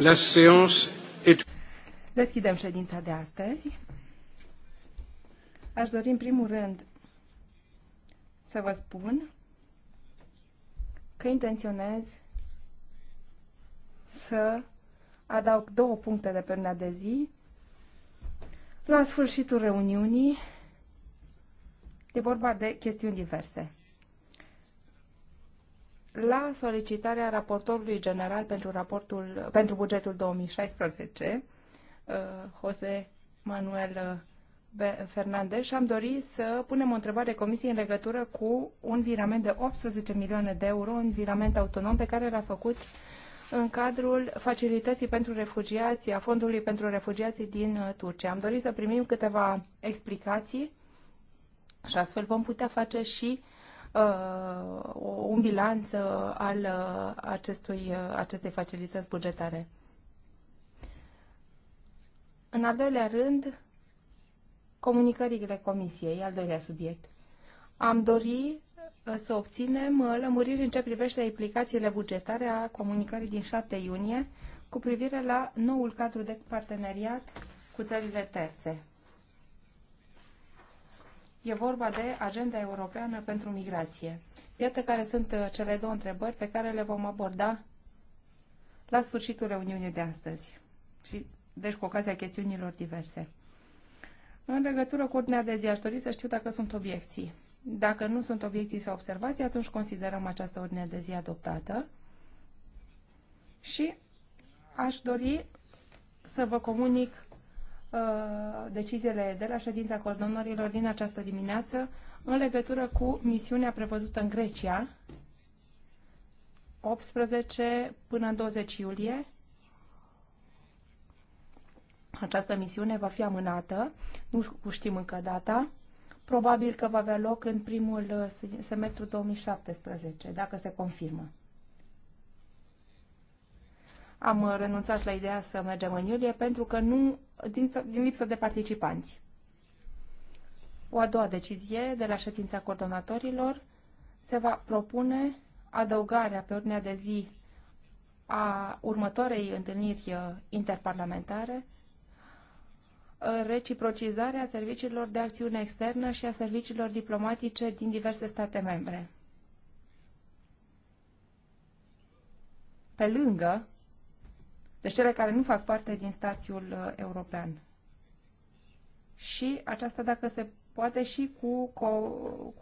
La séance est... Deschidem ședința de astăzi. Aș dori în primul rând să vă spun că intenționez să adaug două puncte de pernă de zi la sfârșitul reuniunii. E vorba de chestiuni diverse la solicitarea raportorului general pentru, raportul, pentru bugetul 2016, uh, Jose Manuel uh, Fernandez, și am dorit să punem o întrebare comisiei în legătură cu un virament de 18 milioane de euro, un virament autonom pe care l-a făcut în cadrul facilității pentru refugiații, a fondului pentru refugiații din uh, Turcia. Am dorit să primim câteva explicații și astfel vom putea face și uh, un bilanț uh, al uh, acestui, uh, acestei facilități bugetare. În al doilea rând, comunicările comisiei, al doilea subiect. Am dori uh, să obținem uh, lămuriri în ce privește implicațiile bugetare a comunicării din 7 iunie cu privire la noul cadru de parteneriat cu țările terțe. E vorba de Agenda Europeană pentru Migrație. Iată care sunt uh, cele două întrebări pe care le vom aborda la sfârșitul reuniunii de astăzi. Și, deci cu ocazia chestiunilor diverse. În legătură cu ordinea de zi, aș dori să știu dacă sunt obiecții. Dacă nu sunt obiecții sau observații, atunci considerăm această ordine de zi adoptată. Și aș dori să vă comunic Uh, deciziile de la ședința coordonorilor din această dimineață în legătură cu misiunea prevăzută în Grecia 18 până în 20 iulie. Această misiune va fi amânată, nu știm încă data. Probabil că va avea loc în primul uh, semestru 2017, dacă se confirmă. Am uh, renunțat la ideea să mergem în iulie pentru că nu, din, din lipsă de participanți. O a doua decizie de la ședința coordonatorilor se va propune adăugarea pe ordinea de zi a următoarei întâlniri uh, interparlamentare, uh, reciprocizarea serviciilor de acțiune externă și a serviciilor diplomatice din diverse state membre. Pe lângă deci cele care nu fac parte din stațiul uh, european. Și aceasta dacă se poate și cu, cu,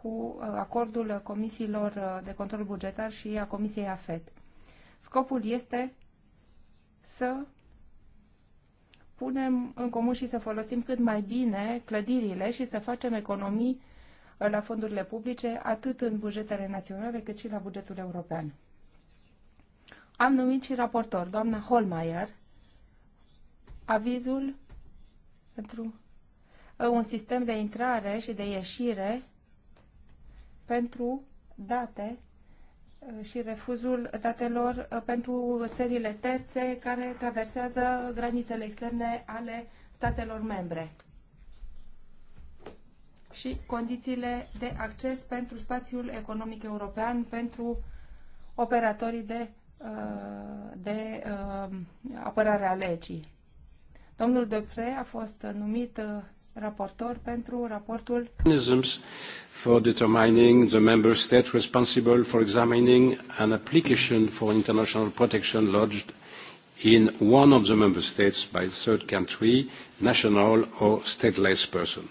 cu uh, acordul uh, comisiilor de control bugetar și a comisiei AFET. Scopul este să punem în comun și să folosim cât mai bine clădirile și să facem economii la fondurile publice, atât în bugetele naționale cât și la bugetul european. Am numit și raportor, doamna Holmeier, avizul pentru uh, un sistem de intrare și de ieșire pentru date uh, și refuzul datelor uh, pentru țările terțe care traversează granițele externe ale statelor membre și condițiile de acces pentru spațiul economic european pentru operatorii de de uh, apărare a legii. Domnul Depre a fost numit uh, raportor pentru raportul for determining the member state responsible for examining an application for international protection lodged in one of the member states by third country, national or stateless person.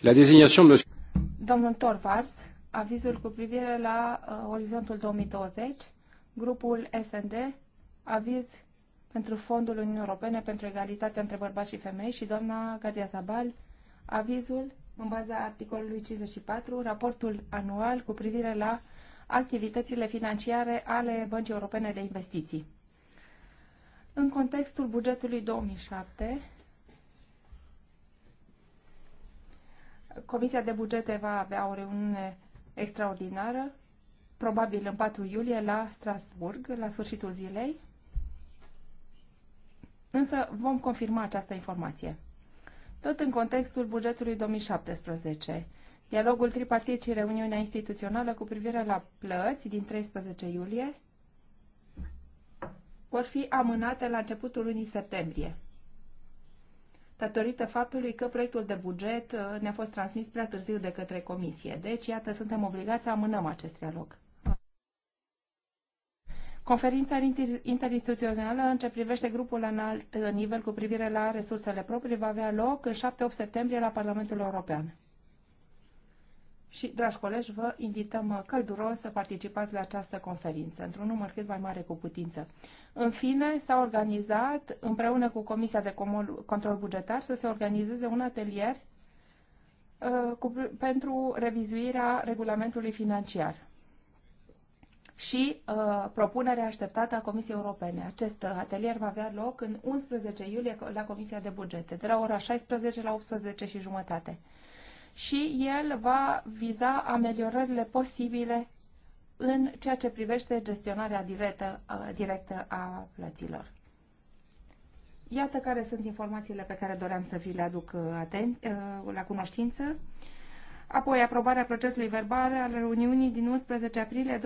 La désignation de Domnul Torvars avizul cu privire la uh, orizontul 2020, grupul SND, aviz pentru Fondul Uniunii Europene pentru Egalitatea între Bărbați și Femei și doamna Gadia Zabal, avizul în baza articolului 54, raportul anual cu privire la activitățile financiare ale Băncii Europene de Investiții. În contextul bugetului 2007, Comisia de Bugete va avea o reuniune extraordinară, probabil în 4 iulie la Strasburg, la sfârșitul zilei. Însă vom confirma această informație. Tot în contextul bugetului 2017, dialogul tripartit și reuniunea instituțională cu privire la plăți din 13 iulie vor fi amânate la începutul lunii septembrie datorită faptului că proiectul de buget uh, ne-a fost transmis prea târziu de către comisie. Deci, iată, suntem obligați să amânăm acest dialog. Conferința interinstituțională în ce privește grupul înalt nivel cu privire la resursele proprii va avea loc în 7-8 septembrie la Parlamentul European. Și, dragi colegi, vă invităm uh, călduros să participați la această conferință, într-un număr cât mai mare cu putință. În fine, s-a organizat, împreună cu Comisia de Control Bugetar, să se organizeze un atelier uh, cu, pentru revizuirea regulamentului financiar și uh, propunerea așteptată a Comisiei Europene. Acest uh, atelier va avea loc în 11 iulie la Comisia de Bugete, de la ora 16 la 18 și jumătate și el va viza ameliorările posibile în ceea ce privește gestionarea directă, directă a plăților. Iată care sunt informațiile pe care doream să vi le aduc uh, atent, uh, la cunoștință. Apoi aprobarea procesului verbal al reuniunii din 11 aprilie, 25-26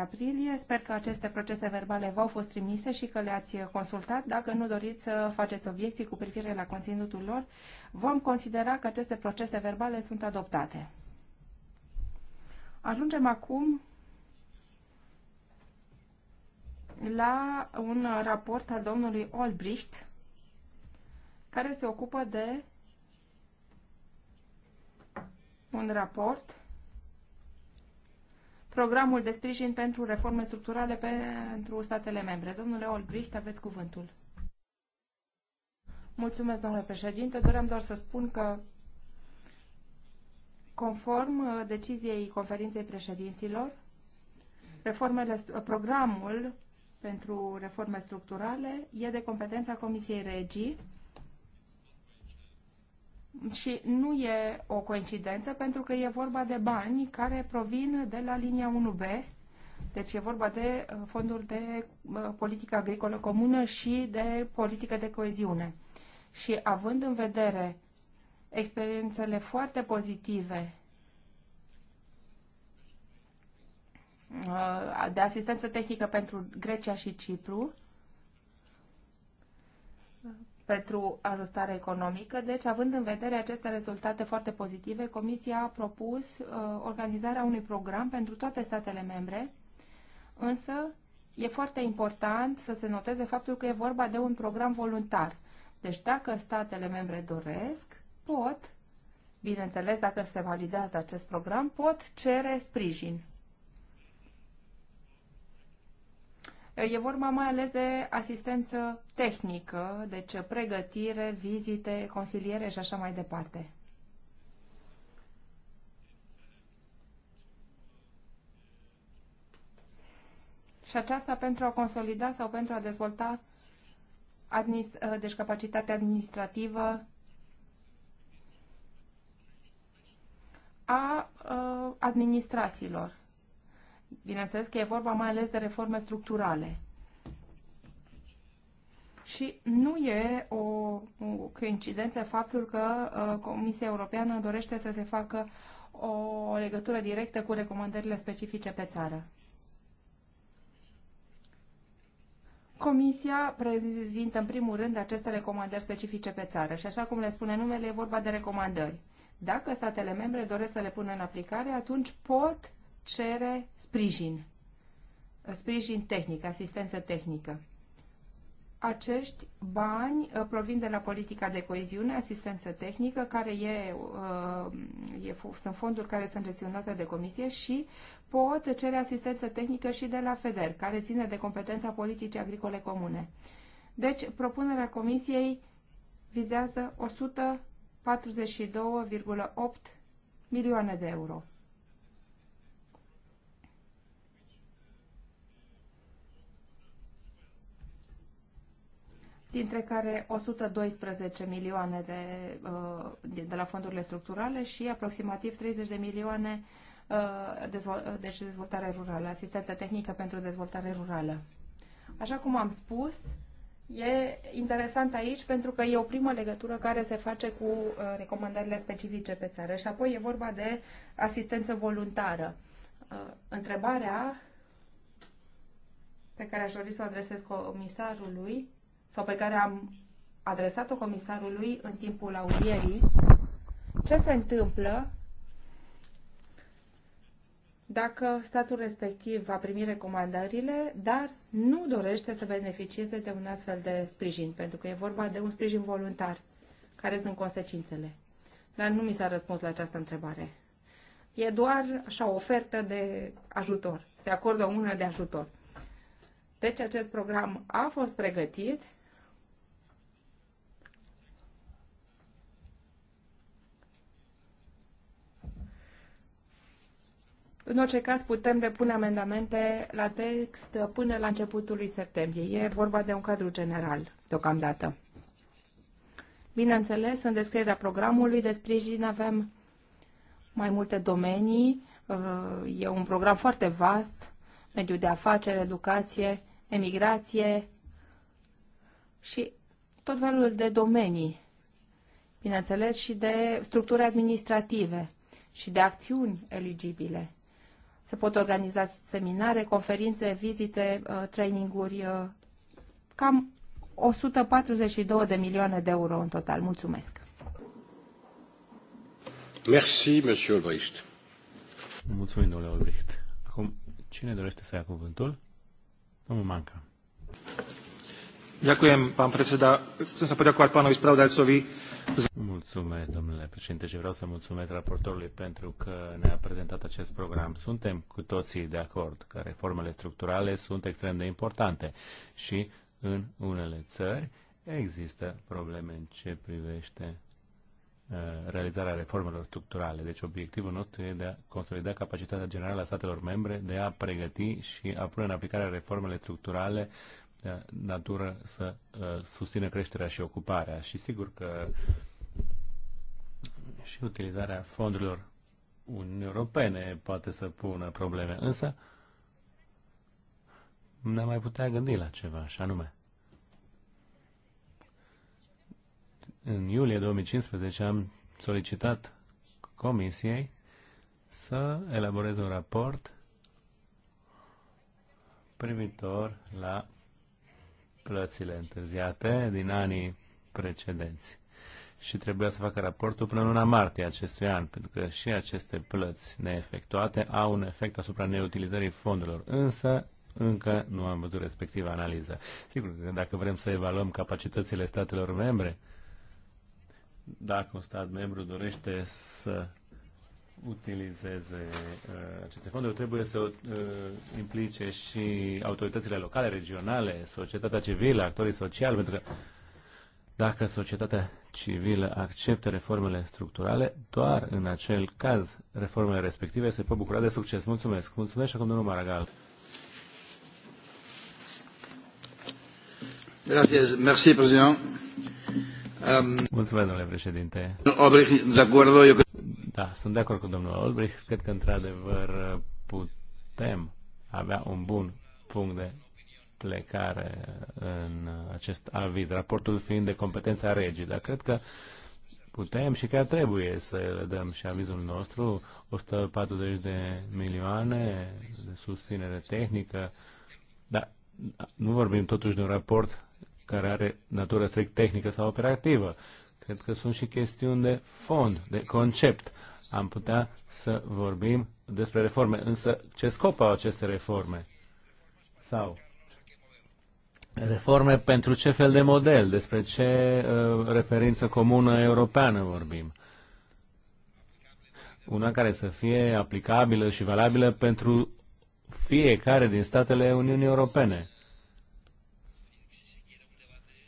aprilie. Sper că aceste procese verbale v-au fost trimise și că le-ați consultat. Dacă nu doriți să faceți obiecții cu privire la conținutul lor, vom considera că aceste procese verbale sunt adoptate. Ajungem acum la un raport al domnului Olbricht, care se ocupă de un raport programul de sprijin pentru reforme structurale pentru statele membre. Domnule Olbricht, aveți cuvântul. Mulțumesc, domnule președinte. Doream doar să spun că, conform uh, deciziei conferinței președinților, reformele, uh, programul pentru reforme structurale e de competența Comisiei Regii și nu e o coincidență pentru că e vorba de bani care provin de la linia 1B, deci e vorba de uh, fonduri de uh, politică agricolă comună și de politică de coeziune. Și având în vedere experiențele foarte pozitive uh, de asistență tehnică pentru Grecia și Cipru, pentru ajustare economică. Deci, având în vedere aceste rezultate foarte pozitive, Comisia a propus uh, organizarea unui program pentru toate statele membre, însă e foarte important să se noteze faptul că e vorba de un program voluntar. Deci, dacă statele membre doresc, pot, bineînțeles, dacă se validează acest program, pot cere sprijin E vorba mai ales de asistență tehnică, deci pregătire, vizite, consiliere și așa mai departe. Și aceasta pentru a consolida sau pentru a dezvolta administ- ă, deci capacitatea administrativă a ă, administrațiilor. Bineînțeles că e vorba mai ales de reforme structurale. Și nu e o, coincidență faptul că uh, Comisia Europeană dorește să se facă o legătură directă cu recomandările specifice pe țară. Comisia prezintă în primul rând aceste recomandări specifice pe țară și așa cum le spune numele, e vorba de recomandări. Dacă statele membre doresc să le pună în aplicare, atunci pot cere sprijin, sprijin tehnic, asistență tehnică. Acești bani uh, provin de la politica de coeziune, asistență tehnică, care e, uh, e, sunt fonduri care sunt gestionate de comisie și pot cere asistență tehnică și de la FEDER, care ține de competența politicii agricole comune. Deci, propunerea comisiei vizează 142,8 milioane de euro. dintre care 112 milioane de, uh, de la fondurile structurale și aproximativ 30 de milioane uh, uh, deci dezvoltare rurală, asistență tehnică pentru dezvoltare rurală. Așa cum am spus, e interesant aici pentru că e o primă legătură care se face cu recomandările specifice pe țară și apoi e vorba de asistență voluntară. Întrebarea pe care aș dori să o adresez comisarului sau pe care am adresat-o comisarului în timpul audierii, ce se întâmplă dacă statul respectiv va primi recomandările, dar nu dorește să beneficieze de un astfel de sprijin, pentru că e vorba de un sprijin voluntar. Care sunt consecințele? Dar nu mi s-a răspuns la această întrebare. E doar așa o ofertă de ajutor. Se acordă una de ajutor. Deci acest program a fost pregătit În orice caz, putem depune amendamente la text până la începutul lui septembrie. E vorba de un cadru general, deocamdată. Bineînțeles, în descrierea programului de sprijin avem mai multe domenii. Uh, e un program foarte vast, mediu de afaceri, educație, emigrație și tot felul de domenii, bineînțeles, și de structuri administrative și de acțiuni eligibile. Se pot organiza seminare, conferințe, vizite, uh, traininguri, uh, cam 142 de milioane de euro în total. Mulțumesc! Merci, monsieur Albrecht. Mulțumim, domnule Albrecht. Acum, cine dorește să ia cuvântul? Domnul Manca. Ďakujem, pán predseda. Chcem sa poďakovať pánovi spravodajcovi. Mulțumesc, domnule președinte, și vreau să mulțumesc raportorului pentru că ne-a prezentat acest program. Suntem cu toții de acord că reformele structurale sunt extrem de importante și în unele țări există probleme în ce privește uh, realizarea reformelor structurale. Deci obiectivul nostru e de a consolida capacitatea generală a statelor membre de a pregăti și a pune în aplicare reformele structurale Uh, natură să uh, susțină creșterea și ocuparea. Și sigur că și utilizarea fondurilor Uniunii Europene poate să pună probleme, însă ne mai putea gândi la ceva, și anume. În iulie 2015 am solicitat Comisiei să elaboreze un raport privitor la plățile întârziate din anii precedenți. Și trebuia să facă raportul până luna martie acestui an, pentru că și aceste plăți neefectuate au un efect asupra neutilizării fondurilor. Însă, încă nu am văzut respectiva analiză. Sigur că dacă vrem să evaluăm capacitățile statelor membre, dacă un stat membru dorește să utilizeze uh, aceste fonduri, trebuie să uh, implice și autoritățile locale, regionale, societatea civilă, actorii sociali, pentru că dacă societatea civilă acceptă reformele structurale, doar în acel caz reformele respective se pot bucura de succes. Mulțumesc! Mulțumesc și acum domnul Maragal. Mulțumesc, domnule președinte. de da, sunt de acord cu domnul Olbrich. Cred că, într-adevăr, putem avea un bun punct de plecare în acest aviz, raportul fiind de competența regii, dar cred că putem și chiar trebuie să le dăm și avizul nostru, 140 de milioane de susținere tehnică, dar nu vorbim totuși de un raport care are natură strict tehnică sau operativă. Cred că sunt și chestiuni de fond, de concept. Am putea să vorbim despre reforme, însă ce scop au aceste reforme? Sau reforme pentru ce fel de model, despre ce uh, referință comună europeană vorbim? Una care să fie aplicabilă și valabilă pentru fiecare din statele Uniunii Europene.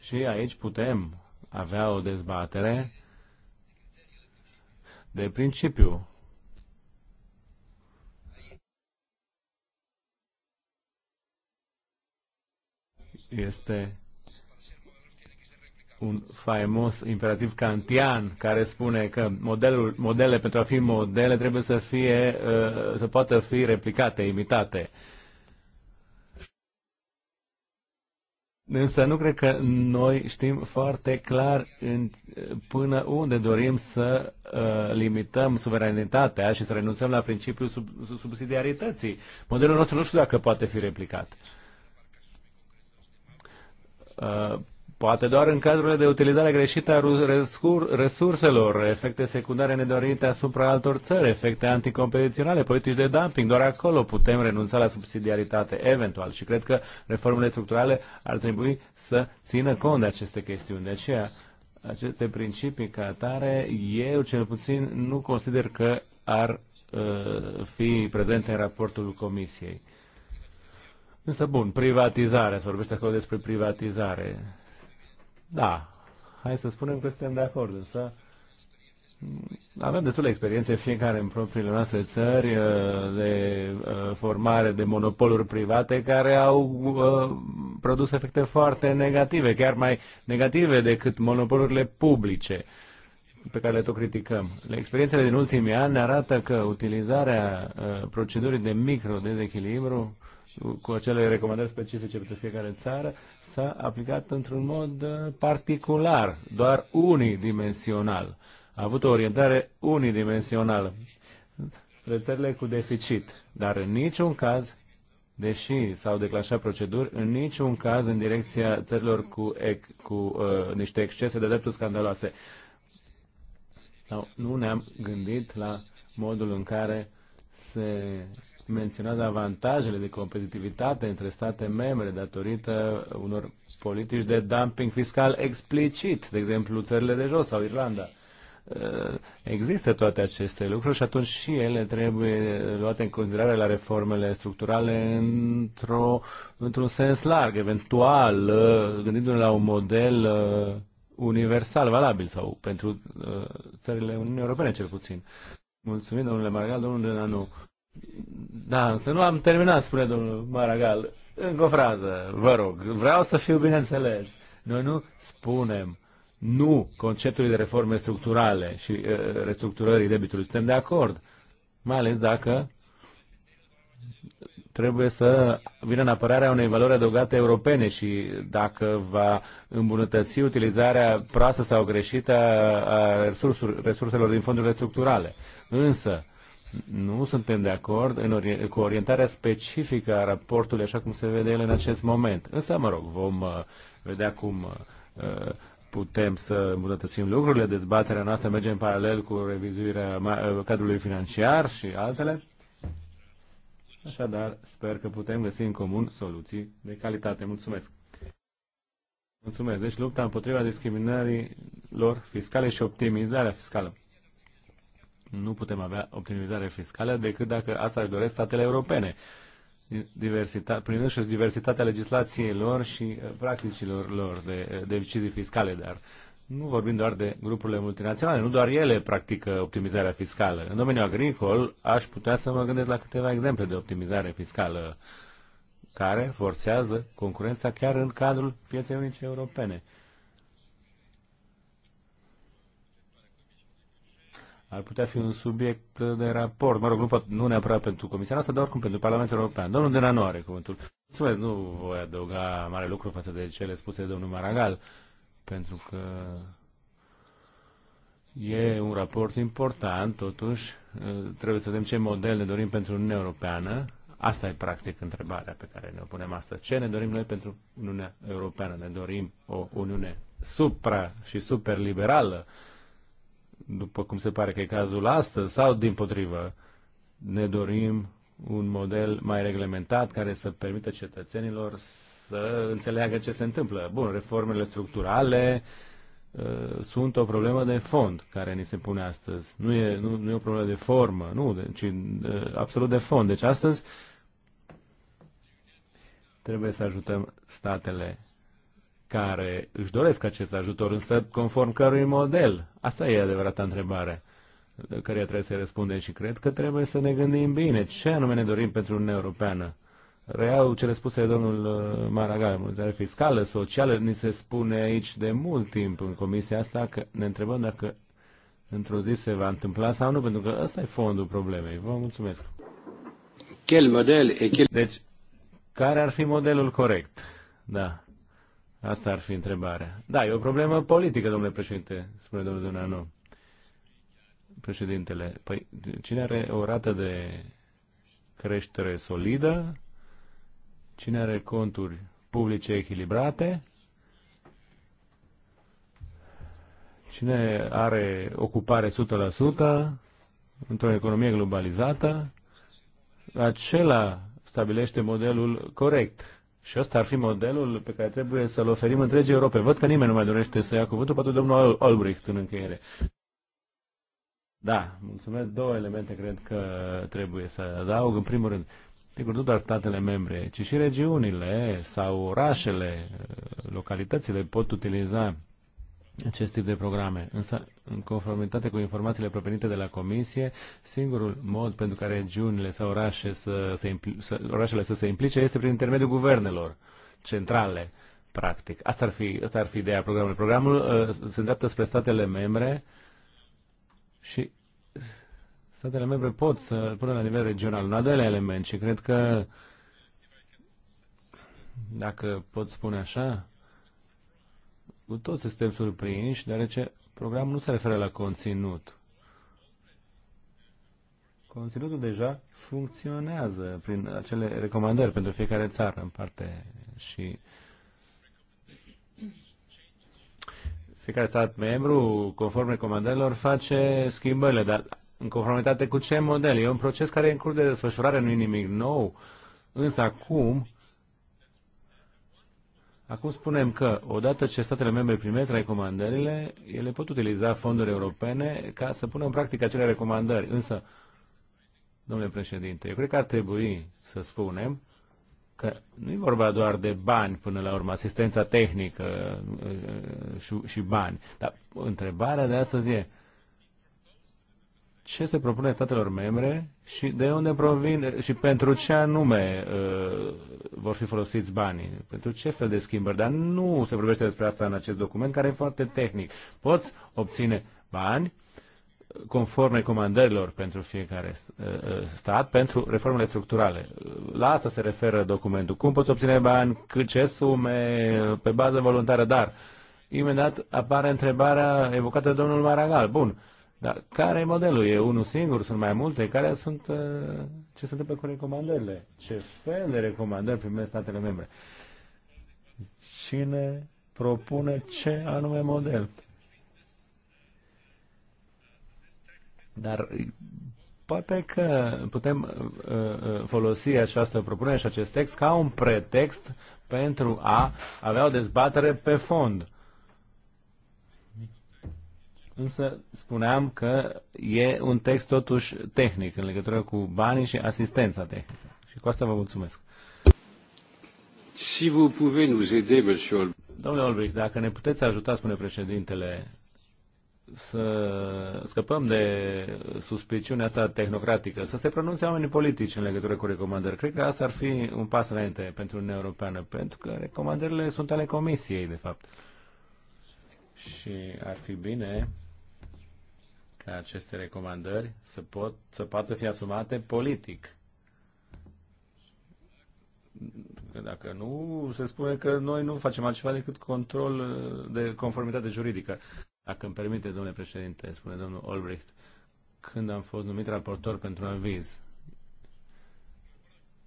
Și aici putem avea o dezbatere de principiu. Este un faimos imperativ kantian care spune că modelul, modele pentru a fi modele trebuie să fie uh, să poată fi replicate, imitate. Însă nu cred că noi știm foarte clar în, până unde dorim să uh, limităm suveranitatea și să renunțăm la principiul sub, subsidiarității. Modelul nostru nu știu dacă poate fi replicat. Uh, poate doar în cazurile de utilizare greșită a resurselor, efecte secundare nedorite asupra altor țări, efecte anticompetiționale, politici de dumping. Doar acolo putem renunța la subsidiaritate, eventual. Și cred că reformele structurale ar trebui să țină cont de aceste chestiuni. De aceea, aceste principii ca atare, eu cel puțin nu consider că ar uh, fi prezente în raportul Comisiei. Însă, bun, privatizarea, se vorbește acolo despre privatizare. Da, hai să spunem că suntem de acord, însă avem destule experiențe fiecare în propriile noastre țări uh, de uh, formare de monopoluri private care au uh, produs efecte foarte negative, chiar mai negative decât monopolurile publice pe care le tot criticăm. Experiențele din ultimii ani arată că utilizarea procedurii de micro dezechilibru cu acele recomandări specifice pentru fiecare țară, s-a aplicat într-un mod uh, particular, doar unidimensional. A avut o orientare unidimensională spre țările cu deficit, dar în niciun caz, deși s-au declanșat proceduri, în niciun caz în direcția țărilor cu, ec, cu uh, niște excese de dreptul scandaloase. nu ne-am gândit la modul în care se menționat avantajele de competitivitate între state membre datorită unor politici de dumping fiscal explicit, de exemplu țările de jos sau Irlanda. Eh, există toate aceste lucruri și atunci și ele trebuie luate în considerare la reformele structurale într-o, într-un sens larg, eventual eh, gândindu-ne la un model eh, universal valabil sau pentru țările Uniunii Europene cel puțin. Mulțumim, domnule Margal, domnule Nanu. Da, însă nu am terminat, spune domnul Maragal. Încă o frază, vă rog. Vreau să fiu bineînțeles. Noi nu spunem nu conceptului de reforme structurale și uh, restructurării debitului. Suntem de acord. Mai ales dacă trebuie să vină în apărarea unei valori adăugate europene și dacă va îmbunătăți utilizarea proastă sau greșită a resurselor din fondurile structurale. Însă, nu suntem de acord în ori- cu orientarea specifică a raportului așa cum se vede el în acest moment. Însă, mă rog, vom uh, vedea cum uh, putem să îmbunătățim lucrurile. Dezbaterea noastră merge în paralel cu revizuirea uh, cadrului financiar și altele. Așadar, sper că putem găsi în comun soluții de calitate. Mulțumesc! Mulțumesc! Deci lupta împotriva discriminării lor fiscale și optimizarea fiscală nu putem avea optimizare fiscală decât dacă asta își doresc statele europene. Diversita, prin înșiși diversitatea legislației lor și uh, practicilor lor de, de uh, decizii fiscale, dar nu vorbim doar de grupurile multinaționale, nu doar ele practică optimizarea fiscală. În domeniul agricol aș putea să mă gândesc la câteva exemple de optimizare fiscală care forțează concurența chiar în cadrul pieței unice europene. ar putea fi un subiect de raport, mă rog, nu, pot, nu neapărat pentru Comisia noastră, dar oricum pentru Parlamentul European. Domnul nu are cuvântul. Mulțumesc, nu voi adăuga mare lucru față de cele spuse de domnul Maragal, pentru că e un raport important, totuși, trebuie să vedem ce model ne dorim pentru Uniunea Europeană. Asta e practic întrebarea pe care ne o punem astăzi. Ce ne dorim noi pentru Uniunea Europeană? Ne dorim o Uniune supra și superliberală liberală după cum se pare că e cazul astăzi, sau din potrivă, ne dorim un model mai reglementat care să permită cetățenilor să înțeleagă ce se întâmplă. Bun, reformele structurale uh, sunt o problemă de fond care ni se pune astăzi. Nu e, nu, nu e o problemă de formă, nu, de, ci uh, absolut de fond. Deci astăzi trebuie să ajutăm statele care își doresc acest ajutor, însă conform cărui model? Asta e adevărata întrebare care trebuie să răspundem și cred că trebuie să ne gândim bine ce anume ne dorim pentru Uniunea Europeană. Reau cele spuse de domnul uh, Maragall, monetare fiscală, socială, ni se spune aici de mult timp în comisia asta că ne întrebăm dacă într-o zi se va întâmpla sau nu, pentru că ăsta e fondul problemei. Vă mulțumesc. Quel model e quel... Deci, care ar fi modelul corect? Da. Asta ar fi întrebarea. Da, e o problemă politică, domnule președinte, spune domnul Dunanu. Președintele, păi cine are o rată de creștere solidă, cine are conturi publice echilibrate, cine are ocupare 100% într-o economie globalizată, acela stabilește modelul corect și ăsta ar fi modelul pe care trebuie să-l oferim întregii Europe. Văd că nimeni nu mai dorește să ia cuvântul, poate domnul Albrecht în încheiere. Da, mulțumesc. Două elemente cred că trebuie să adaug. În primul rând, sigur, nu doar statele membre, ci și regiunile sau orașele, localitățile pot utiliza acest tip de programe. Însă, în conformitate cu informațiile provenite de la Comisie, singurul mod pentru care regiunile sau orașe să se impli, să, orașele să se implice este prin intermediul guvernelor centrale, practic. Asta ar fi, asta ar fi ideea programului. Programul uh, se îndreaptă spre statele membre și statele membre pot să pună la nivel regional. Un al doilea element și cred că, dacă pot spune așa, cu toți suntem surprinși, deoarece programul nu se referă la conținut. Conținutul deja funcționează prin acele recomandări pentru fiecare țară în parte și fiecare stat membru, conform recomandărilor, face schimbările, dar în conformitate cu ce model? E un proces care e în curs de desfășurare, nu e nimic nou, însă acum Acum spunem că odată ce statele membre primesc recomandările, ele pot utiliza fonduri europene ca să pună în practică acele recomandări. Însă, domnule președinte, eu cred că ar trebui să spunem că nu e vorba doar de bani până la urmă, asistența tehnică uh, uh, și, și bani. Dar întrebarea de astăzi e, ce se propune statelor membre și de unde provin și pentru ce anume uh, vor fi folosiți banii, pentru ce fel de schimbări, dar nu se vorbește despre asta în acest document care e foarte tehnic. Poți obține bani uh, conform recomandărilor pentru fiecare uh, uh, stat, pentru reformele structurale. La asta se referă documentul. Cum poți obține bani, cât ce sume, pe bază voluntară, dar imediat apare întrebarea evocată de domnul Maragal. Bun, uh, dar care e modelul? E unul singur? Sunt mai multe? Care sunt, uh, ce se întâmplă cu recomandările? Ce fel de recomandări primesc statele membre? Cine propune ce anume model? Dar poate că putem uh, uh, folosi această propunere și acest text ca un pretext pentru a avea o dezbatere pe fond Însă spuneam că e un text totuși tehnic în legătură cu banii și asistența tehnică. Și cu asta vă mulțumesc. Si vous pouvez nous aider, monsieur Domnule Olbrich, dacă ne puteți ajuta, spune președintele, să scăpăm de suspiciunea asta tehnocratică, să se pronunțe oamenii politici în legătură cu recomandări. Cred că asta ar fi un pas înainte pentru Uniunea Europeană, pentru că recomandările sunt ale Comisiei, de fapt. Și ar fi bine ca aceste recomandări să, pot, să poată fi asumate politic. Dacă nu, se spune că noi nu facem altceva decât control de conformitate juridică. Dacă îmi permite, domnule președinte, spune domnul Olbricht, când am fost numit raportor pentru aviz,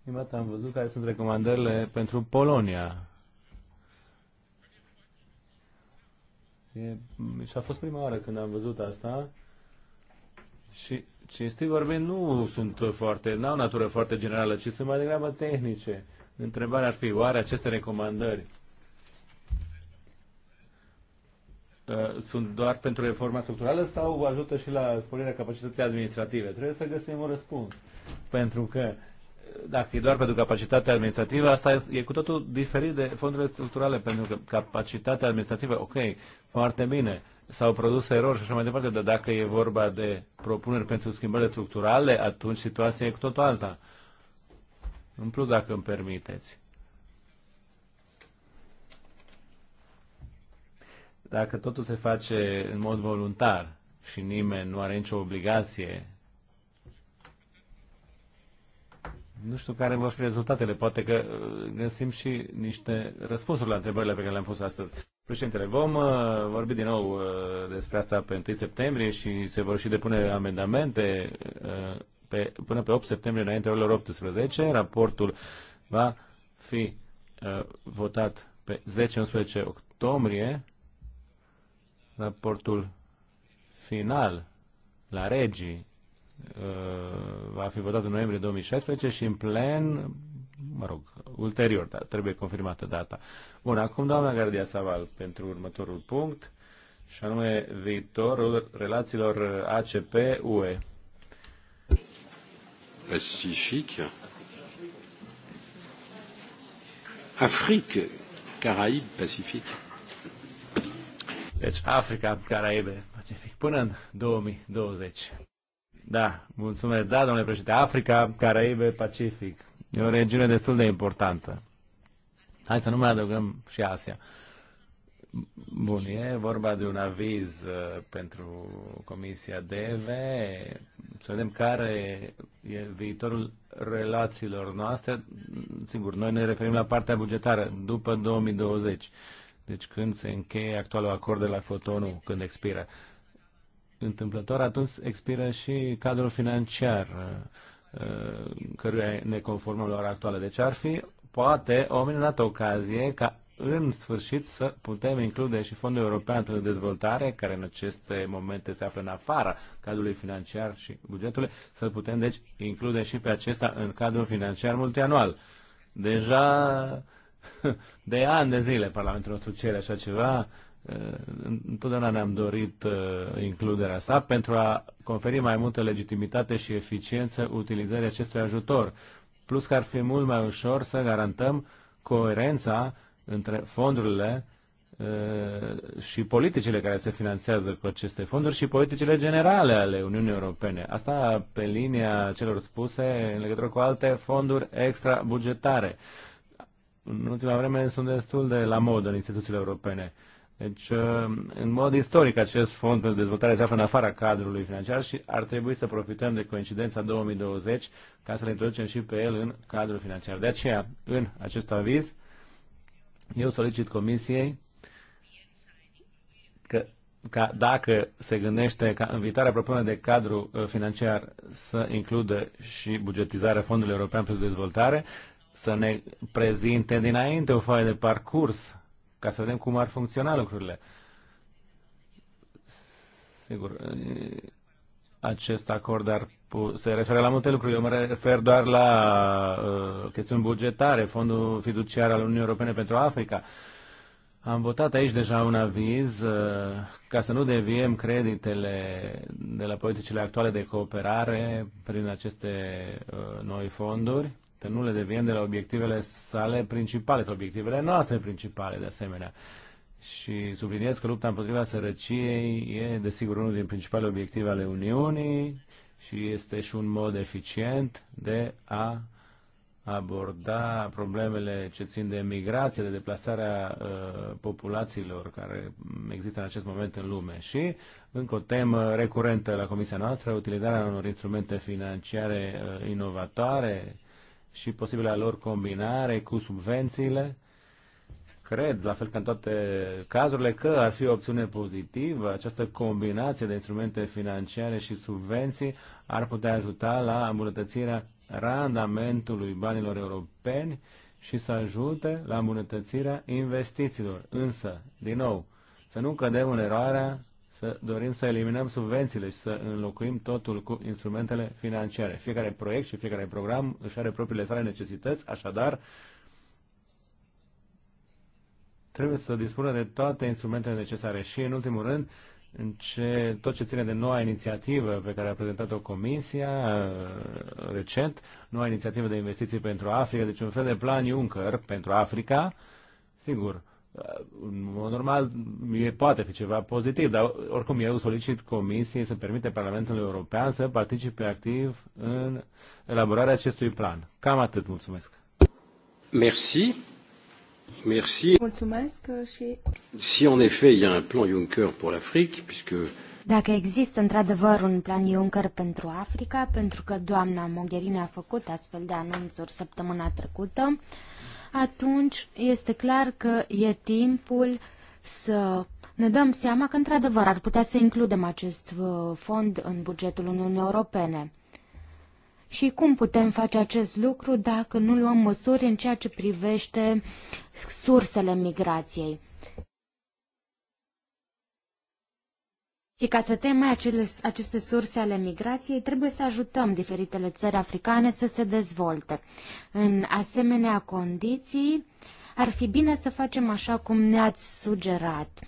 prima dată am văzut care sunt recomandările pentru Polonia. E, și a fost prima oară când am văzut asta și cinstit vorbind, nu sunt foarte, n-au natură foarte generală, ci sunt mai degrabă tehnice. Întrebarea ar fi, oare aceste recomandări uh, sunt doar pentru reforma structurală sau ajută și la sporirea capacității administrative? Trebuie să găsim un răspuns. Pentru că dacă e doar pentru capacitatea administrativă, asta e cu totul diferit de fondurile structurale, pentru că capacitatea administrativă, ok, foarte bine, s-au produs erori și așa mai departe, dar dacă e vorba de propuneri pentru schimbările structurale, atunci situația e cu totul alta. În plus, dacă îmi permiteți. Dacă totul se face în mod voluntar și nimeni nu are nicio obligație, nu știu care vor fi rezultatele. Poate că uh, găsim și niște răspunsuri la întrebările pe care le-am pus astăzi. Președintele, vom uh, vorbi din nou uh, despre asta pe 1 septembrie și se vor și depune amendamente uh, pe, până pe 8 septembrie înainte orilor 18. Raportul va fi uh, votat pe 10-11 octombrie. Raportul final la regii uh, va fi votat în noiembrie 2016 și în plen mă rog, ulterior, dar trebuie confirmată data. Bun, acum doamna Gardia Saval pentru următorul punct, și anume viitorul relațiilor ACP-UE. Pacifique, Afrique, Caraïbes, Pacific. Deci Africa, Caraibe, Pacific, până în 2020. Da, mulțumesc. Da, domnule președinte, Africa, Caraibe, Pacific. E o regiune destul de importantă. Hai să nu mai adăugăm și Asia. Bun, e vorba de un aviz uh, pentru Comisia DV. Să vedem care e viitorul relațiilor noastre. Sigur, noi ne referim la partea bugetară după 2020. Deci când se încheie actualul acord de la Cotonou, când expiră. Întâmplător, atunci expiră și cadrul financiar Uh, căruia ne conformăm la ora actuală. Deci ar fi poate o minunată ocazie ca în sfârșit să putem include și Fondul European pentru Dezvoltare, care în aceste momente se află în afara cadrului financiar și bugetului, să putem deci include și pe acesta în cadrul financiar multianual. Deja de ani de zile Parlamentul nostru cere așa ceva, Uh, întotdeauna ne-am dorit uh, includerea sa pentru a conferi mai multă legitimitate și eficiență utilizării acestui ajutor. Plus că ar fi mult mai ușor să garantăm coerența între fondurile uh, și politicile care se finanțează cu aceste fonduri și politicile generale ale Uniunii Europene. Asta pe linia celor spuse în legătură cu alte fonduri extra bugetare. În ultima vreme sunt destul de la modă în instituțiile europene. Uh, deci, uh, în mod istoric, acest fond pentru dezvoltare se află în afara cadrului financiar și ar trebui să profităm de coincidența 2020 ca să le introducem și pe el în cadrul financiar. De aceea, în acest aviz, eu solicit Comisiei că ca dacă se gândește ca în viitoarea propunere de cadru uh, financiar să includă și bugetizarea Fondului European pentru Dezvoltare, să ne prezinte dinainte o foaie de parcurs ca să vedem cum ar funcționa lucrurile. Sigur, acest acord ar se referă la multe lucruri. Eu mă refer doar la uh, chestiuni bugetare, fondul fiduciar al Uniunii Europene pentru Africa. Am votat aici deja un aviz uh, ca să nu deviem creditele de la politicile actuale de cooperare prin aceste uh, noi fonduri să nu le deviem de la obiectivele sale principale sau obiectivele noastre principale, de asemenea. Și subliniez că lupta împotriva sărăciei e, desigur, unul din principalele obiective ale Uniunii și este și un mod eficient de a aborda problemele ce țin de migrație, de deplasarea uh, populațiilor care există în acest moment în lume. Și, încă o temă recurentă la Comisia noastră, utilizarea unor instrumente financiare uh, inovatoare și posibila lor combinare cu subvențiile. Cred, la fel ca în toate cazurile, că ar fi o opțiune pozitivă. Această combinație de instrumente financiare și subvenții ar putea ajuta la îmbunătățirea randamentului banilor europeni și să ajute la îmbunătățirea investițiilor. Însă, din nou, să nu cădem în eroarea să dorim să eliminăm subvențiile și să înlocuim totul cu instrumentele financiare. Fiecare proiect și fiecare program își are propriile sale necesități, așadar trebuie să dispună de toate instrumentele necesare și, în ultimul rând, în ce, tot ce ține de noua inițiativă pe care a prezentat-o Comisia uh, recent, noua inițiativă de investiții pentru Africa, deci un fel de plan Juncker pentru Africa, sigur, Uh, în mod normal e, poate fi ceva pozitiv, dar oricum eu solicit comisiei să permite Parlamentului European să participe activ în elaborarea acestui plan. Cam atât, mulțumesc. Merci. Merci. Mulțumesc uh, și... Si en effet il y a un plan Juncker pour l'Afrique, puisque... Dacă există într-adevăr un plan Juncker pentru Africa, pentru că doamna Mogherini a făcut astfel de anunțuri săptămâna trecută, uh, atunci este clar că e timpul să ne dăm seama că, într-adevăr, ar putea să includem acest uh, fond în bugetul Uniunii Europene. Și cum putem face acest lucru dacă nu luăm măsuri în ceea ce privește sursele migrației? Și ca să teme acele, aceste surse ale migrației, trebuie să ajutăm diferitele țări africane să se dezvolte. În asemenea condiții, ar fi bine să facem așa cum ne-ați sugerat.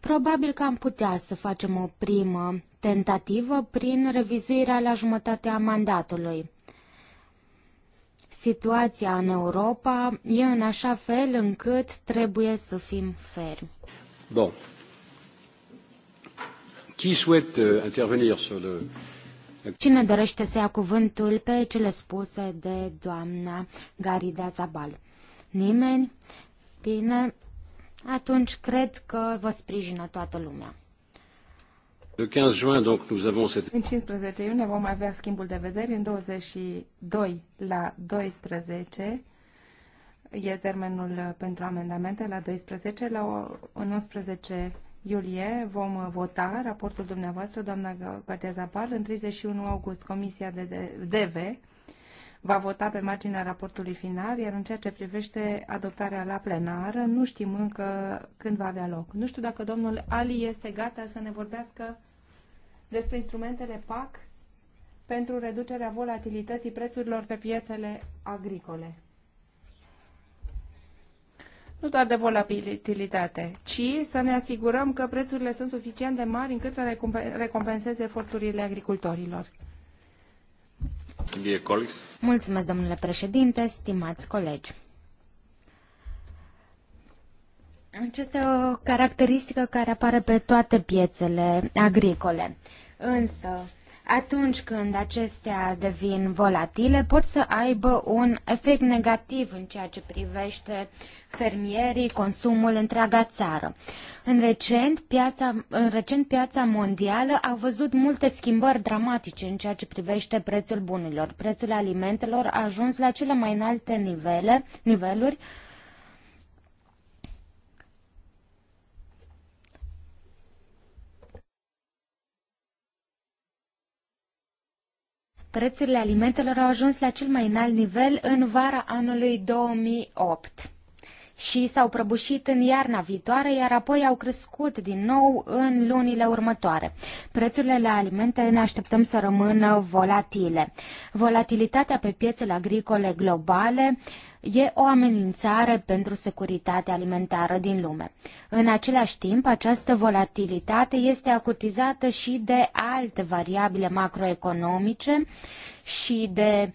Probabil că am putea să facem o primă tentativă prin revizuirea la jumătatea mandatului. Situația în Europa e în așa fel încât trebuie să fim fermi. Bun. Qui souhaite euh, intervenir sur le... Cine dorește să ia cuvântul pe cele spuse de doamna Garida Zabal? Nimeni? Bine, atunci cred că vă sprijină toată lumea. În 15 iunie vom avea schimbul de vederi, în 22 la 12 e termenul pentru amendamente, la 12, la 11 iulie vom vota raportul dumneavoastră, doamna Gărtea Zapal, în 31 august Comisia de DV va vota pe marginea raportului final, iar în ceea ce privește adoptarea la plenară, nu știm încă când va avea loc. Nu știu dacă domnul Ali este gata să ne vorbească despre instrumentele PAC pentru reducerea volatilității prețurilor pe piețele agricole. Nu doar de volatilitate, ci să ne asigurăm că prețurile sunt suficient de mari încât să recompenseze eforturile agricultorilor. Mulțumesc, domnule președinte, stimați colegi. Aceasta este o caracteristică care apare pe toate piețele agricole. Însă, atunci când acestea devin volatile, pot să aibă un efect negativ în ceea ce privește fermierii, consumul întreaga țară. În recent, piața, în recent, piața mondială a văzut multe schimbări dramatice în ceea ce privește prețul bunurilor. Prețul alimentelor a ajuns la cele mai înalte nivele, niveluri, Prețurile alimentelor au ajuns la cel mai înalt nivel în vara anului 2008 și s-au prăbușit în iarna viitoare, iar apoi au crescut din nou în lunile următoare. Prețurile la alimente ne așteptăm să rămână volatile. Volatilitatea pe piețele agricole globale e o amenințare pentru securitatea alimentară din lume. În același timp, această volatilitate este acutizată și de alte variabile macroeconomice și de uh,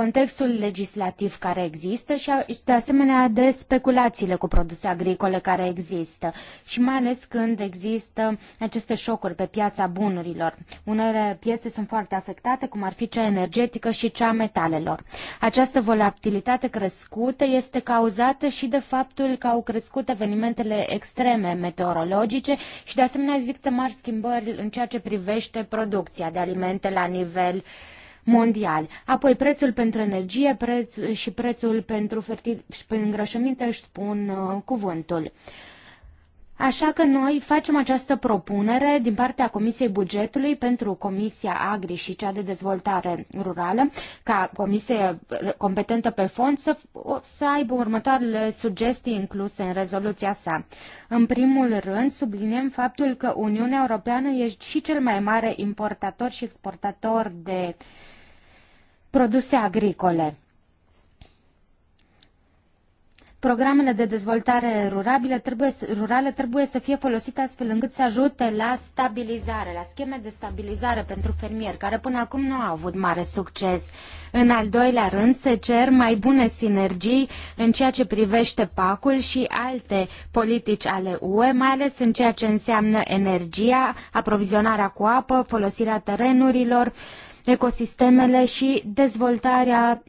contextul legislativ care există și de asemenea de speculațiile cu produse agricole care există și mai ales când există aceste șocuri pe piața bunurilor. Unele piețe sunt foarte afectate, cum ar fi cea energetică și cea a metalelor. Această volatilitate crescută este cauzată și de faptul că au crescut evenimentele extreme meteorologice și de asemenea există mari schimbări în ceea ce privește producția de alimente la nivel uh, mondial. Apoi prețul pentru energie preț și prețul pentru, fertil- și pe îngrășăminte își spun uh, cuvântul. Așa că noi facem această propunere din partea Comisiei Bugetului pentru Comisia Agri și cea de dezvoltare rurală, ca comisie competentă pe fond să, să aibă următoarele sugestii incluse în rezoluția sa. În primul rând, subliniem faptul că Uniunea Europeană este și cel mai mare importator și exportator de uh, produse agricole. Programele de dezvoltare rurabile trebuie, rurale trebuie să fie folosite astfel încât să ajute la stabilizare, la scheme de stabilizare pentru fermieri, care până acum nu au avut mare succes. În al doilea rând, se cer mai bune sinergii în ceea ce privește pacul și alte politici ale UE, mai ales în ceea ce înseamnă energia, aprovizionarea cu apă, folosirea terenurilor, ecosistemele și dezvoltarea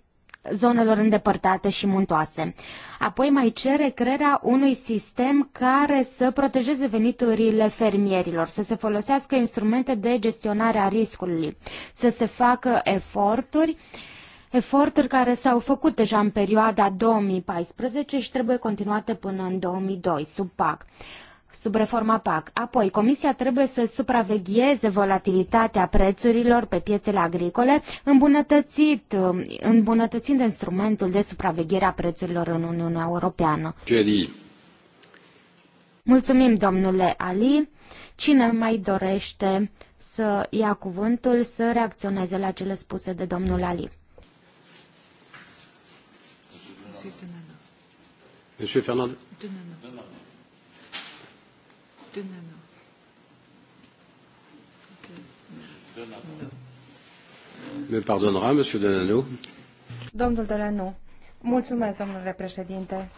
zonelor îndepărtate și muntoase. Apoi mai cere crearea unui sistem care să protejeze veniturile fermierilor, să se folosească instrumente de gestionare a riscului, să se facă eforturi eforturi care s-au făcut deja în perioada 2014 și trebuie continuate până în 2002 sub PAC sub reforma PAC. Apoi, Comisia trebuie să supravegheze volatilitatea prețurilor pe piețele agricole, îmbunătățit, um, îmbunătățind instrumentul de supraveghere a prețurilor în Uniunea Europeană. Ceri. Mulțumim, domnule Ali. Cine mai dorește să ia cuvântul, să reacționeze la cele spuse de domnul Ali? Monsieur Fernand de Nana. De, de monsieur Delano. Domnul Delano, mulțumesc, domnule președinte.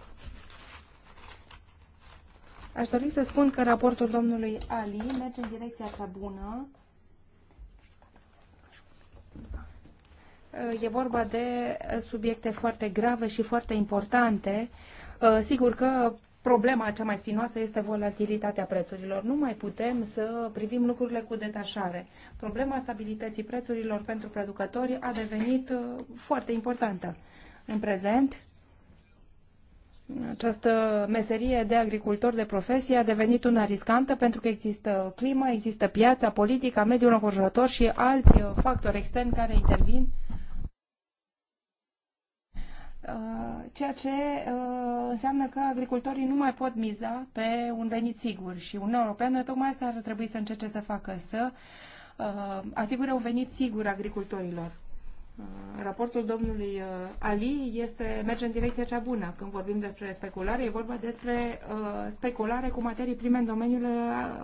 Aș dori să spun că raportul domnului Ali merge în direcția cea bună. E vorba de subiecte foarte grave și foarte importante. Sigur că problema cea mai spinoasă este volatilitatea prețurilor. Nu mai putem să privim lucrurile cu detașare. Problema stabilității prețurilor pentru producători a devenit uh, foarte importantă. În prezent, această meserie de agricultor de profesie a devenit una riscantă pentru că există clima, există piața, politica, mediul înconjurător și alți uh, factori externi care intervin Uh, ceea ce uh, înseamnă că agricultorii nu mai pot miza pe un venit sigur și Uniunea Europeană tocmai asta ar trebui să încerce să facă, să uh, asigure un venit sigur agricultorilor. Uh, raportul domnului uh, Ali este, merge în direcția cea bună. Când vorbim despre speculare, e vorba despre uh, speculare cu materii prime în domeniul uh,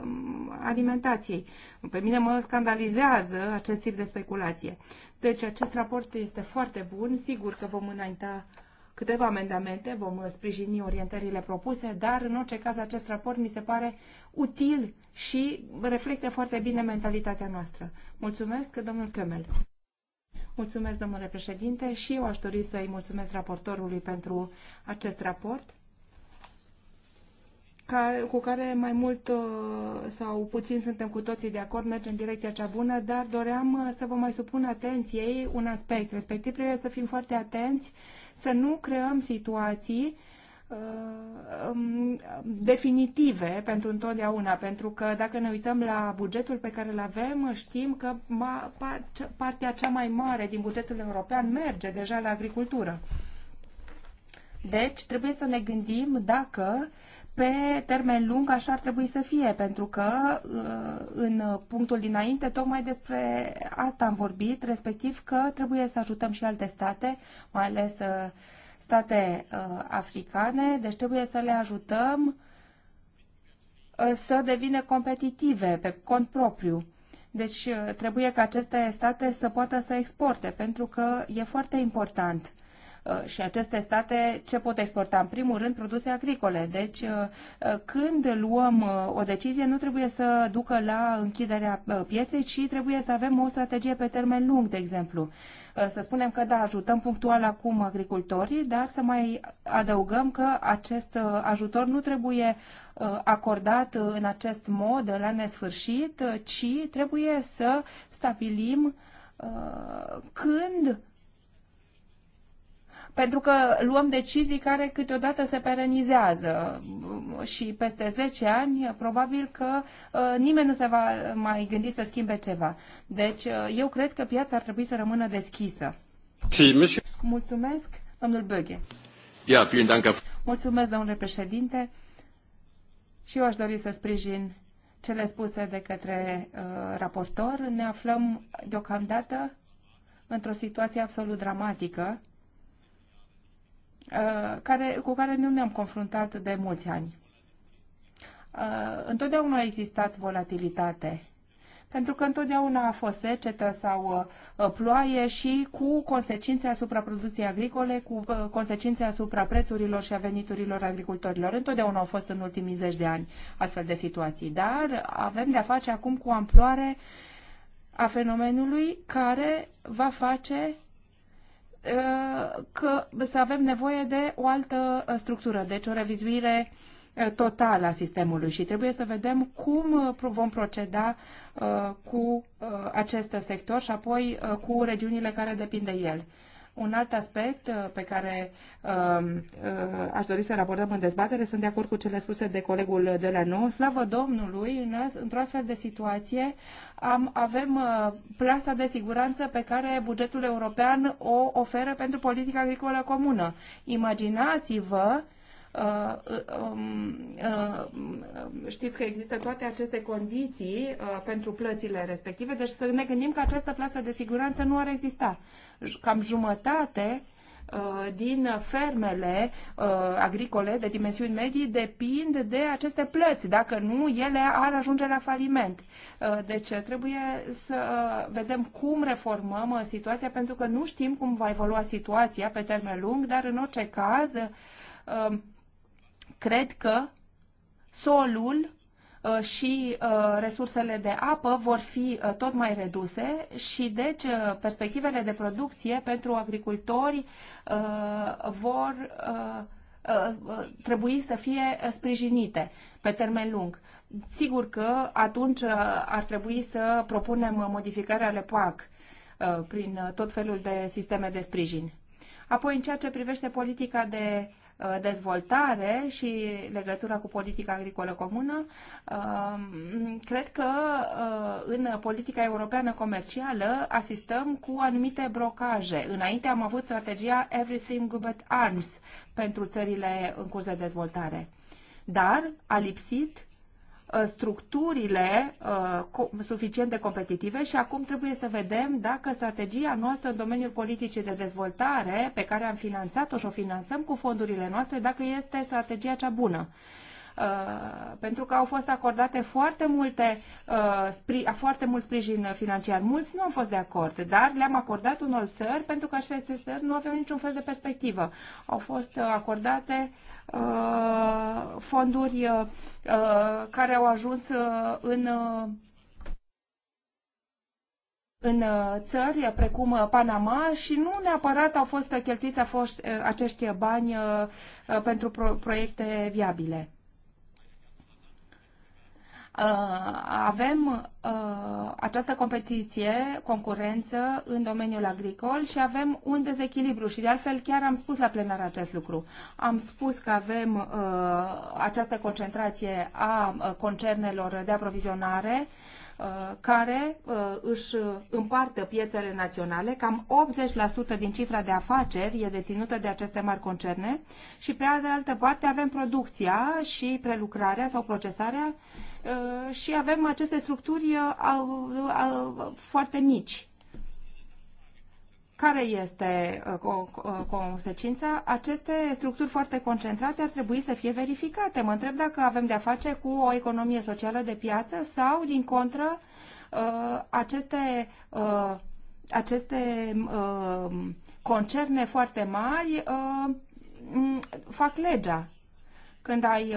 alimentației. Pe mine mă scandalizează acest tip de speculație. Deci acest raport este foarte bun. Sigur că vom înainta câteva amendamente, vom uh, sprijini orientările propuse, dar în orice caz acest raport mi se pare util și reflectă foarte bine mentalitatea noastră. Mulțumesc, domnul Kemel. Mulțumesc, domnule președinte, și eu aș dori să-i mulțumesc raportorului pentru acest raport cu care mai mult uh, sau puțin suntem cu toții de acord, merge în direcția cea bună, dar doream uh, să vă mai supun atenției un aspect, respectiv trebuie să fim foarte atenți, să nu creăm situații Uh, um, definitive pentru întotdeauna, pentru că dacă ne uităm la bugetul pe care îl avem, știm că partea cea mai mare din bugetul european merge deja la agricultură. Deci trebuie să ne gândim dacă pe termen lung așa ar trebui să fie, pentru că uh, în punctul dinainte tocmai despre asta am vorbit, respectiv că trebuie să ajutăm și alte state, mai ales uh, state uh, africane, deci trebuie să le ajutăm uh, să devină competitive pe cont propriu. Deci uh, trebuie ca aceste state să poată să exporte, pentru că e foarte important. Și aceste state ce pot exporta? În primul rând, produse agricole. Deci, când luăm o decizie, nu trebuie să ducă la închiderea pieței, ci trebuie să avem o strategie pe termen lung, de exemplu. Uh, să spunem că da, ajutăm punctual acum agricultorii, dar să mai adăugăm că acest uh, ajutor nu trebuie uh, acordat în acest mod la nesfârșit, ci trebuie să stabilim când pentru că luăm decizii care câteodată se perenizează și peste 10 ani probabil că uh, nimeni nu se va mai gândi să schimbe ceva. Deci uh, eu cred că piața ar trebui să rămână deschisă. Mulțumesc, domnul Böge. Ja, Dank. Mulțumesc, domnule președinte. Și eu aș dori să sprijin cele spuse de către uh, raportor. Ne aflăm deocamdată într-o situație absolut dramatică Uh, care, cu care nu ne-am confruntat de mulți ani. Uh, întotdeauna a existat volatilitate pentru că întotdeauna a fost secetă sau uh, ploaie și cu consecințe asupra producției agricole, cu consecințe asupra prețurilor și a veniturilor agricultorilor. Întotdeauna au fost în ultimii zeci de ani astfel de situații, dar avem de-a face acum cu amploare a fenomenului care va face că să avem nevoie de o altă uh, structură, deci o revizuire uh, totală a sistemului și trebuie să vedem cum uh, vom proceda cu acest sector și apoi cu regiunile care depind de el. Un alt aspect uh, pe care um, uh, aș dori să-l abordăm în dezbatere, sunt de acord cu cele spuse de colegul de la nou, slavă Domnului, într-o astfel de situație am, avem uh, plasa de siguranță pe care bugetul european o oferă pentru politica agricolă comună. Imaginați-vă știți că există toate aceste condiții uh, pentru plățile respective, deci să ne gândim că această plasă de siguranță nu ar exista. Cam jumătate uh, din fermele uh, agricole de dimensiuni medii depind de aceste plăți. Dacă nu, ele ar ajunge la faliment. Deci trebuie să vedem cum reformăm situația, pentru că nu știm cum va evolua situația pe termen lung, dar în orice caz Cred că solul uh, și uh, resursele de apă vor fi uh, tot mai reduse și deci perspectivele de producție pentru agricultori vor trebui să fie sprijinite pe termen lung. Sigur că atunci ar trebui să propunem modificarea ale PAC prin tot felul de sisteme de sprijin. Apoi, în ceea ce privește politica de Uh, dezvoltare și legătura cu politica agricolă comună, uh, cred că uh, în politica europeană comercială asistăm cu anumite brocaje. Înainte am avut strategia Everything But Arms pentru țările în curs de dezvoltare. Dar a lipsit Uh, structurile uh, suficient de competitive și acum trebuie să vedem dacă strategia noastră în domeniul politicii de dezvoltare pe care am finanțat-o și o finanțăm cu fondurile noastre, dacă este strategia cea bună. Uh, pentru că au fost acordate foarte multe uh, spri, foarte mult sprijin financiar. Mulți nu au fost de acord, dar le-am acordat unor țări pentru că aceste țări nu aveau niciun fel de perspectivă. Au fost uh, acordate Uh, fonduri uh, uh, care au ajuns în în țări precum Panama și nu neapărat au fost cheltuiți a fost, acești bani pentru proiecte viabile. Uh, avem uh, această competiție, concurență în domeniul agricol și avem un dezechilibru și de altfel chiar am spus la plenar acest lucru. Am spus că avem uh, această concentrație a concernelor de aprovizionare care își împartă piețele naționale. Cam 80% din cifra de afaceri e deținută de aceste mari concerne și pe de altă parte avem producția și prelucrarea sau procesarea Uh, și avem aceste structuri uh, uh, foarte mici. Care este consecința? Aceste structuri foarte concentrate ar trebui să fie verificate. Mă întreb dacă avem de-a face cu o economie socială de piață sau, din contră, aceste, aceste concerne foarte mari fac legea. Când ai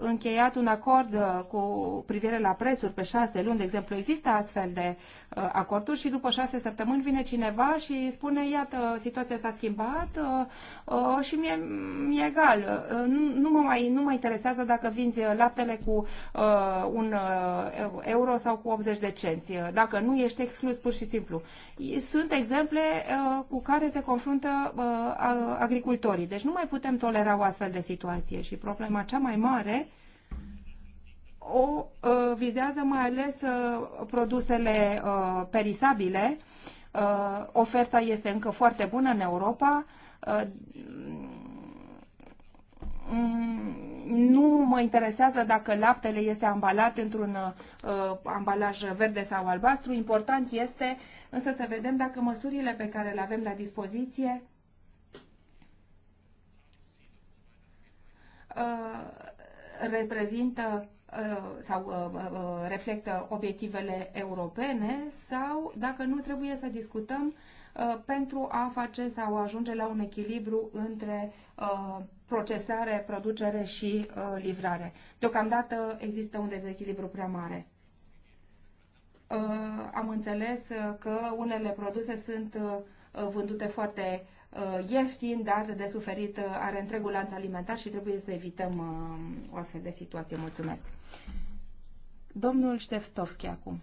încheiat un acord uh, cu privire la prețuri pe șase luni, de exemplu, există astfel de uh, acorduri și după șase săptămâni vine cineva și spune, iată, situația s-a schimbat uh, și mi-e egal. Nu mă mai, nu mă interesează dacă vinzi laptele cu un euro sau cu 80 de cenți. Dacă nu, ești exclus pur și simplu. Sunt exemple cu care se confruntă agricultorii. Deci nu mai putem tolera o astfel de situație și problema cea mai mare o uh, vizează mai ales uh, produsele uh, perisabile. Uh, oferta este încă foarte bună în Europa. Uh, mm, nu mă interesează dacă laptele este ambalat într-un uh, ambalaj verde sau albastru. Important este însă să vedem dacă măsurile pe care le avem la dispoziție uh, reprezintă Uh, sau uh, uh, reflectă obiectivele europene sau dacă nu trebuie să discutăm pentru a face sau a ajunge la un echilibru între procesare, producere și livrare. Deocamdată există un dezechilibru prea mare. Am înțeles că unele produse sunt vândute foarte ieftin, uh, dar de suferit uh, are întregul lanț alimentar și trebuie să evităm uh, o astfel de situație. Mulțumesc. Domnul Ștefstovski acum.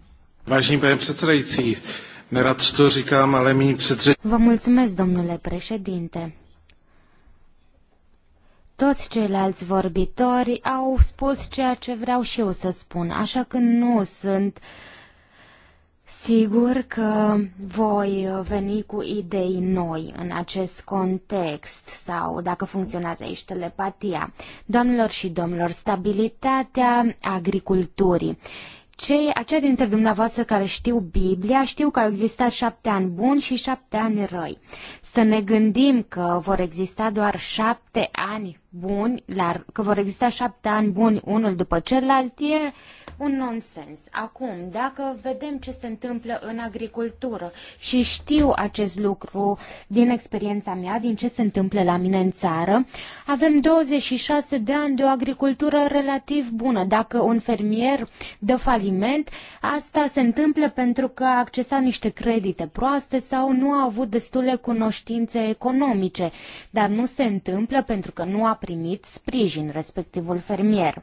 Vážený pane předsedající, nerad to říkám, ale mi předřeč... Vă mulțumesc, domnule președinte. Toți ceilalți vorbitori au spus ceea ce vreau și eu să spun, așa că nu sunt uh, Sigur că voi veni cu idei noi în acest context sau dacă funcționează aici telepatia. Doamnelor și domnilor, stabilitatea agriculturii. Cei, aceia dintre dumneavoastră care știu Biblia știu că au existat șapte ani buni și șapte ani răi. Să ne gândim că vor exista doar șapte ani buni, la, că vor exista șapte ani buni unul după celălalt, e un nonsens. Acum, dacă vedem ce se întâmplă în agricultură și știu acest lucru din experiența mea, din ce se întâmplă la mine în țară, avem 26 de ani de o agricultură relativ bună. Dacă un fermier dă faliment, asta se întâmplă pentru că a accesat niște credite proaste sau nu a avut destule cunoștințe economice, dar nu se întâmplă pentru că nu a primit sprijin respectivul fermier.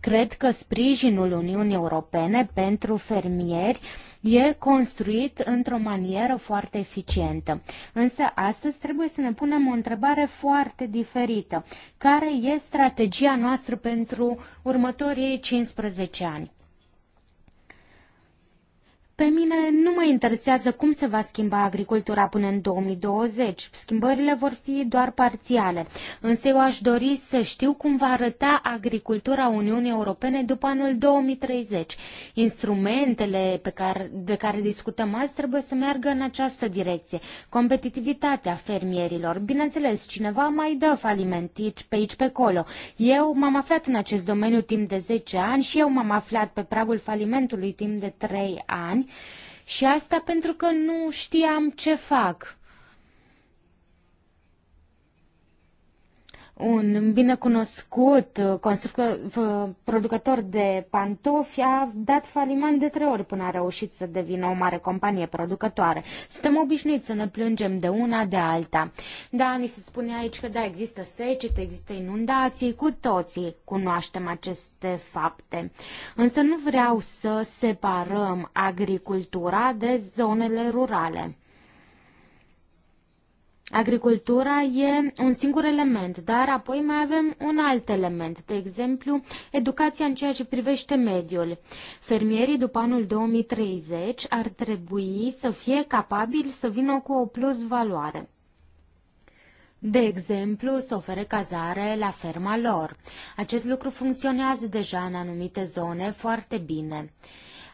Cred că sprijinul Uniunii Europene pentru fermieri e construit într-o manieră foarte eficientă. Însă astăzi trebuie să ne punem o întrebare foarte diferită. Care e strategia noastră pentru următorii 15 ani? Pe mine nu mă interesează cum se va schimba agricultura până în 2020. Schimbările vor fi doar parțiale. Însă eu aș dori să știu cum va arăta agricultura Uniunii Europene după anul 2030. Instrumentele pe care, de care discutăm azi trebuie să meargă în această direcție. Competitivitatea fermierilor. Bineînțeles, cineva mai dă falimentici pe aici, pe acolo. Eu m-am aflat în acest domeniu timp de 10 ani și eu m-am aflat pe pragul falimentului timp de 3 ani și asta pentru că nu știam ce fac. un binecunoscut uh, uh, producător de pantofi a dat faliment de trei ori până a reușit să devină o mare companie producătoare. Suntem obișnuiți să ne plângem de una, de alta. Da, ni se spune aici că da, există secete, există inundații, cu toții cunoaștem aceste fapte. Însă nu vreau să separăm agricultura de zonele rurale. Agricultura e un singur element, dar apoi mai avem un alt element, de exemplu, educația în ceea ce privește mediul. Fermierii după anul 2030 ar trebui să fie capabili să vină cu o plus valoare. De exemplu, să ofere cazare la ferma lor. Acest lucru funcționează deja în anumite zone foarte bine.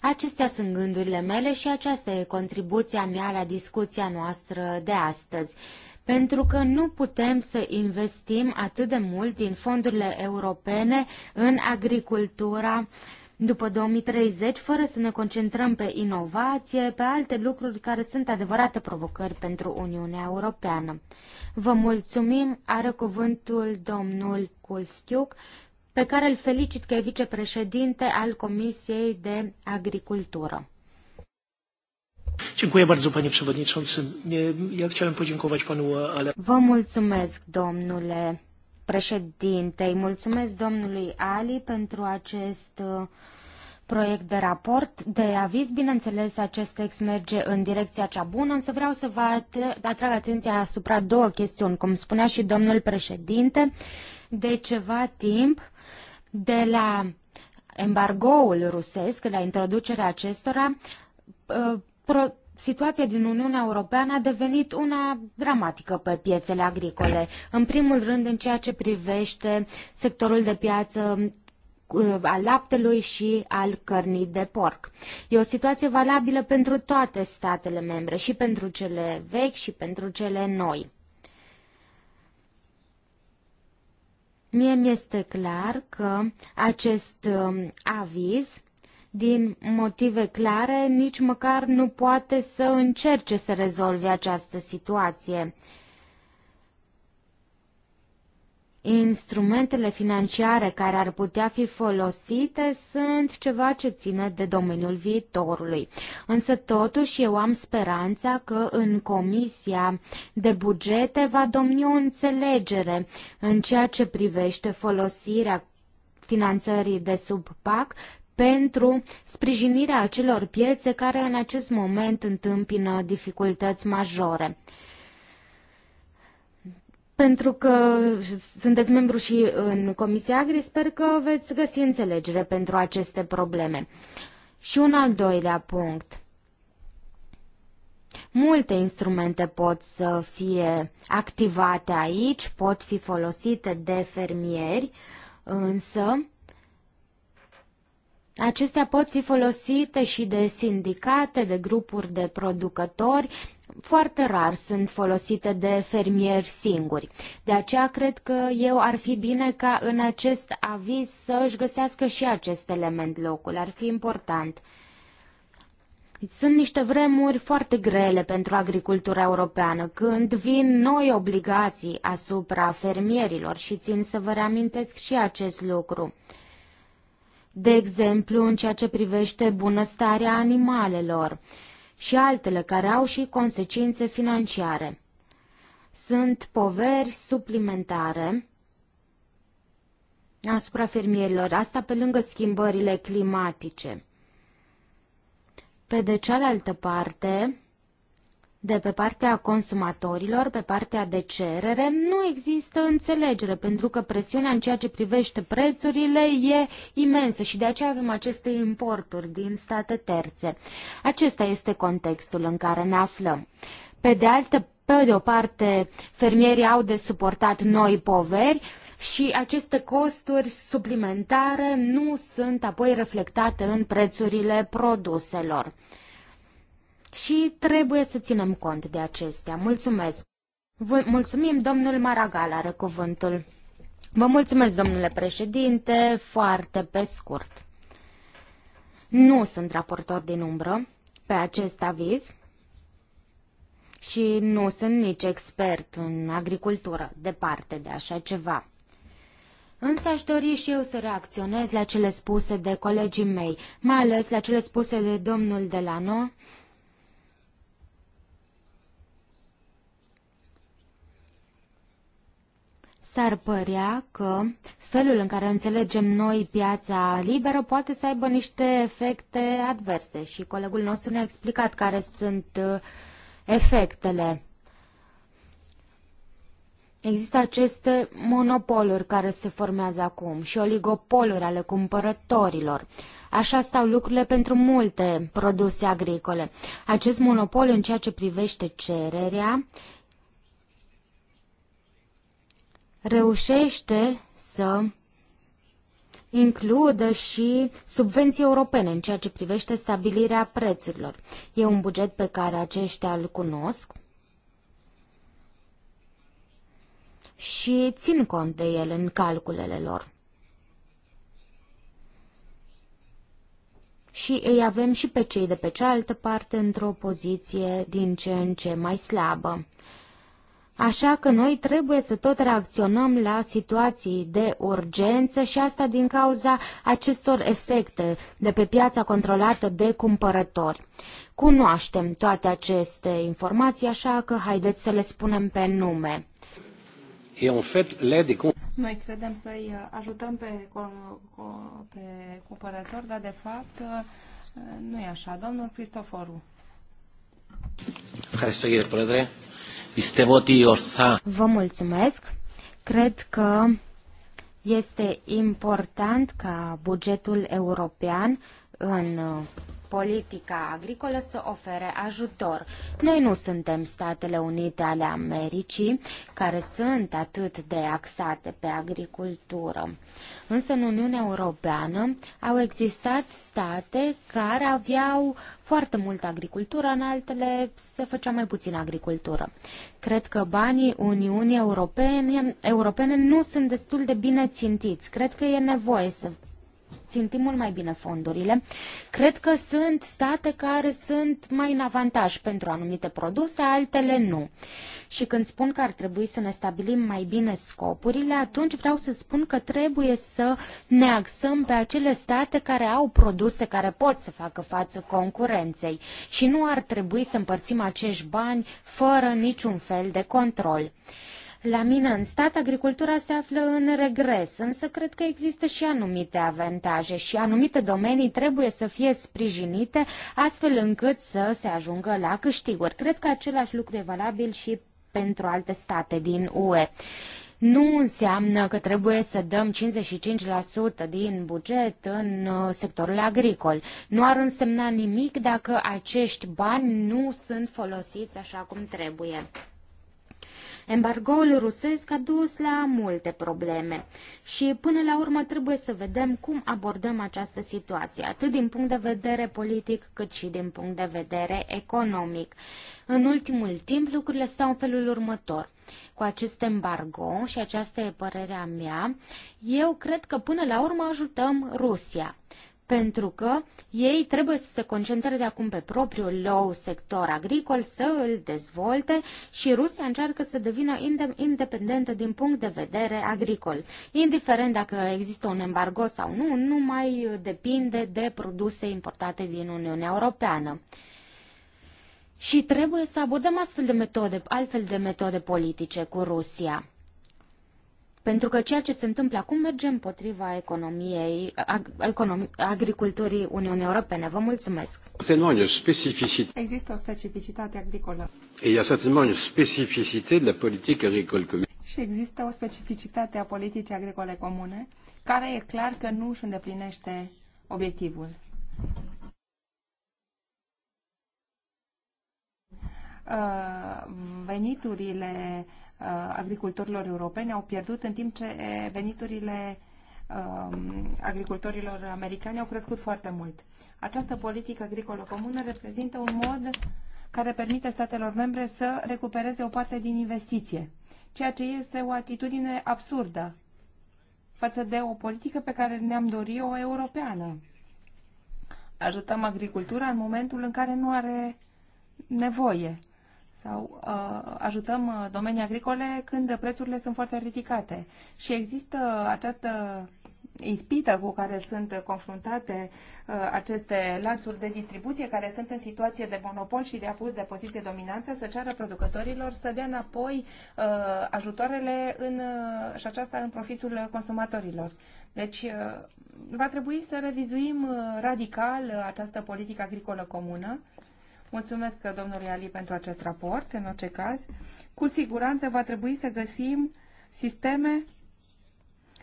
Acestea sunt gândurile mele și aceasta e contribuția mea la discuția noastră de astăzi pentru că nu putem să investim atât de mult din fondurile europene în agricultura după 2030, fără să ne concentrăm pe inovație, pe alte lucruri care sunt adevărate provocări pentru Uniunea Europeană. Vă mulțumim, are cuvântul domnul Culstiuc pe care îl felicit că e vicepreședinte al Comisiei de Agricultură. Dziękuję bardzo, panie przewodniczący. Ja chciałem podziękować panu Ale. Vă mulțumesc, domnule președinte. Îi mulțumesc domnului Ali pentru acest proiect de raport, de aviz. Bineînțeles, acest text merge în direcția cea bună, însă vreau să vă atrag atenția asupra două chestiuni. Cum spunea și domnul președinte, de ceva timp de la embargoul rusesc, la introducerea acestora, uh, situația din Uniunea Europeană a devenit una dramatică pe piețele agricole. În primul rând, în ceea ce privește sectorul de piață uh, al laptelui și al cărnii de porc. E o situație valabilă pentru toate statele membre, și pentru cele vechi și pentru cele noi. Mie mi-este clar că acest um, aviz din motive clare, nici măcar nu poate să încerce să rezolve această situație. Instrumentele financiare care ar putea fi folosite sunt ceva ce ține de domeniul viitorului. Însă totuși eu am speranța că în Comisia de Bugete va domni o înțelegere în ceea ce privește folosirea finanțării de sub PAC pentru sprijinirea acelor piețe care în acest moment întâmpină dificultăți majore pentru că sunteți membru și în Comisia Agri, sper că veți găsi înțelegere pentru aceste probleme. Și un al doilea punct. Multe instrumente pot să fie activate aici, pot fi folosite de fermieri, însă Acestea pot fi folosite și de sindicate, de grupuri de producători foarte rar sunt folosite de fermieri singuri. De aceea cred că eu ar fi bine ca în acest aviz să își găsească și acest element locul. Ar fi important. Sunt niște vremuri foarte grele pentru agricultura europeană, când vin noi obligații asupra fermierilor și țin să vă reamintesc și acest lucru. De exemplu, în ceea ce privește bunăstarea animalelor. Uh, și altele care au și consecințe financiare. Sunt poveri suplimentare asupra fermierilor, asta pe lângă schimbările climatice. Pe de cealaltă parte, de pe partea consumatorilor, pe partea de cerere, nu există înțelegere, pentru că presiunea în ceea ce privește prețurile e imensă și de aceea avem aceste importuri din state terțe. Acesta este contextul în care ne aflăm. Pe de altă pe de o parte, fermierii au de suportat noi poveri și aceste costuri suplimentare nu sunt apoi reflectate în prețurile produselor și trebuie să ținem cont de acestea. Mulțumesc! Vă mulțumim, domnul Maragal are cuvântul. Vă mulțumesc, domnule președinte, foarte pe scurt. Nu sunt raportor din umbră pe acest aviz și nu sunt nici expert în agricultură, departe de așa ceva. Însă aș dori și eu să reacționez la cele spuse de colegii mei, mai ales la cele spuse de domnul Delano s-ar părea că felul în care înțelegem noi piața liberă poate să aibă niște efecte adverse și colegul nostru ne-a explicat care sunt uh, efectele. Există aceste monopoluri care se formează acum și oligopoluri ale cumpărătorilor. Așa stau lucrurile pentru multe produse agricole. Acest monopol în ceea ce privește cererea reușește să includă și subvenții europene în ceea ce privește stabilirea prețurilor. E un buget pe care aceștia îl cunosc și țin cont de el în calculele lor. Și îi avem și pe cei de pe cealaltă parte într-o poziție din ce în ce mai slabă. Așa că noi trebuie să tot reacționăm la situații de urgență și asta din cauza acestor efecte de pe piața controlată de cumpărători. Cunoaștem toate aceste informații, așa că haideți să le spunem pe nume. Noi credem să-i uh, ajutăm pe, pe cumpărători, dar de fapt uh, nu e așa. Domnul Cristoforu. Vă mulțumesc. Cred că este important ca bugetul european în politica agricolă să ofere ajutor. Noi nu suntem Statele Unite ale Americii, care sunt atât de axate pe agricultură. Însă în Uniunea Europeană au existat state care aveau foarte multă agricultură, în altele se făcea mai puțin agricultură. Cred că banii Uniunii Europene, Europene nu sunt destul de bine țintiți. Cred că e nevoie să ținti mult mai bine fondurile. Cred că sunt state care sunt mai în avantaj pentru anumite produse, altele nu. Și când spun că ar trebui să ne stabilim mai bine scopurile, atunci vreau să spun că trebuie să ne axăm pe acele state care au produse care pot să facă față concurenței și nu ar trebui să împărțim acești bani fără niciun fel de control. La mine în stat agricultura se află în regres, însă cred că există și anumite avantaje și anumite domenii trebuie să fie sprijinite astfel încât să se ajungă la câștiguri. Cred că același lucru e valabil și pentru alte state din UE nu înseamnă că trebuie să dăm 55% din buget în uh, sectorul agricol. Nu ar însemna nimic dacă acești bani nu sunt folosiți așa cum trebuie. Embargoul rusesc a dus la multe probleme și până la urmă trebuie să vedem cum abordăm această situație, atât din punct de vedere politic cât și din punct de vedere economic. În ultimul timp lucrurile stau în felul următor cu acest embargo, și aceasta e părerea mea, eu cred că până la urmă ajutăm Rusia pentru că ei trebuie să se concentreze acum pe propriul lor sector agricol, să îl dezvolte și Rusia încearcă să devină independentă din punct de vedere agricol. Indiferent dacă există un embargo sau nu, nu mai depinde de produse importate din Uniunea Europeană. Și trebuie să abordăm astfel de metode, altfel de metode politice cu Rusia. Pentru că ceea ce se întâmplă acum merge împotriva economiei, ag, economi, agriculturii Uniunii Europene. Vă mulțumesc! Există o specificitate agricolă. Et il y a certainement une spécificité de la politique agricole commune. Și există o specificitate a politicii agricole comune, care e clar că nu își îndeplinește obiectivul. Uh, veniturile Uh, agricultorilor europeni au pierdut, în timp ce veniturile um, agricultorilor americani au crescut foarte mult. Această politică agricolă comună reprezintă un mod care permite statelor membre să recupereze o parte din investiție, ceea ce este o atitudine absurdă față de o politică pe care ne-am dorit o europeană. Ajutăm agricultura în momentul în care nu are nevoie sau uh, ajutăm uh, domenii agricole când prețurile sunt foarte ridicate. Și există această ispită cu care sunt confruntate uh, aceste lanțuri de distribuție care sunt în situație de monopol și de apus de poziție dominantă să ceară producătorilor să dea înapoi uh, ajutoarele în, uh, și aceasta în profitul consumatorilor. Deci uh, va trebui să revizuim uh, radical această politică agricolă comună Mulțumesc domnului Ali pentru acest raport, în orice caz. Cu siguranță va trebui să găsim sisteme,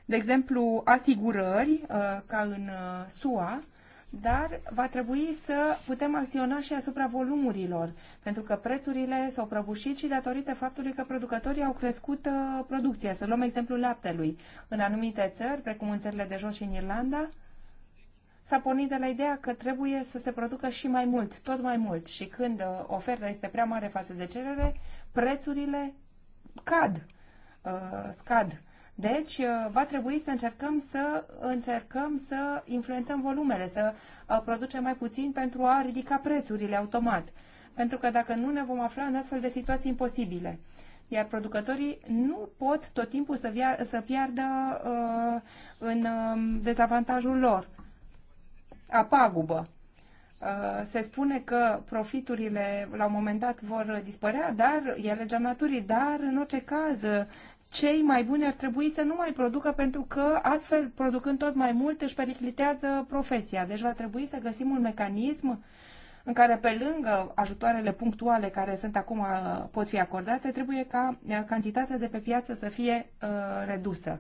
de exemplu, asigurări, uh, ca în uh, SUA, dar va trebui să putem acționa și asupra volumurilor, pentru că prețurile s-au prăbușit și datorită faptului că producătorii au crescut uh, producția. Să luăm exemplul laptelui. În anumite țări, precum în țările de jos și în Irlanda, s-a pornit de la ideea că trebuie să se producă și mai mult, tot mai mult. Și când uh, oferta este prea mare față de cerere, prețurile cad, uh, scad. Deci uh, va trebui să încercăm să încercăm să influențăm volumele, să producem mai puțin pentru a ridica prețurile automat. Pentru că dacă nu ne vom afla în astfel de situații imposibile. Iar producătorii nu pot tot timpul să, via, să piardă uh, în uh, dezavantajul lor a pagubă. Uh, se spune că profiturile la un moment dat vor dispărea, dar e legea naturii, dar în orice caz cei mai buni ar trebui să nu mai producă pentru că astfel, producând tot mai mult, își periclitează profesia. Deci va trebui să găsim un mecanism în care pe lângă ajutoarele punctuale care sunt acum uh, pot fi acordate, trebuie ca uh, cantitatea de pe piață să fie uh, redusă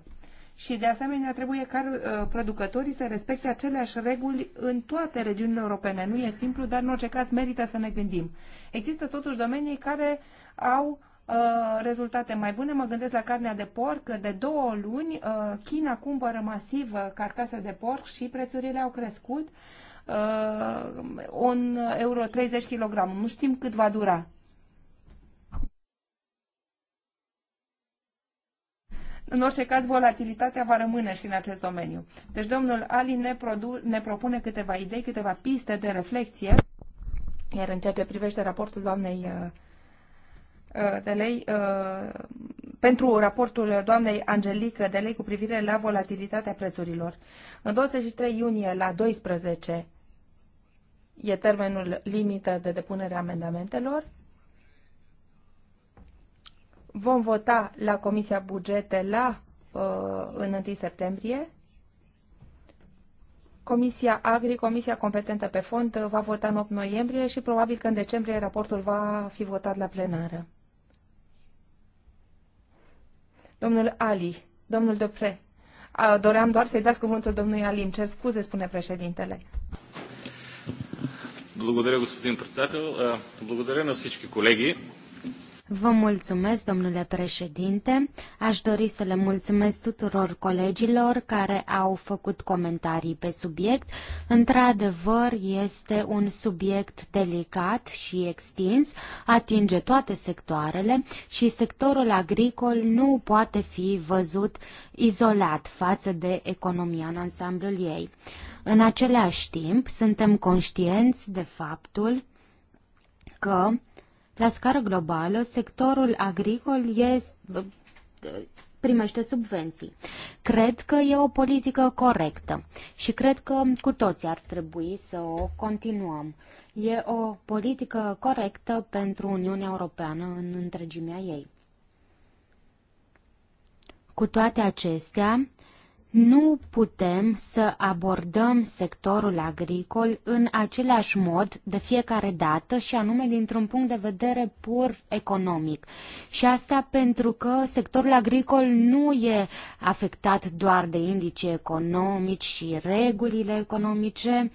și de asemenea trebuie ca uh, producătorii să respecte aceleași reguli în toate regiunile europene. Nu e simplu, dar în orice caz merită să ne gândim. Există totuși domenii care au uh, rezultate mai bune. Mă gândesc la carnea de porc. De două luni uh, China cumpără masiv carcase de porc și prețurile au crescut. Uh, un euro 30 kg. Nu știm cât va dura În orice caz, volatilitatea va rămâne și în acest domeniu. Deci domnul Ali ne, ne propune câteva idei, câteva piste de reflexie, iar în ceea ce privește raportul doamnei uh, uh Delei, uh, pentru raportul doamnei Angelică Delei cu privire la volatilitatea prețurilor. În 23 iunie la 12 e termenul limită de depunere a amendamentelor Vom vota la Comisia Bugete la, uh, în 1 septembrie. Comisia Agri, comisia competentă pe fond, uh, va vota în 8 noiembrie și probabil că în decembrie raportul va fi votat la plenară. Domnul Ali, domnul Depre, doream doar să-i dați cuvântul domnului Ali. Îmi cer scuze, spune președintele. Благодаря, господин председател. Благодаря на всички колеги. Vă mulțumesc, domnule președinte. Aș dori să le mulțumesc tuturor colegilor care au făcut comentarii pe subiect. Într-adevăr, este un subiect delicat și extins, atinge toate sectoarele și sectorul agricol nu poate fi văzut izolat față de economia în ansamblul ei. În același timp, suntem conștienți de faptul că la scară globală, sectorul agricol este, primește subvenții. Cred că e o politică corectă și cred că cu toții ar trebui să o continuăm. E o politică corectă pentru Uniunea Europeană în întregimea ei. Cu toate acestea, nu putem să abordăm sectorul agricol în același mod de fiecare dată și anume dintr-un punct de vedere pur economic. Și asta pentru că sectorul agricol nu e afectat doar de indici economici și regulile economice,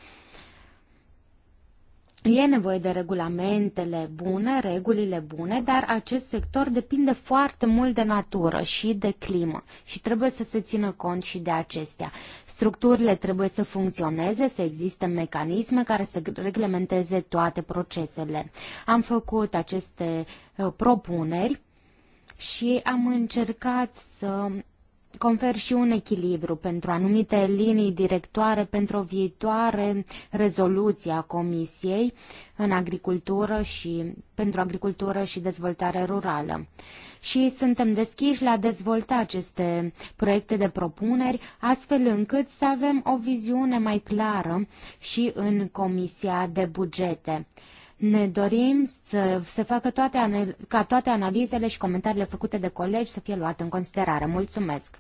E nevoie de regulamentele bune, regulile bune, dar acest sector depinde foarte mult de natură și de climă și trebuie să se țină cont și de acestea. Structurile trebuie să funcționeze, să existe mecanisme care să reglementeze toate procesele. Am făcut aceste uh, propuneri și am încercat să confer și un echilibru pentru anumite linii directoare pentru o viitoare rezoluție a Comisiei în agricultură și pentru agricultură și dezvoltare rurală. Și suntem deschiși la a dezvolta aceste proiecte de propuneri, astfel încât să avem o viziune mai clară și în Comisia de Bugete. Ne dorim să se facă toate, ca toate analizele și comentariile făcute de colegi să fie luate în considerare. Mulțumesc!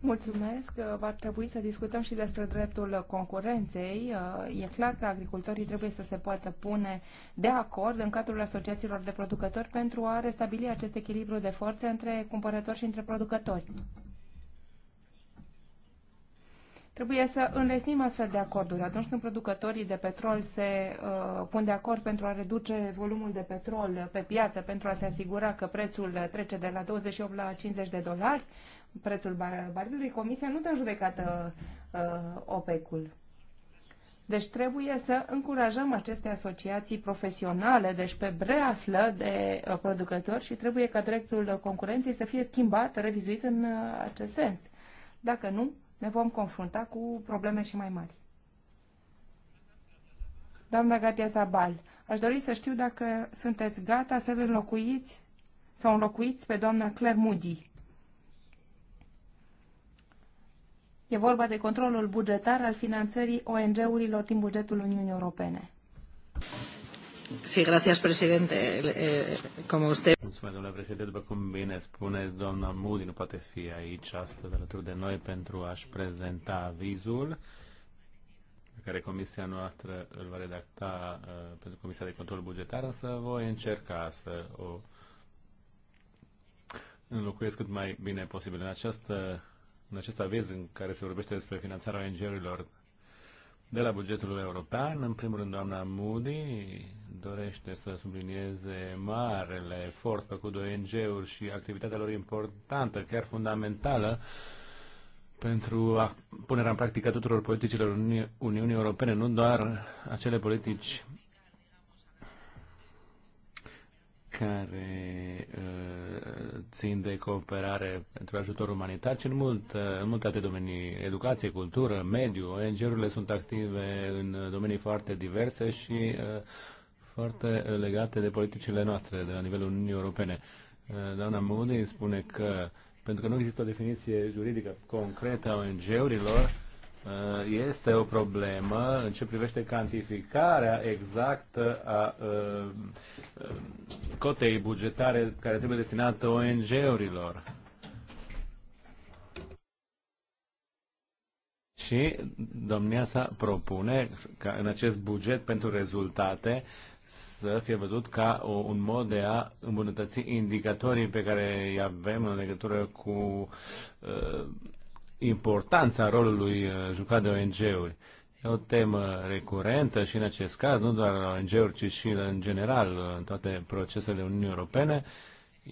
Mulțumesc! Va trebui să discutăm și despre dreptul concurenței. E clar că agricultorii trebuie să se poată pune de acord în cadrul asociațiilor de producători pentru a restabili acest echilibru de forțe între cumpărători și între producători. Trebuie să înlesnim astfel de acorduri. Atunci când producătorii de petrol se uh, pun de acord pentru a reduce volumul de petrol pe piață, pentru a se asigura că prețul trece de la 28 la 50 de dolari, prețul bar- barilului, Comisia nu dă judecată uh, OPEC-ul. Deci trebuie să încurajăm aceste asociații profesionale, deci pe breaslă de uh, producători și trebuie ca dreptul concurenței să fie schimbat, revizuit în uh, acest sens. Dacă nu, ne vom confrunta cu probleme și mai mari. Doamna Gatia Zabal, aș dori să știu dacă sunteți gata să îl înlocuiți sau înlocuiți pe doamna Claire Moody. E vorba de controlul bugetar al finanțării ONG-urilor din bugetul Uniunii Europene. Sí, gracias, presidente. Eh, como usted... Mulțumesc, domnule președinte. După cum bine spuneți, doamna Moody nu poate fi aici astăzi alături de noi pentru a-și prezenta avizul pe care comisia noastră îl va redacta uh, pentru Comisia de Control Bugetar, însă voi încerca să o înlocuiesc cât mai bine posibil. În, această, în acest aviz în care se vorbește despre finanțarea ONG-urilor de la bugetul european. În primul rând, doamna Moody dorește să sublinieze marele efort făcut de ONG-uri și activitatea lor importantă, chiar fundamentală, pentru a punerea în practică tuturor politicilor Uni Uniunii Europene, nu doar acele politici care uh, țin de cooperare pentru ajutor umanitar, ci în, mult, uh, în multe alte domenii, educație, cultură, mediu, ONG-urile sunt active în domenii foarte diverse și uh, foarte legate de politicile noastre de la nivelul Uniunii Europene. Uh, doamna Moody spune că, pentru că nu există o definiție juridică concretă a ONG-urilor, Uh, este o problemă în ce privește cantificarea exactă a uh, uh, cotei bugetare care trebuie destinată ONG-urilor. Și domnia sa propune ca în acest buget pentru rezultate să fie văzut ca o, un mod de a îmbunătăți indicatorii pe care îi avem în legătură cu uh, importanța rolului uh, jucat de ONG-uri. E o temă recurentă și în acest caz, nu doar la ONG-uri, ci și în general uh, în toate procesele Uniunii Europene,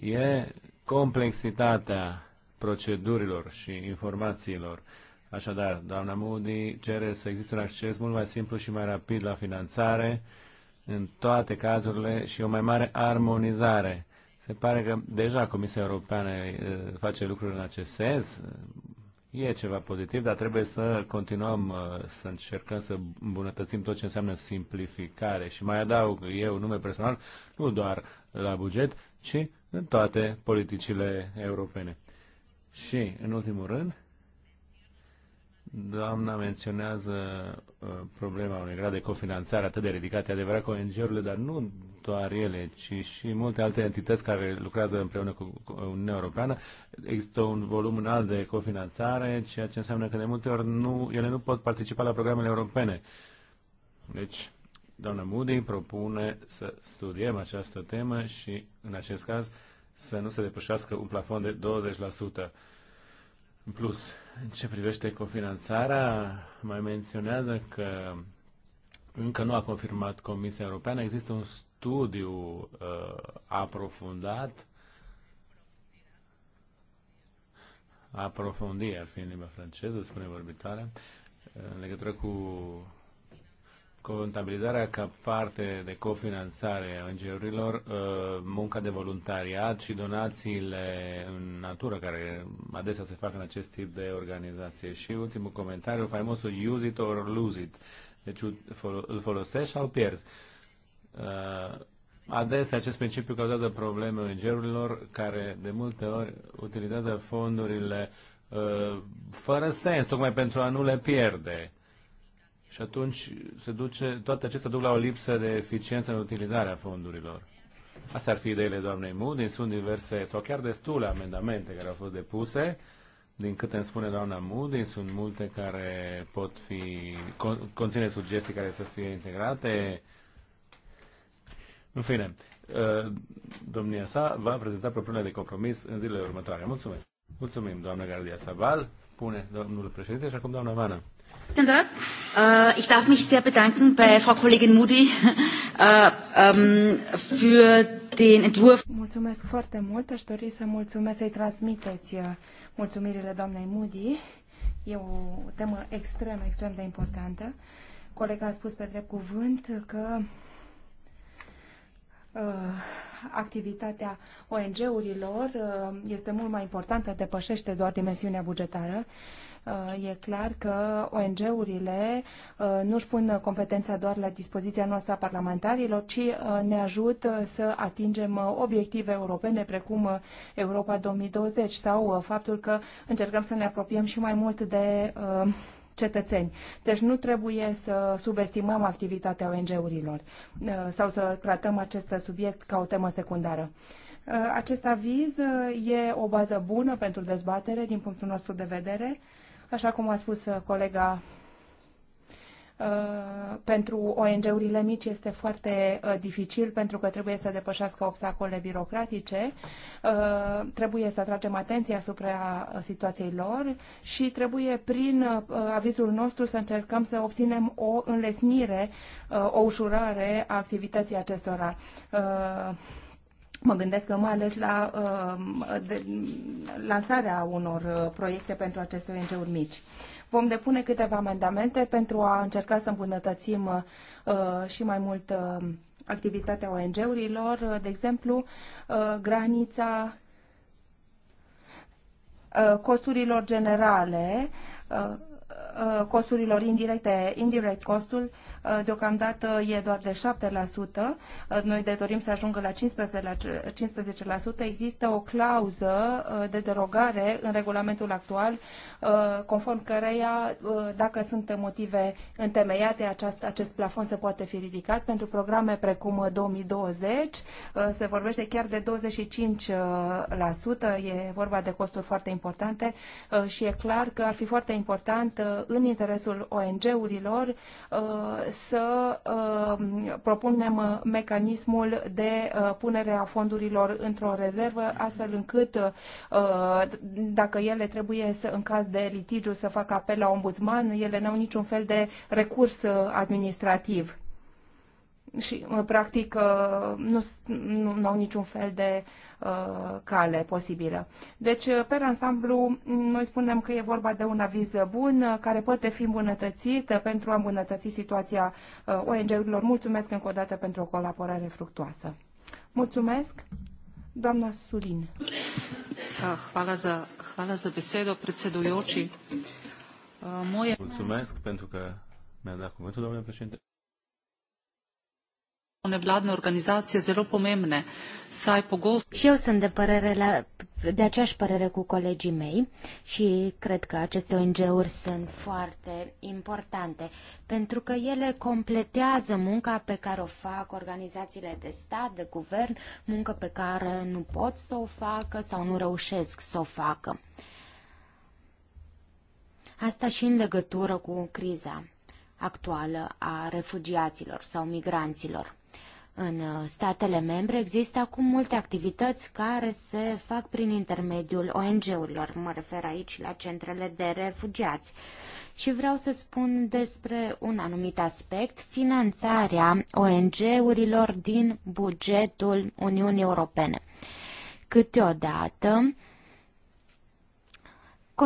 e complexitatea procedurilor și informațiilor. Așadar, doamna Moody cere să existe un acces mult mai simplu și mai rapid la finanțare în toate cazurile și o mai mare armonizare. Se pare că deja Comisia Europeană uh, face lucruri în acest sens, e ceva pozitiv, dar trebuie să continuăm uh, să încercăm să îmbunătățim tot ce înseamnă simplificare. Și mai adaug eu nume personal, nu doar la buget, ci în toate politicile europene. Și, în ultimul rând, doamna menționează uh, problema unui grad de cofinanțare atât de ridicat, e adevărat că ONG-urile, dar nu doar ele, ci și multe alte entități care lucrează împreună cu Uniunea Europeană. Există un volum înalt de cofinanțare, ceea ce înseamnă că de multe ori nu, ele nu pot participa la programele europene. Deci, doamna Moody propune să studiem această temă și, în acest caz, să nu se depășească un plafon de 20%. În plus, în ce privește cofinanțarea, mai menționează că încă nu a confirmat Comisia Europeană, există un studiu uh, aprofundat aprofundi, ar fi în limba franceză, spune vorbitoarea, în legătură cu contabilizarea ca parte de cofinanțare a ong uh, munca de voluntariat și donațiile în natură, care adesea se fac în acest tip de organizație. Și ultimul comentariu, faimosul use it or lose it. Deci îl folosești sau pierzi. Uh, adesea acest principiu cauzează probleme în urilor care de multe ori utilizează fondurile uh, fără sens, tocmai pentru a nu le pierde. Și atunci se duce, toate acestea duc la o lipsă de eficiență în utilizarea fondurilor. Astea ar fi ideile doamnei Moody, sunt diverse sau chiar destule amendamente care au fost depuse. Din câte îmi spune doamna Moody, sunt multe care pot fi, conține sugestii care să fie integrate, în fine, uh, domnia sa va prezenta propunerea de compromis în zilele următoare. Mulțumesc! Mulțumim, doamna Gardia Saval, spune domnul președinte și acum doamna Vana. Uh, ich darf mich sehr bedanken bei Frau Kollegin Moody uh, um, für den Entwurf. Mulțumesc foarte mult. Aș dori să mulțumesc să-i transmiteți mulțumirile doamnei Moody. E o temă extrem, extrem de importantă. Colega a spus pe drept cuvânt că Uh, activitatea ONG-urilor uh, este mult mai importantă, depășește doar dimensiunea bugetară. Uh, e clar că ONG-urile nu își pun competența doar la dispoziția noastră a parlamentarilor, ci ne ajută să atingem obiective europene precum Europa 2020 sau faptul că încercăm să ne apropiem și mai mult de cetățeni. Deci nu trebuie să subestimăm activitatea ONG-urilor uh, sau să tratăm acest subiect ca o temă secundară. Uh, acest aviz uh, e o bază bună pentru dezbatere din punctul nostru de vedere. Așa cum a spus colega Uh, pentru ONG-urile mici este foarte uh, dificil pentru că trebuie să depășească obstacole birocratice, uh, trebuie să atragem atenția asupra situației lor și trebuie prin avizul nostru să încercăm să obținem o înlesnire, o ușurare a activității acestora. Mă gândesc că mai ales la de, lansarea unor proiecte pentru aceste ONG-uri mici. Vom depune câteva amendamente pentru a încerca să îmbunătățim uh, și mai mult uh, activitatea ONG-urilor, de exemplu, uh, granița costurilor generale, costurilor indirecte, indirect costul, Uh, deocamdată e doar de 7%. Uh, noi de dorim să ajungă la 15%. Există o clauză uh, de derogare în regulamentul actual, conform căreia, dacă sunt motive întemeiate, aceast, acest plafon se poate fi ridicat. Pentru programe precum 2020 se vorbește chiar de 25%. E vorba de costuri foarte importante și e clar că ar fi foarte important în interesul ONG-urilor să uh, propunem mecanismul de uh, punere a fondurilor într-o rezervă, astfel încât uh, dacă ele trebuie să, în caz de litigiu, să facă apel la ombudsman, ele nu au niciun fel de recurs administrativ și practic nu, nu, nu au niciun fel de Uh, cale posibilă. Deci, uh, pe ansamblu, mm, noi spunem că e vorba de un aviz bun uh, care poate fi îmbunătățit pentru a îmbunătăți situația ONG-urilor. Mulțumesc încă o dată pentru o colaborare fructuoasă. Mulțumesc! Doamna Sulin. Ah, hvala za, hvala za besedo, predsedujoči. Moje... Mulțumesc pentru că mi-a dat cuvântul, domnule președinte nevladne organizacije zelo pomembne, Și eu sunt de, părere la, de aceeași părere cu colegii mei și cred că aceste ONG-uri sunt foarte importante pentru că ele completează munca pe care o fac organizațiile de stat, de guvern, muncă pe care nu pot să o facă sau nu reușesc să o facă. Asta și în legătură cu criza actuală a refugiaților sau migranților în uh, statele membre există acum multe activități care se fac prin intermediul ONG-urilor. Mă refer aici la centrele de refugiați. Și vreau să spun despre un anumit aspect, finanțarea ONG-urilor din bugetul Uniunii Europene. Câteodată,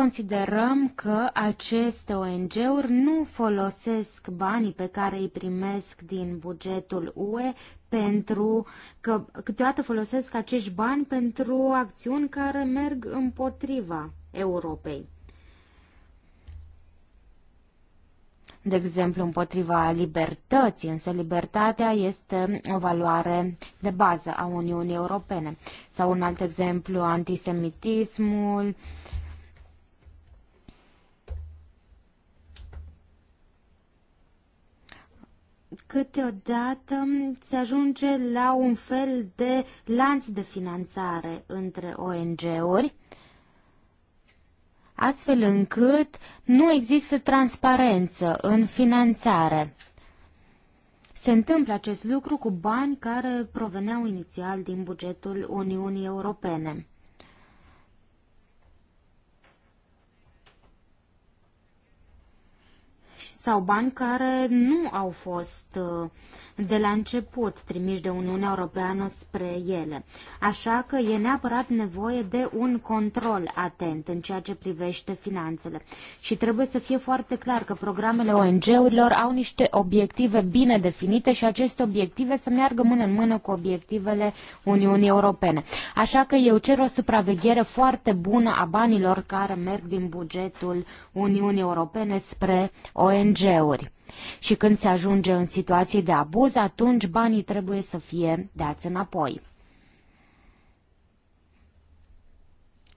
Considerăm că aceste ONG-uri nu folosesc banii pe care îi primesc din bugetul UE pentru că câteodată folosesc acești bani pentru acțiuni care merg împotriva Europei. de exemplu, împotriva libertății, însă libertatea este o valoare de bază a Uniunii Europene. Sau un alt exemplu, antisemitismul, uh, câteodată se ajunge la un fel de lanț de finanțare între ONG-uri, astfel încât nu există transparență în finanțare. Se întâmplă acest lucru cu bani care proveneau inițial din bugetul Uniunii Europene. sau bani care nu au fost uh, de la început trimiși de Uniunea Europeană spre ele. Așa că e neapărat nevoie de un control atent în ceea ce privește finanțele. Și trebuie să fie foarte clar că programele ONG-urilor au niște obiective bine definite și aceste obiective să meargă mână în mână cu obiectivele Uniunii Europene. Așa că eu cer o supraveghere foarte bună a banilor care merg din bugetul Uniunii Europene spre ONG-uri. Și când se ajunge în situații de abuz, atunci banii trebuie să fie dați înapoi.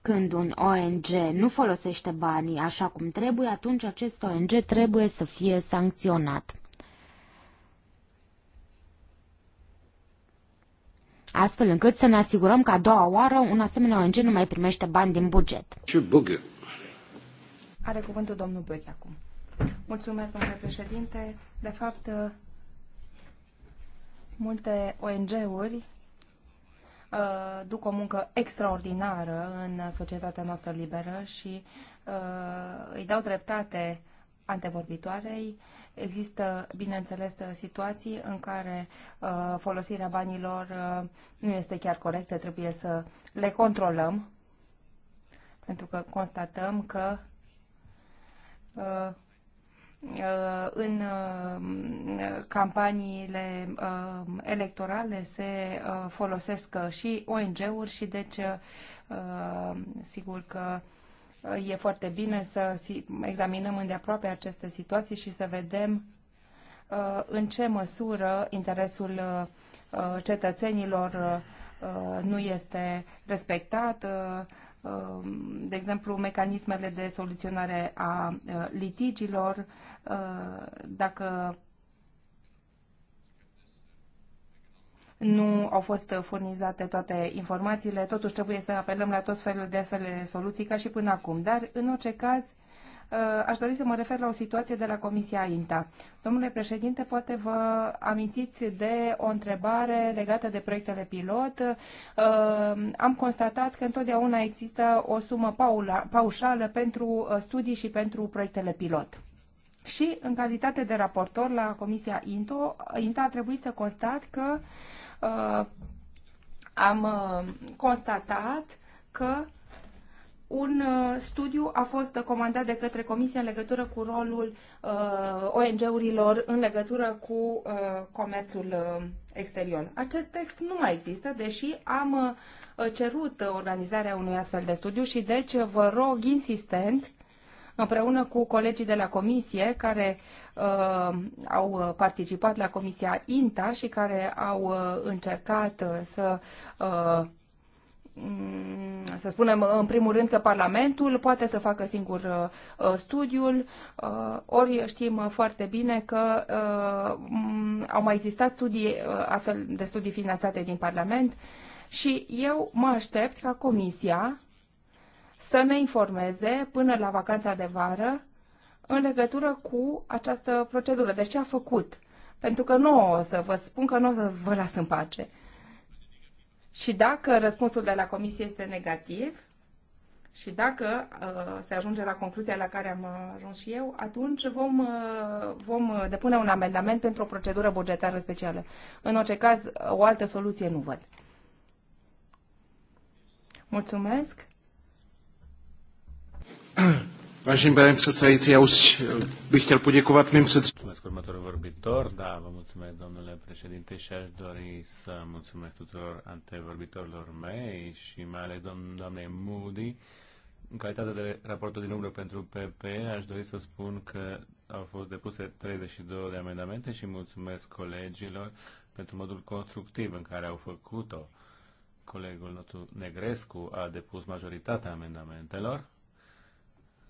Când un ONG nu folosește banii așa cum trebuie, atunci acest ONG trebuie să fie sancționat. astfel încât să ne asigurăm că a doua oară un asemenea ONG nu mai primește bani din buget. Are cuvântul domnul Băchi acum. Mulțumesc, domnule președinte. De fapt, uh, multe ONG-uri uh, duc o muncă extraordinară în societatea noastră liberă și uh, îi dau dreptate antevorbitoarei. Există, bineînțeles, situații în care folosirea banilor nu este chiar corectă, trebuie să le controlăm, pentru că constatăm că Uh, în uh, campaniile uh, electorale se folosesc și ONG-uri și deci sigur că e foarte bine să examinăm îndeaproape aceste situații și să vedem în ce măsură interesul cetățenilor nu este respectat, de exemplu, mecanismele de soluționare a litigilor, Uh, dacă nu au fost furnizate toate informațiile, totuși trebuie să apelăm la tot felul de astfel de soluții ca și până acum. Dar, în orice caz, uh, aș dori să mă refer la o situație de la Comisia INTA. Domnule președinte, poate vă amintiți de o întrebare legată de proiectele pilot. Uh, am constatat că întotdeauna există o sumă paula, paușală pentru studii și pentru proiectele pilot și, în calitate de raportor la Comisia INTO, INTA a trebuit să constat că uh, am uh, constatat că un uh, studiu a fost comandat de către Comisie în legătură cu rolul uh, ONG-urilor în legătură cu uh, comerțul uh, exterior. Acest text nu mai există, deși am uh, cerut organizarea unui astfel de studiu și deci vă rog insistent împreună cu colegii de la comisie care uh, au participat la comisia INTA și care au uh, încercat uh, să uh, să spunem, în primul rând că Parlamentul poate să facă singur uh, studiul, uh, ori știm foarte bine că au mai existat studii, astfel de studii finanțate din Parlament și eu mă aștept ca Comisia să ne informeze până la vacanța de vară în legătură cu această procedură. Deci ce a făcut? Pentru că nu o să vă spun că nu o să vă las în pace. Și dacă răspunsul de la comisie este negativ și dacă uh, se ajunge la concluzia la care am ajuns și eu, atunci vom, uh, vom depune un amendament pentru o procedură bugetară specială. În orice caz, o altă soluție nu văd. Mulțumesc. Vážený pane předsedající, já už eh, bych chtěl poděkovat mým předsedům. vorbitor, da, vă mulțumesc, domnule președinte, și aș dori să mulțumesc tuturor antevorbitorilor mei și mai ales doamnei Moody. În calitate de raportul din umbră pentru PP, aș dori să spun că au fost depuse 32 de amendamente și mulțumesc colegilor pentru modul constructiv în care au făcut-o. Colegul nostru Negrescu a depus majoritatea amendamentelor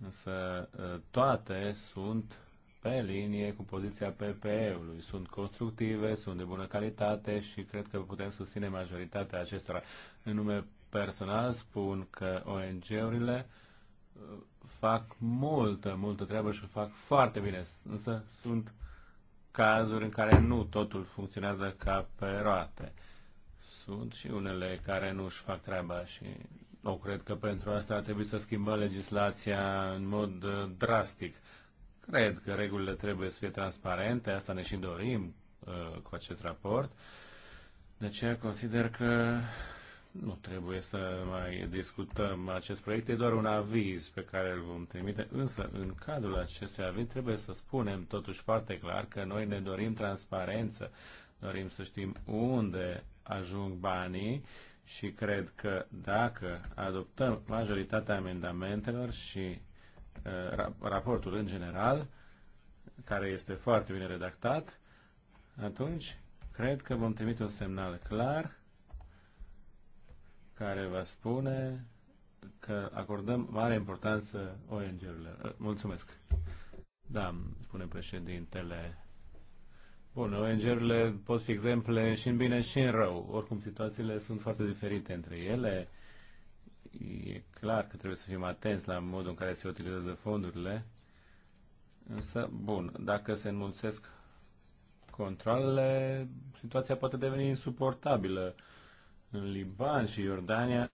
însă ă, toate sunt pe linie cu poziția PPE-ului. Sunt constructive, sunt de bună calitate și cred că putem susține majoritatea acestora. În nume personal spun că ONG-urile ă, fac multă, multă treabă și o fac foarte bine, însă sunt cazuri în care nu totul funcționează ca pe roate. Sunt și unele care nu își fac treaba și nu cred că pentru asta trebuie să schimbăm legislația în mod uh, drastic. Cred că regulile trebuie să fie transparente, asta ne și dorim uh, cu acest raport. De aceea consider că nu trebuie să mai discutăm acest proiect, e doar un aviz pe care îl vom trimite, însă în cadrul acestui aviz trebuie să spunem totuși foarte clar că noi ne dorim transparență, dorim să știm unde ajung banii și cred că dacă adoptăm majoritatea amendamentelor și uh, raportul în general, care este foarte bine redactat, atunci cred că vom trimite un semnal clar care va spune că acordăm mare importanță ONG-urilor. Mulțumesc. Da, spune președintele. Bun, ONG-urile pot fi exemple și în bine și în rău. Oricum, situațiile sunt foarte diferite între ele. E clar că trebuie să fim atenți la modul în care se utilizează fondurile. Însă, bun, dacă se înmulțesc controlele, situația poate deveni insuportabilă. În Liban și Iordania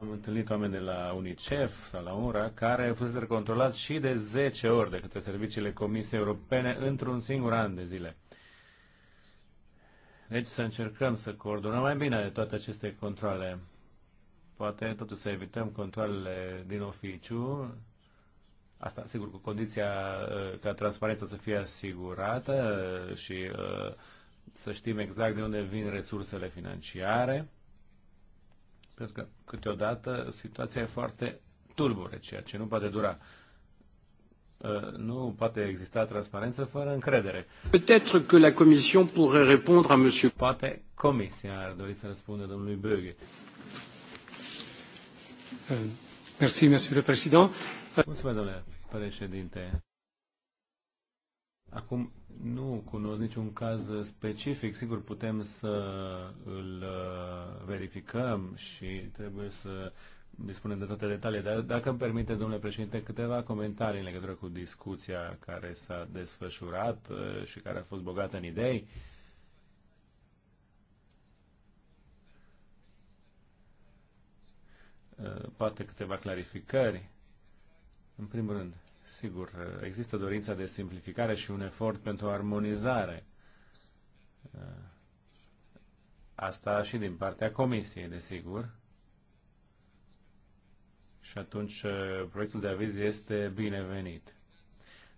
am întâlnit oameni de la UNICEF sau la URA care fost controlați și de 10 ori de către serviciile Comisiei Europene într-un singur an de zile. Deci să încercăm să coordonăm mai bine toate aceste controle. Poate totuși să evităm controlele din oficiu, asta sigur cu condiția uh, ca transparența să fie asigurată uh, și uh, să știm exact de unde vin resursele financiare pentru că câteodată situația e foarte tulbure, ceea ce nu poate dura. Uh, nu poate exista transparență fără încredere. que la pourrait répondre à monsieur... Poate Comisia ar dori să răspundă domnului Böge. Euh, merci, monsieur le président. Mulțumesc, domnule președinte. Acum nu cunosc niciun caz specific. Sigur, putem să îl uh, verificăm și trebuie să dispunem de toate detaliile, dar dacă îmi permite, domnule președinte, câteva comentarii în legătură cu discuția care s-a desfășurat uh, și care a fost bogată în idei. Uh, poate câteva clarificări. În primul rând, Sigur, există dorința de simplificare și un efort pentru armonizare. Asta și din partea Comisiei, desigur. Și atunci uh, proiectul de aviz este binevenit.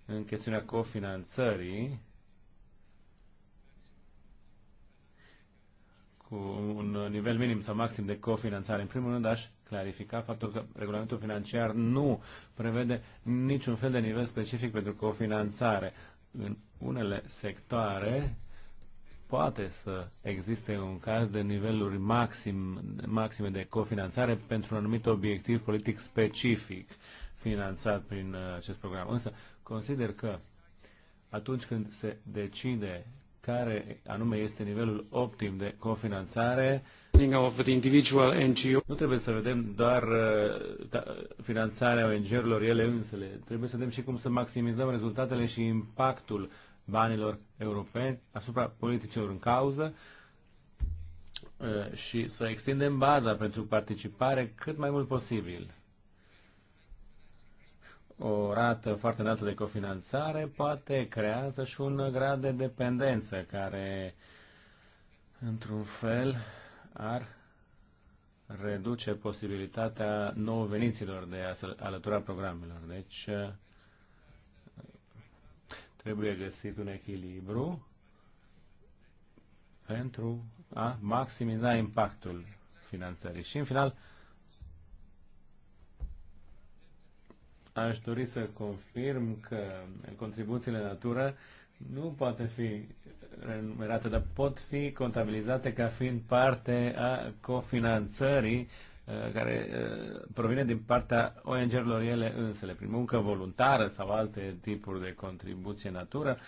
În chestiunea cofinanțării, cu un nivel minim sau maxim de cofinanțare, în primul rând aș clarifica faptul că regulamentul financiar nu prevede niciun fel de nivel specific pentru cofinanțare. În unele sectoare poate să existe un caz de niveluri maxim, maxime de cofinanțare pentru un anumit obiectiv politic specific finanțat prin uh, acest program. Însă consider că atunci când se decide care anume este nivelul optim de cofinanțare, uh, nu trebuie să vedem doar uh, da, finanțarea ONG-urilor ele însele. Trebuie să vedem și cum să maximizăm rezultatele și impactul banilor europeni asupra politicilor în cauză uh, și să extindem baza pentru participare cât mai mult posibil. O rată foarte înaltă de cofinanțare poate creează și un grad de dependență care, într-un fel, ar reduce posibilitatea nou veniților de a alătura programelor. Deci eh, trebuie găsit un echilibru pentru a maximiza impactul finanțării. Și în final, aș dori să confirm că contribuțiile natură nu poate fi renumerate, dar pot fi contabilizate ca fiind parte a cofinanțării uh, care uh, provine din partea ONG-urilor ele însele, prin muncă voluntară sau alte tipuri de contribuție natură,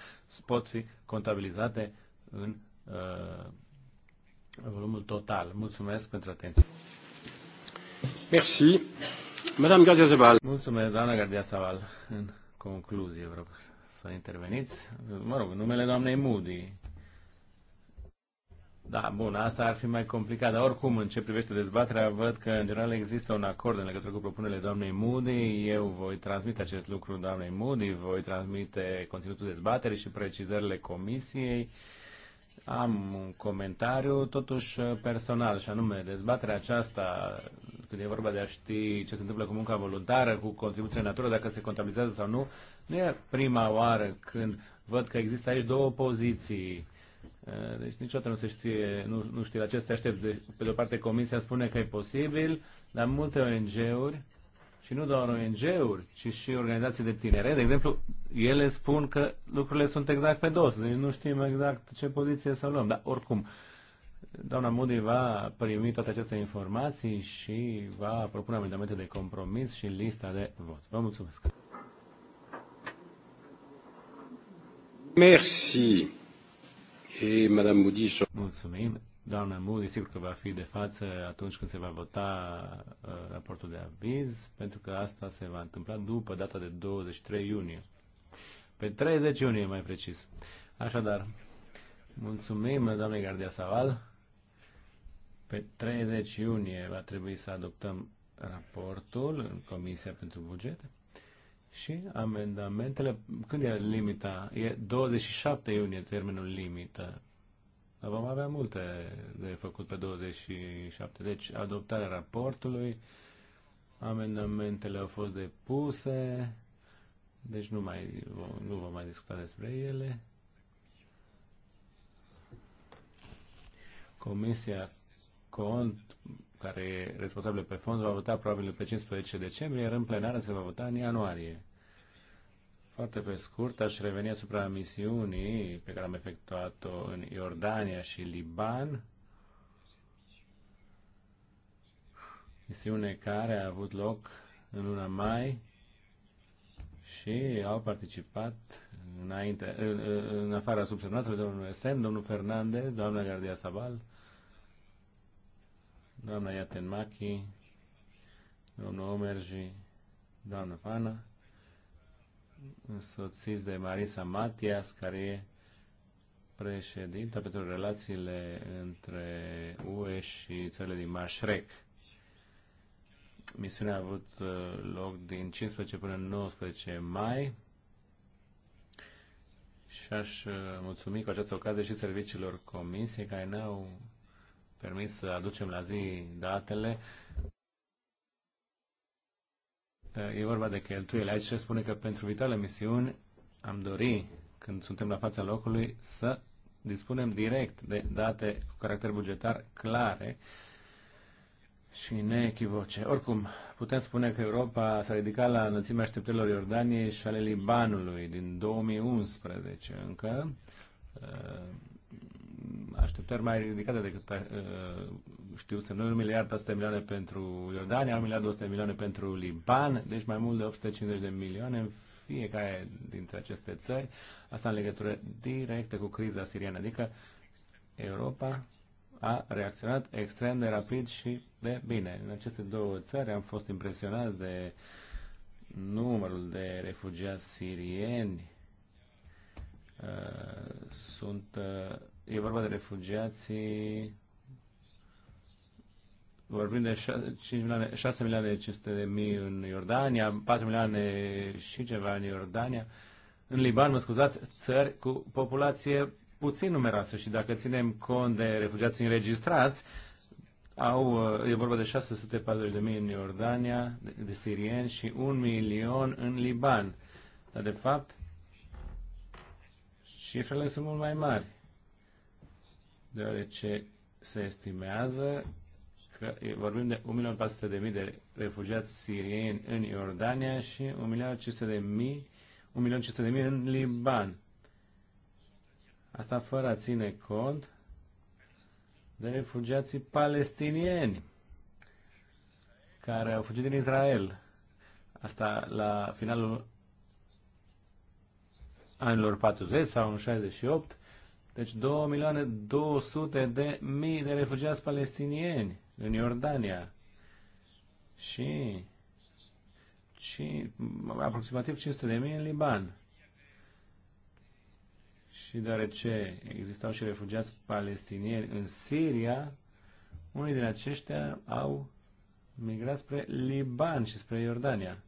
pot fi contabilizate în uh, volumul total. Mulțumesc pentru atenție. Merci. Madame Gardia Mulțumesc, doamna Gardia Zaval. În concluzie, vreau să să interveniți. Mă rog, numele doamnei Moody. Da, bun, asta ar fi mai complicat, dar oricum, în ce privește dezbaterea, văd că în general există un acord în legătură cu propunerile doamnei Moody. Eu voi transmite acest lucru doamnei Moody, voi transmite conținutul dezbaterii și precizările comisiei. Am un comentariu, totuși personal, și anume, dezbaterea aceasta când e vorba de a ști ce se întâmplă cu munca voluntară, cu contribuția în natură, dacă se contabilizează sau nu, nu e prima oară când văd că există aici două poziții. Uh, deci niciodată nu se știe, nu, nu știe la ce să Pe de o parte, Comisia spune că e posibil, dar multe ONG-uri, și nu doar ONG-uri, ci și organizații de tinere, de exemplu, ele spun că lucrurile sunt exact pe dos, deci nu știm exact ce poziție să luăm. Dar oricum, uh, Doamna Moody va primi toate aceste informații și va propune amendamente de compromis și lista de vot. Vă mulțumesc! Merci. Et Madame Moody... Mulțumim. Doamna Moody sigur că va fi de față atunci când se va vota uh, raportul de aviz, pentru că asta se va întâmpla după data de 23 iunie. Pe 30 iunie, mai precis. Așadar, mulțumim, doamne Gardia Saval. Pe 30 iunie va trebui să adoptăm raportul în Comisia pentru buget și amendamentele. Când e limita? E 27 iunie termenul limită. Vom avea multe de făcut pe 27. Deci adoptarea raportului, amendamentele au fost depuse, deci nu, mai, nu vom mai discuta despre ele. Comisia cont, care e responsabil pe fond, va vota probabil pe 15 decembrie, iar în plenară se va vota în ianuarie. Foarte pe scurt, aș reveni asupra misiunii pe care am efectuat-o în Iordania și Liban. Misiune care a avut loc în luna mai și au participat înainte, în, în afara subsemnatului domnul Sen, domnul Fernandez, doamna Gardia Sabal, doamna Machi, domnul Omerji, doamna Pana, însoțiți de Marisa Matias, care e președinta pentru relațiile între UE și țările din Mașrec. Misiunea a avut uh, loc din 15 până 19 mai și aș uh, mulțumi cu această ocazie și serviciilor comisiei care ne-au permis să aducem la zi datele. E vorba de cheltuieli. Aici se spune că pentru vitale misiuni am dori, când suntem la fața locului, să dispunem direct de date cu caracter bugetar clare și neechivoce. Oricum, putem spune că Europa s-a ridicat la înălțimea așteptărilor Iordaniei și ale Libanului din 2011 încă așteptări mai ridicate decât uh, știu să nu 1 miliard 400 milioane pentru Iordania, 1 miliard 200 milioane pentru Liban, deci mai mult de 850 de milioane în fiecare dintre aceste țări, asta în legătură directă cu criza siriană, adică Europa a reacționat extrem de rapid și de bine. În aceste două țări am fost impresionați de numărul de refugiați sirieni. Uh, sunt uh, e vorba de refugiații, vorbim de 6 milioane, 6 milioane 500 de mii în Iordania, 4 milioane și ceva în Iordania, în Liban, mă scuzați, țări cu populație puțin numeroasă și dacă ținem cont de refugiații înregistrați, au, uh, e vorba de 640 de mii în Iordania, de, de sirieni și 1 milion în Liban. Dar de fapt, cifrele sunt mult mai mari deoarece se estimează că vorbim de 1.400.000 de refugiați sirieni în Iordania și 1.500.000 1.500.000 în Liban. Asta fără a ține cont de refugiații palestinieni care au fugit din Israel. Asta la finalul anilor 40 sau în 68 deci 2 milioane 200 de mii de refugiați palestinieni în Iordania. Și, și aproximativ 500 de mii în Liban. Și deoarece existau și refugiați palestinieni în Siria, unii din aceștia au migrat spre Liban și spre Iordania.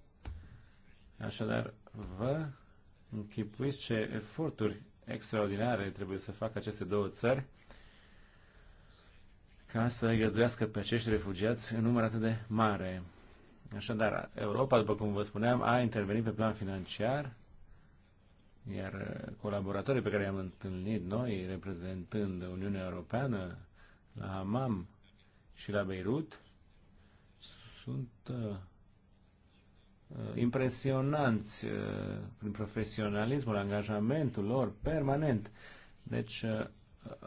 Așadar, vă închipuiți ce eforturi extraordinare trebuie să facă aceste două țări ca să îi găzduiască pe acești refugiați în număr atât de mare. Așadar, Europa, după cum vă spuneam, a intervenit pe plan financiar, iar colaboratorii pe care i-am întâlnit noi, reprezentând Uniunea Europeană, la Hamam și la Beirut, sunt uh, Uh, impresionanți uh, prin profesionalismul, angajamentul lor permanent. Deci uh,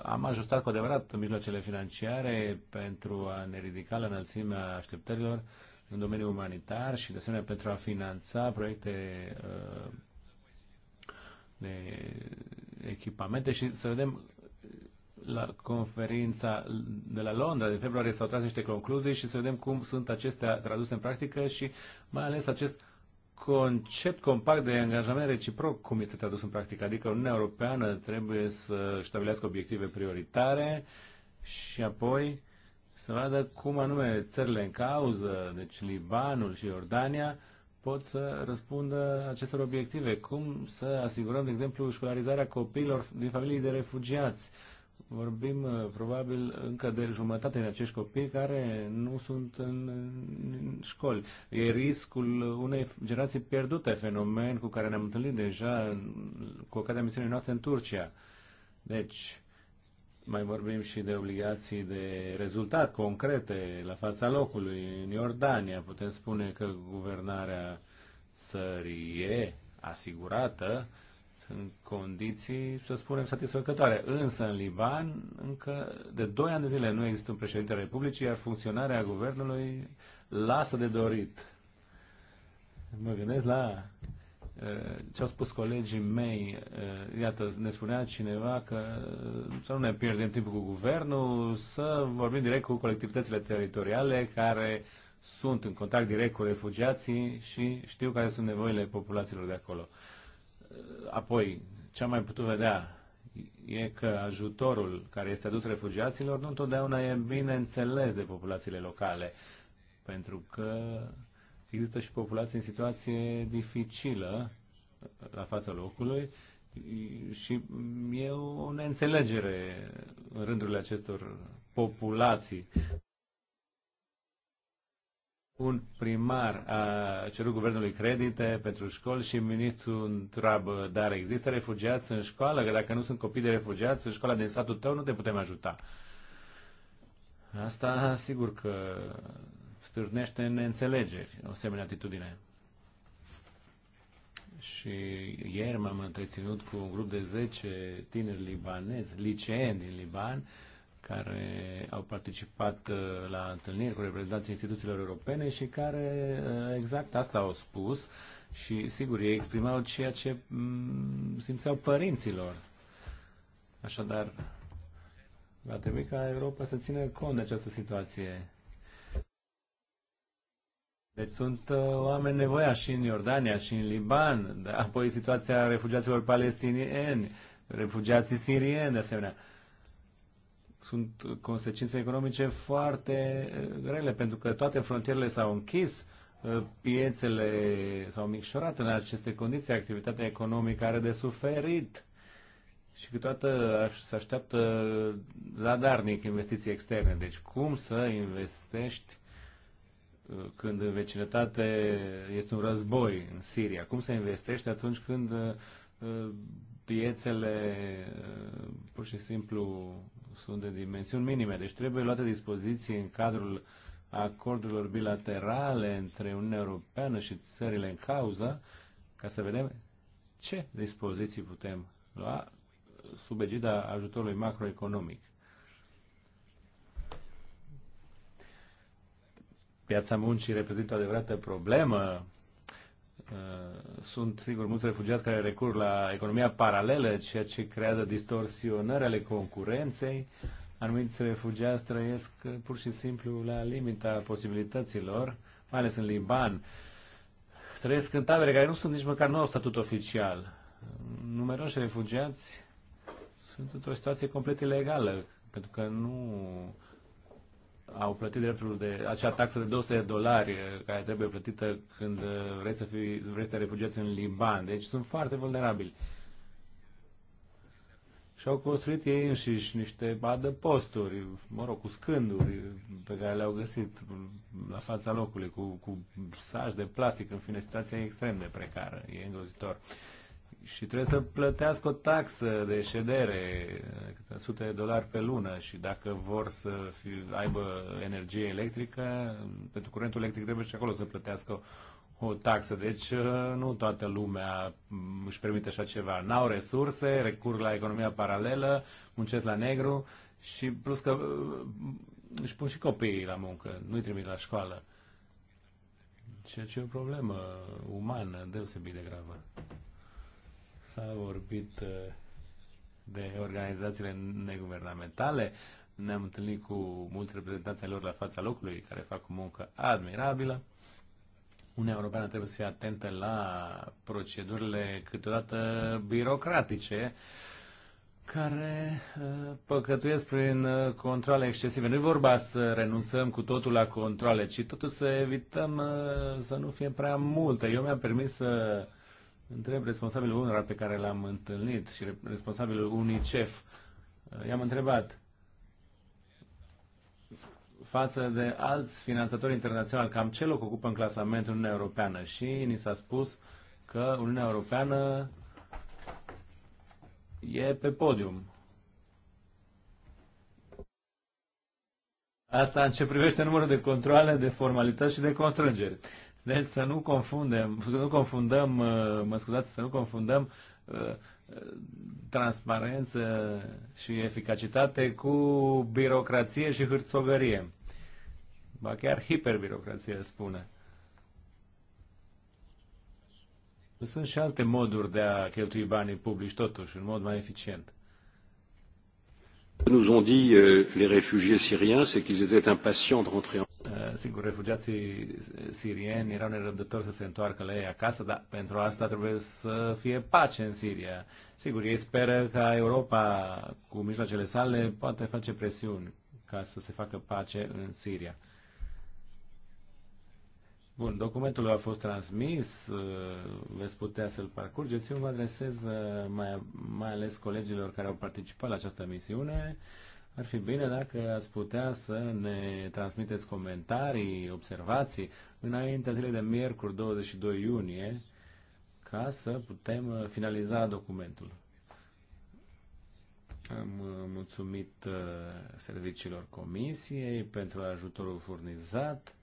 am ajustat cu adevărat mijloacele financiare pentru a ne ridica la înălțimea așteptărilor în domeniul umanitar și de asemenea pentru a finanța proiecte de echipamente și să vedem la conferința de la Londra din februarie s-au tras niște concluzii și să vedem cum sunt acestea traduse în practică și mai ales acest concept compact de angajament reciproc, cum este tradus în practică. Adică Uniunea Europeană trebuie să stabilească obiective prioritare și apoi să vadă cum anume țările în cauză, deci Libanul și Iordania, pot să răspundă acestor obiective. Cum să asigurăm, de exemplu, școlarizarea copiilor din familii de refugiați vorbim uh, probabil încă de jumătate din acești copii care nu sunt în școli. E riscul unei generații pierdute, fenomen cu care ne-am întâlnit deja cu ocazia misiunii noastre în Turcia. Deci, mai vorbim și de obligații de rezultat concrete la fața locului. În Iordania putem spune că guvernarea țării e asigurată, în condiții, să spunem, satisfăcătoare. Însă în Liban, încă de 2 ani de zile nu există un președinte al Republicii, iar funcționarea guvernului lasă de dorit. Mă gândesc la eh, ce au spus colegii mei, eh, iată, ne spunea cineva că eh, să nu ne pierdem timpul cu guvernul, să vorbim direct cu colectivitățile teritoriale care sunt în contact direct cu refugiații și știu care sunt nevoile populațiilor de acolo. Uh, Apoi, ce am mai putut vedea e că ajutorul care este adus refugiaților nu întotdeauna e bine înțeles de populațiile locale, pentru că există și populații în situație dificilă la fața locului și e o neînțelegere în rândurile acestor populații un primar a cerut guvernului credite pentru școli și ministrul întreabă, dar există refugiați în școală? Că dacă nu sunt copii de refugiați în școala din satul tău, nu te putem ajuta. Asta, sigur că stârnește neînțelegeri, o asemenea atitudine. Și ieri m-am întreținut cu un grup de 10 tineri libanezi, liceeni din Liban, care au participat uh, la întâlniri cu reprezentanții instituțiilor europene și care uh, exact asta au spus și, sigur, ei exprimau ceea ce mm, simțeau părinților. Așadar, va trebui ca Europa să țină cont de această situație. Deci sunt uh, oameni nevoiași și în Iordania și în Liban, apoi situația refugiaților palestinieni, refugiații sirieni de asemenea sunt consecințe economice foarte eh, grele, pentru că toate frontierele s-au închis, eh, piețele s-au micșorat în aceste condiții, activitatea economică are de suferit și câteodată se așteaptă zadarnic investiții externe. Deci cum să investești eh, când în vecinătate este un război în Siria? Cum să investești atunci când piețele pur și simplu sunt de dimensiuni minime, deci trebuie luate dispoziții în cadrul acordurilor bilaterale între Uniunea Europeană și țările în cauză, ca să vedem ce dispoziții putem lua sub egida ajutorului macroeconomic. Piața muncii reprezintă o adevărată problemă Uh, sunt, sigur, mulți refugiați care recur la economia paralelă, ceea ce creează distorsionări ale concurenței. Anumiți refugiați trăiesc uh, pur și simplu la limita posibilităților, mai ales în Liban. Trăiesc în tabere care nu sunt nici măcar nou statut oficial. Numeroși refugiați sunt într-o situație complet ilegală, pentru că nu au plătit dreptul de acea taxă de 200 de dolari eh, care trebuie plătită când eh, vrei să, fii, vrei să te refugiați în Liban. Deci sunt foarte vulnerabili. Și au construit ei înșiși niște adăposturi, mă rog, cu scânduri eh, pe care le-au găsit la fața locului, cu, cu saci de plastic, în fine, situația e extrem de precară, e îngrozitor. Uh, și trebuie să plătească o taxă de ședere, câte sute de dolari pe lună și dacă vor să fi, aibă energie electrică, pentru curentul electric trebuie și acolo să plătească o taxă. Deci uh, nu toată lumea își permite așa ceva. N-au resurse, recurg la economia paralelă, muncesc la negru și plus că uh, își pun și copiii la muncă, nu-i trimit la școală. Ceea ce e o problemă umană deosebit de gravă. S-a vorbit uh, de organizațiile neguvernamentale, ne-am întâlnit cu mulți reprezentanți ai lor la fața locului, care fac o muncă admirabilă. Uniunea Europeană trebuie să fie atentă la procedurile câteodată birocratice care uh, păcătuiesc prin uh, controle excesive. Nu i vorba să renunțăm cu totul la controle, ci totul să evităm să nu fie prea multe. Eu mi-am permis să întreb responsabilul UNRWA pe care l-am întâlnit și responsabilul UNICEF. I-am întrebat față de alți finanțatori internaționali, cam ce loc ocupă în clasamentul Uniunea Europeană și ni s-a spus că Uniunea Europeană e pe podium. Asta în ce privește numărul de controle, de formalități și de constrângeri. Deci să nu confundem, să nu confundăm, uh, mă scuzați, să nu confundăm uh, transparență și eficacitate cu birocrație și hârțogărie. Ba chiar hiperbirocrație, spune. Sunt și alte moduri de a cheltui banii publici, totuși, în mod mai eficient. Nous ont dit euh, les réfugiés syriens, c'est qu'ils étaient impatients de rentrer en sigur, refugiații sirieni erau nerăbdători să se întoarcă la ei acasă, dar pentru asta trebuie să fie pace în Siria. Sigur, ei speră ca Europa, cu mijloacele sale, poate face presiuni ca să se facă pace în Siria. Bun, documentul a fost transmis, uh, veți putea să-l parcurgeți. Eu mă adresez uh, mai, mai ales colegilor care au participat la această misiune ar fi bine dacă ați putea să ne transmiteți comentarii, observații, înaintea zilei de miercuri 22 iunie, ca să putem uh, finaliza documentul. Am uh, mulțumit uh, serviciilor comisiei pentru ajutorul furnizat.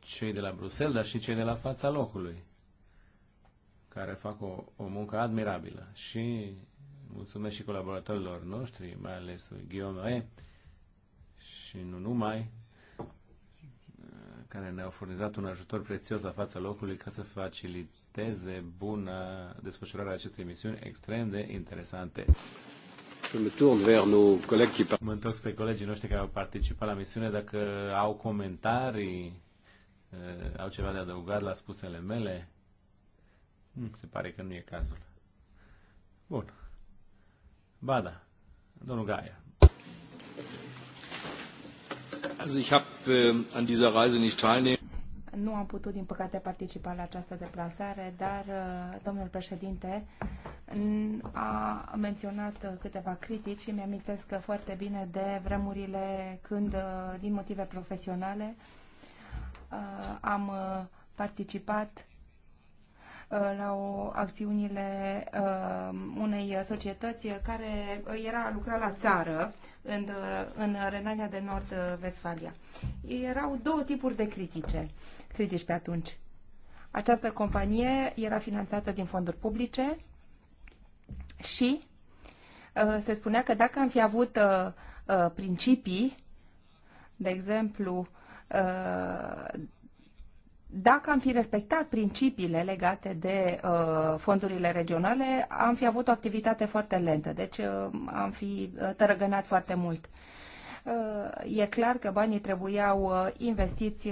Cei de la Bruxelles, dar și cei de la fața locului, care fac o, o muncă admirabilă. Și mulțumesc și colaboratorilor noștri, mai ales Guillaume și nu numai, care ne-au furnizat un ajutor prețios la fața locului ca să faciliteze bună desfășurarea acestei misiuni extrem de interesante. Mă întorc pe colegii noștri care au participat la misiune. Dacă au comentarii, eh, au ceva de adăugat la spusele mele, hm, se pare că nu e cazul. Bun. Ba da, domnul Gaia. Also ich habe äh, an dieser Reise nicht teilnehmen. Nu am putut, din păcate, participa la această deplasare, dar uh, domnul președinte a menționat câteva critici și mi-amintesc foarte bine de vremurile când, uh, din motive profesionale, uh, am uh, participat Uh, la o, acțiunile uh, unei societăți care era lucra la țară în, în Renania de Nord-Vestfalia. Erau două tipuri de critice, critici pe atunci. Această companie era finanțată din fonduri publice și uh, se spunea că dacă am fi avut principii, de exemplu, dacă am fi respectat principiile legate de uh, fondurile regionale, am fi avut o activitate foarte lentă, deci uh, am fi uh, tărăgănat foarte mult. Uh, e clar că banii trebuiau uh, investiți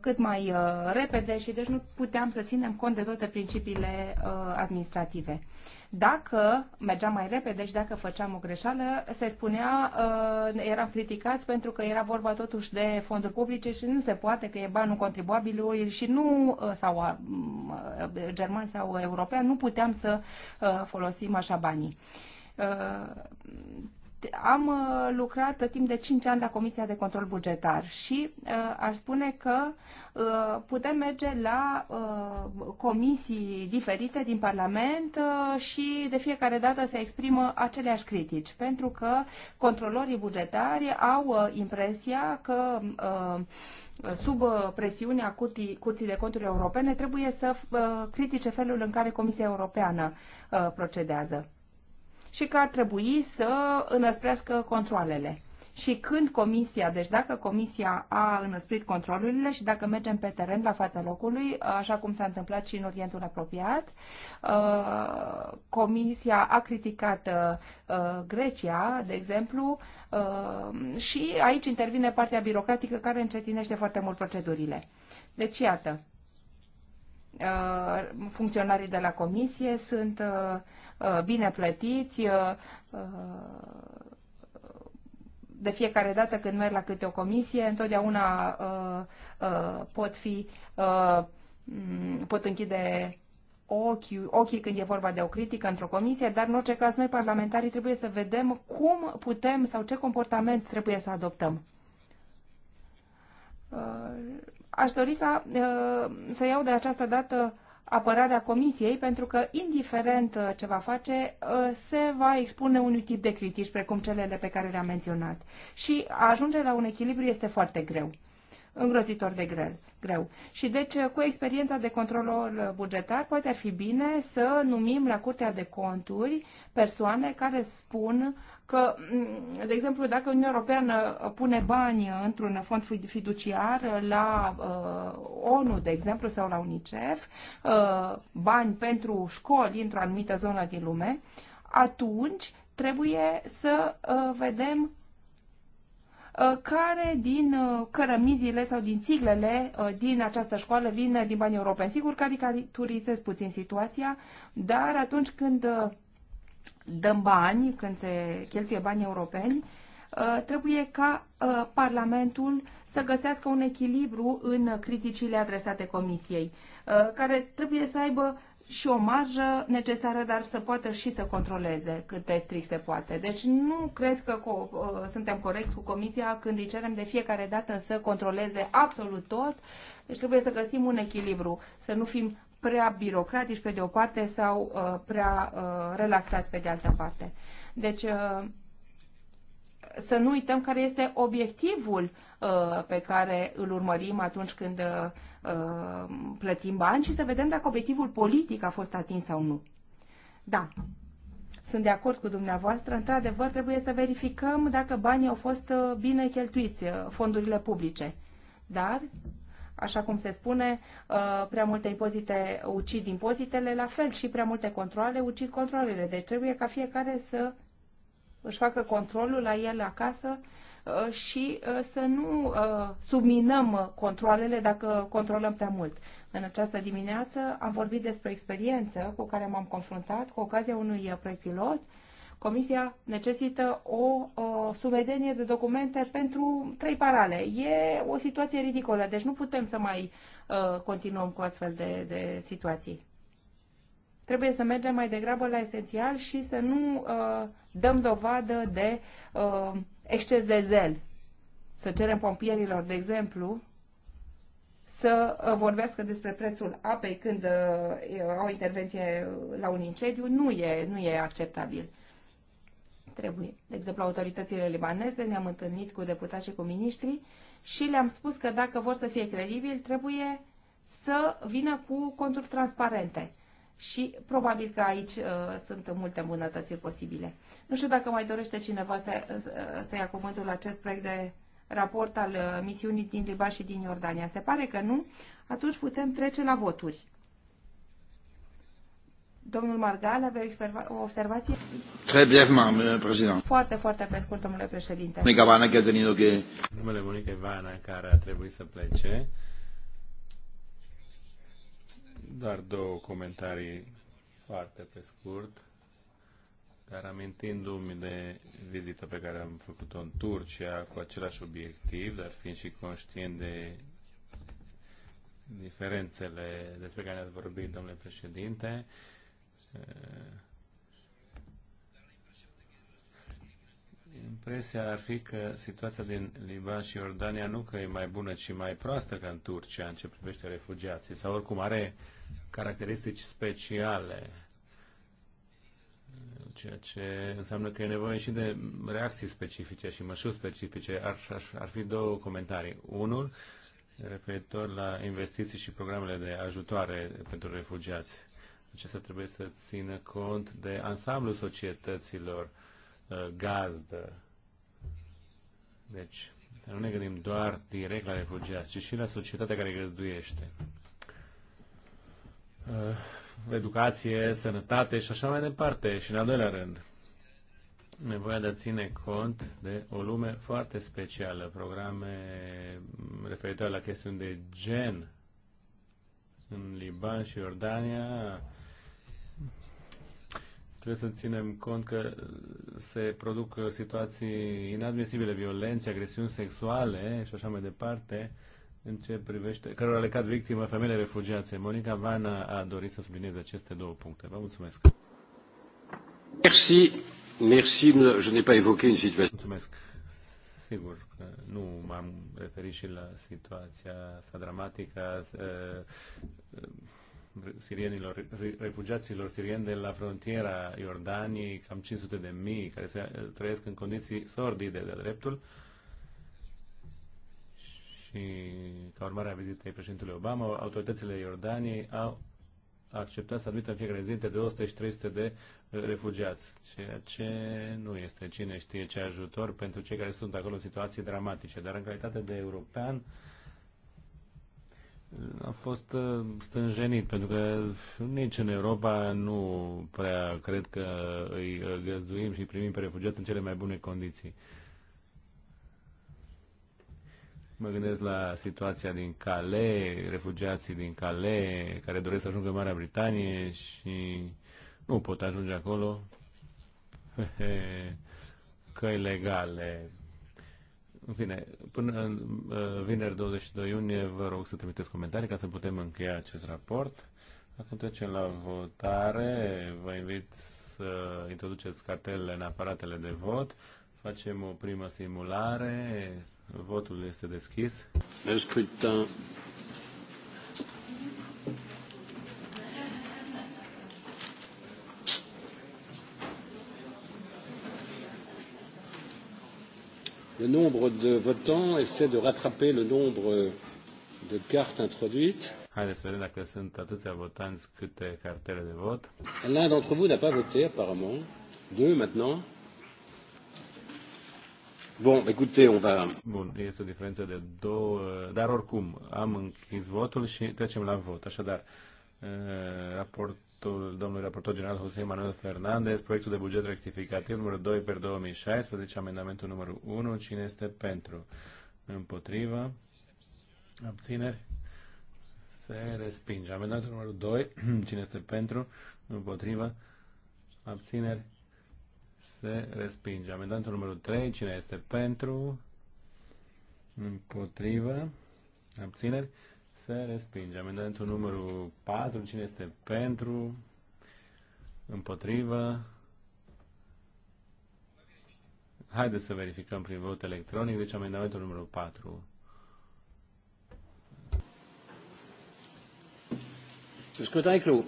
cât mai repede și deci nu puteam să ținem cont de toate principiile administrative. Dacă mergeam mai repede și dacă făceam o greșeală, se spunea, uh, eram criticați pentru că era vorba totuși de fonduri publice și nu se poate că e banul contribuabilului și nu, uh, sau uh, german sau european, nu puteam să folosim așa banii am uh, lucrat timp de 5 ani la Comisia de Control Bugetar și uh, aș spune că uh, putem merge la uh, comisii diferite din Parlament uh, și de fiecare dată se exprimă aceleași critici, pentru că controlorii bugetari au uh, impresia că uh, sub uh, presiunea curții, curții de conturi europene trebuie să uh, critice felul în care Comisia Europeană uh, procedează și că ar trebui să înăsprească controlele. Și când comisia, deci dacă comisia a înăsprit controlurile și dacă mergem pe teren la fața locului, așa cum s-a întâmplat și în Orientul apropiat, uh, comisia a criticat uh, Grecia, de exemplu, uh, și aici intervine partea birocratică care încetinește foarte mult procedurile. Deci, iată, Uh, funcționarii de la comisie sunt uh, uh, bine plătiți. De fiecare dată când merg la câte o comisie, întotdeauna pot fi pot închide ochii, ochii când e vorba de o critică într-o comisie, dar în orice caz noi parlamentarii trebuie să vedem cum putem sau ce comportament trebuie să adoptăm. Aș dori ca uh, să iau de această dată apărarea Comisiei, pentru că, indiferent uh, ce va face, uh, se va expune unui tip de critici, precum celele pe care le-am menționat. Și a ajunge la un echilibru este foarte greu îngrozitor de greu. greu. Și deci, cu experiența de controlor bugetar, poate ar fi bine să numim la Curtea de Conturi persoane care spun că, de exemplu, dacă Uniunea Europeană pune bani într-un fond fiduciar la uh, ONU, de exemplu, sau la UNICEF, uh, bani pentru școli într-o anumită zonă din lume, atunci trebuie să uh, vedem uh, care din uh, cărămizile sau din țiglele uh, din această școală vin din banii europeni. Sigur, caricaturizez puțin situația, dar atunci când dăm bani, când se cheltuie bani europeni, uh, trebuie ca uh, Parlamentul să găsească un echilibru în criticile adresate Comisiei, uh, care trebuie să aibă și o marjă necesară, dar să poată și să controleze cât de strict se poate. Deci nu cred că co- suntem corecți cu Comisia când îi cerem de fiecare dată să controleze absolut tot. Deci trebuie să găsim un echilibru, să nu fim prea birocratici pe de o parte sau uh, prea uh, relaxați pe de altă parte. Deci uh, să nu uităm care este obiectivul uh, pe care îl urmărim atunci când uh, plătim bani și să vedem dacă obiectivul politic a fost atins sau nu. Da, sunt de acord cu dumneavoastră. Într-adevăr, trebuie să verificăm dacă banii au fost uh, bine cheltuiți, uh, fondurile publice. Dar așa cum se spune, uh, prea multe impozite ucid impozitele, la fel și prea multe controle ucid controlele. Deci trebuie ca fiecare să își facă controlul la el acasă uh, și uh, să nu subminăm controlele dacă controlăm prea mult. În această dimineață am vorbit despre experiență cu care m-am confruntat cu ocazia unui proiect pilot Comisia necesită o, o sumedenie de documente pentru trei parale. E o situație ridicolă, deci nu putem să mai uh, continuăm cu astfel de, de situații. Trebuie să mergem mai degrabă la esențial și să nu uh, dăm dovadă de uh, exces de zel. Să cerem pompierilor, de exemplu, să uh, vorbească despre prețul apei când uh, au intervenție la un incendiu nu e, nu e acceptabil trebuie. De exemplu, autoritățile libaneze ne-am întâlnit cu deputați și cu miniștri și le-am spus că dacă vor să fie credibili, trebuie să vină cu conturi transparente. Și probabil că aici uh, sunt multe îmbunătățiri posibile. Nu știu dacă mai dorește cineva să, uh, să ia cuvântul la acest proiect de raport al uh, misiunii din Liban și din Iordania. Se pare că nu. Atunci putem trece la voturi. Domnul Margal, avea o observație? Très brièvement, président. Foarte, foarte pe scurt, domnule președinte. Monica Vana, că a tenido que... Numele Monica Vana, care a trebuit să plece. Doar două comentarii foarte pe scurt, dar amintindu-mi de vizita pe care am făcut-o în Turcia cu același obiectiv, dar fiind și conștient de diferențele despre care ați vorbit, domnule președinte, Eh, impresia ar fi că situația din Liban și Iordania nu că e mai bună, ci mai proastă ca în Turcia în ce privește refugiații, sau oricum are caracteristici speciale, ceea ce înseamnă că e nevoie și de reacții specifice și măsuri specifice. Ar, ar, ar fi două comentarii. Unul referitor la investiții și programele de ajutoare pentru refugiați acesta trebuie să țină cont de ansamblul societăților uh, gazdă. Deci, nu ne gândim doar direct la refugiați, ci și la societatea care găzduiește. Uh, educație, sănătate și așa mai departe. Și în al doilea rând, nevoia de a ține cont de o lume foarte specială, programe referitoare la chestiuni de gen în Liban și Iordania, Trebuie să ținem cont că se produc uh, situații inadmisibile, violențe, agresiuni sexuale și așa mai departe, în ce privește, cărora le cad victimă femeile refugiațe. Monica Vana a dorit să sublinieze aceste două puncte. Vă mulțumesc. Merci. Merci. Je n'ai pas évoqué une situation. Mulțumesc. Sigur că nu m-am referit și la situația asta dramatică. Uh, uh, sirienilor, refugiaților sirieni de la frontiera Iordaniei, cam 500 de mii, care se, trăiesc în condiții sordide de dreptul. Și ca urmare a vizitei președintelui Obama, autoritățile Iordaniei au acceptat să admită în fiecare zi de 200 și 300 de refugiați, ceea ce nu este cine știe ce ajutor pentru cei care sunt acolo în situații dramatice. Dar în calitate de european, a fost uh, stânjenit, pentru că nici în Europa nu prea cred că îi uh, găzduim și primim pe refugiați în cele mai bune condiții. Mă gândesc la situația din Calais, refugiații din Calais care doresc să ajungă în Marea Britanie și nu pot ajunge acolo căi legale în fine, până în uh, vineri 22 iunie vă rog să trimiteți comentarii ca să putem încheia acest raport. Acum trecem la votare. Vă invit să introduceți cartelele în aparatele de vot. Facem o primă simulare. Votul este deschis. Le scrutin le nombre de votants essaie de rattraper le nombre de cartes introduites. Haideți să vedem dacă sunt atâția votanți câte cartele de vot. L'un d'entre vous n'a pas voté apparemment. Deux maintenant. Bon, écoutez, on va... Bun, este o diferență de două, dar oricum am închis votul și trecem la vot. Așadar, eh, raport raportul domnului raportor general José Manuel Fernández, proiectul de buget rectificativ numărul 2 per 2016, amendamentul numărul 1, cine este pentru? Împotrivă? Abțineri? Se respinge. Amendamentul numărul 2, cine este pentru? Împotrivă? Abțineri? Se respinge. Amendamentul numărul 3, cine este pentru? Împotrivă? Abțineri? se respinge. Amendamentul numărul 4, cine este pentru, împotrivă. Haideți să verificăm prin vot electronic, deci amendamentul numărul 4. Le scrutin est clos.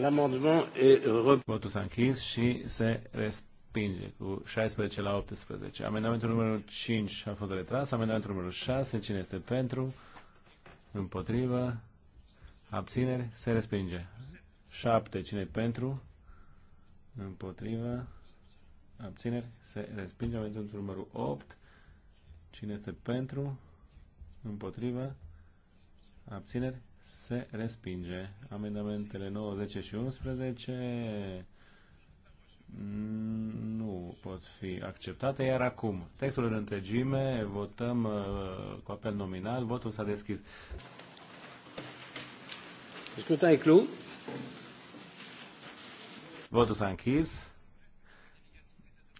L'amendement est Votul s-a închis și se respinge respinge cu 16 la 18. Amendamentul numărul 5 a fost retras. Amendamentul numărul 6, cine este pentru? Împotrivă. Abțineri, se respinge. 7, cine pentru? Împotrivă. Abțineri, se respinge. Amendamentul numărul 8, cine este pentru? Împotrivă. Abțineri, se respinge. Amendamentele 9, 10 și 11 nu pot fi acceptate, iar acum, textul în întregime, votăm uh, cu apel nominal, votul s-a deschis. Discuta clu. Votul s-a închis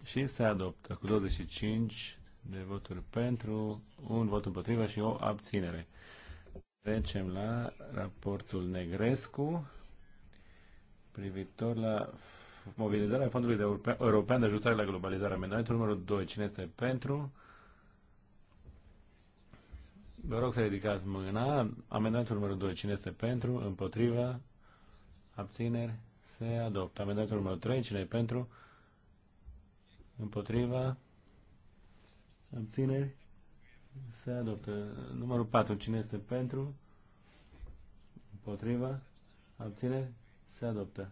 și se adoptă cu 25 de voturi pentru, un vot împotrivă și o abținere. Trecem la raportul Negrescu privitor la mobilizarea Fondului de European de Ajutare la Globalizare. Amendamentul numărul 2. Cine este pentru? Vă rog să ridicați mâna. Amendamentul numărul 2. Cine este pentru? Împotriva? Abțineri? Se adoptă. Amendamentul numărul 3. Cine e pentru? Împotriva? Abțineri? Se adoptă. Numărul 4. Cine este pentru? Împotriva? Abțineri? Se adoptă.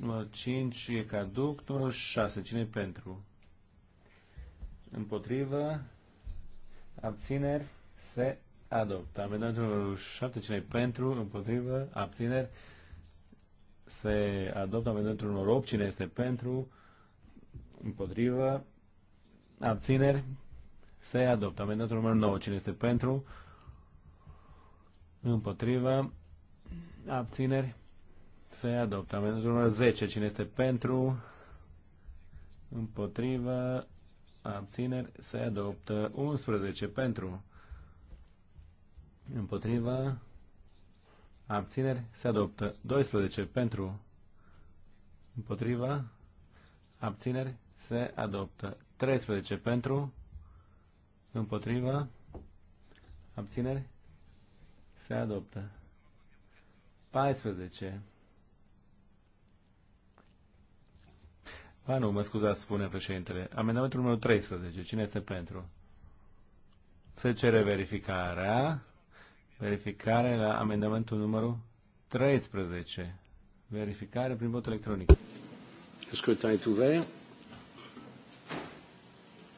Numărul 5 e caduc. Numărul 6. Cine pentru? Împotrivă. Abțineri. Se adoptă. Amendamentul numărul 7. Cine pentru? Împotrivă. Abțineri. Se adoptă. Amendamentul numărul 8. Cine este pentru? Împotrivă. Abțineri. Se adoptă. Amendamentul numărul 9. Cine este pentru? Împotrivă. Abțineri se adoptă amendamentul numărul 10. Cine este pentru? Împotrivă. Abțineri. Se adoptă 11. Pentru. Împotrivă. Abțineri. Se adoptă 12. Pentru. Împotrivă. Abțineri. Se adoptă 13. Pentru. Împotrivă. Abțineri. Se adoptă 14 A, nu, mă scuzați, spune președintele. Amendamentul numărul 13. Cine este pentru? Se cere verificarea. Verificare la amendamentul numărul 13. Verificare prin vot electronic. Scrutin est ouvert.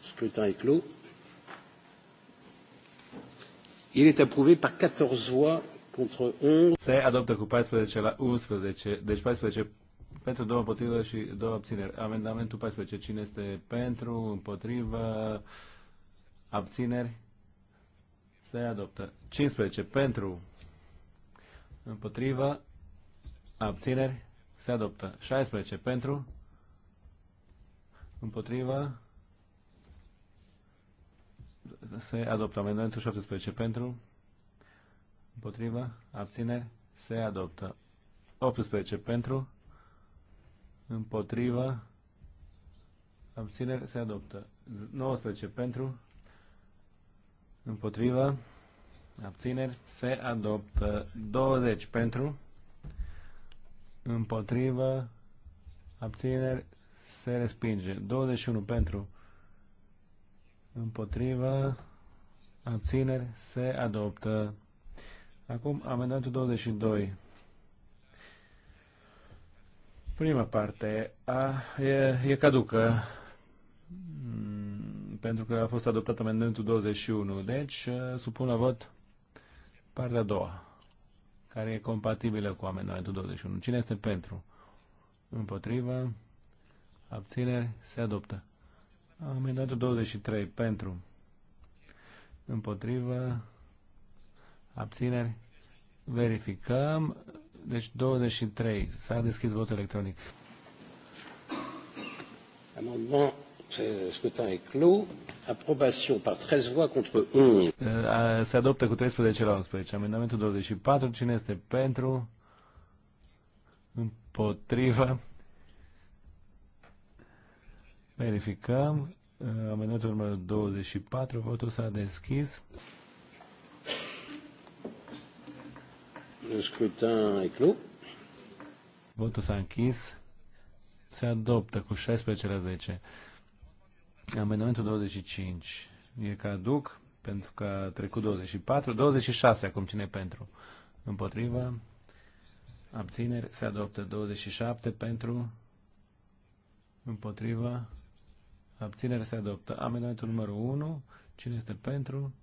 Scrutin est clos. Il est approuvé par 14 voix contre 11. Se adoptă cu 14 la 11, deci 14 pentru două împotrivă și două abțineri. Amendamentul 14. Cine este pentru, împotrivă, abțineri? Se adoptă. 15. Pentru, împotrivă, abțineri? Se adoptă. 16. Pentru, împotrivă, se adoptă. Amendamentul 17. Pentru, împotrivă, abțineri? Se adoptă. 18. Pentru, împotriva, Abținere se adoptă. 19 pentru, împotriva, abțineri, se adoptă. 20 pentru, împotriva, abțineri, se respinge. 21 pentru, împotriva, abțineri, se adoptă. Acum, amendamentul 22 Prima parte a, e, e caducă mm, pentru că a fost adoptat amendamentul 21. Deci, uh, supun la vot partea a doua, care e compatibilă cu amendamentul 21. Cine este pentru? Împotrivă? Abțineri? Se adoptă. Amendamentul 23. Pentru? Împotrivă? Abțineri? Verificăm. Deci 23. S-a deschis votul electronic. Amendement, scrutin est clos. Approbation par 13 voix contre 11. Eh, se adoptă cu 13 la 11. Amendamentul 24. Cine este pentru? Împotriva? Verificăm. Eh, amendamentul numărul 24. Votul s-a deschis. Le scrutin est clos. Votul s-a închis. Se adoptă cu 16 la 10. Amendamentul 25 e caduc pentru că a trecut 24. 26 acum cine pentru? Împotriva. Abțineri se adoptă 27 pentru. Împotriva. Abținere se adoptă. Amendamentul numărul 1. Cine este pentru?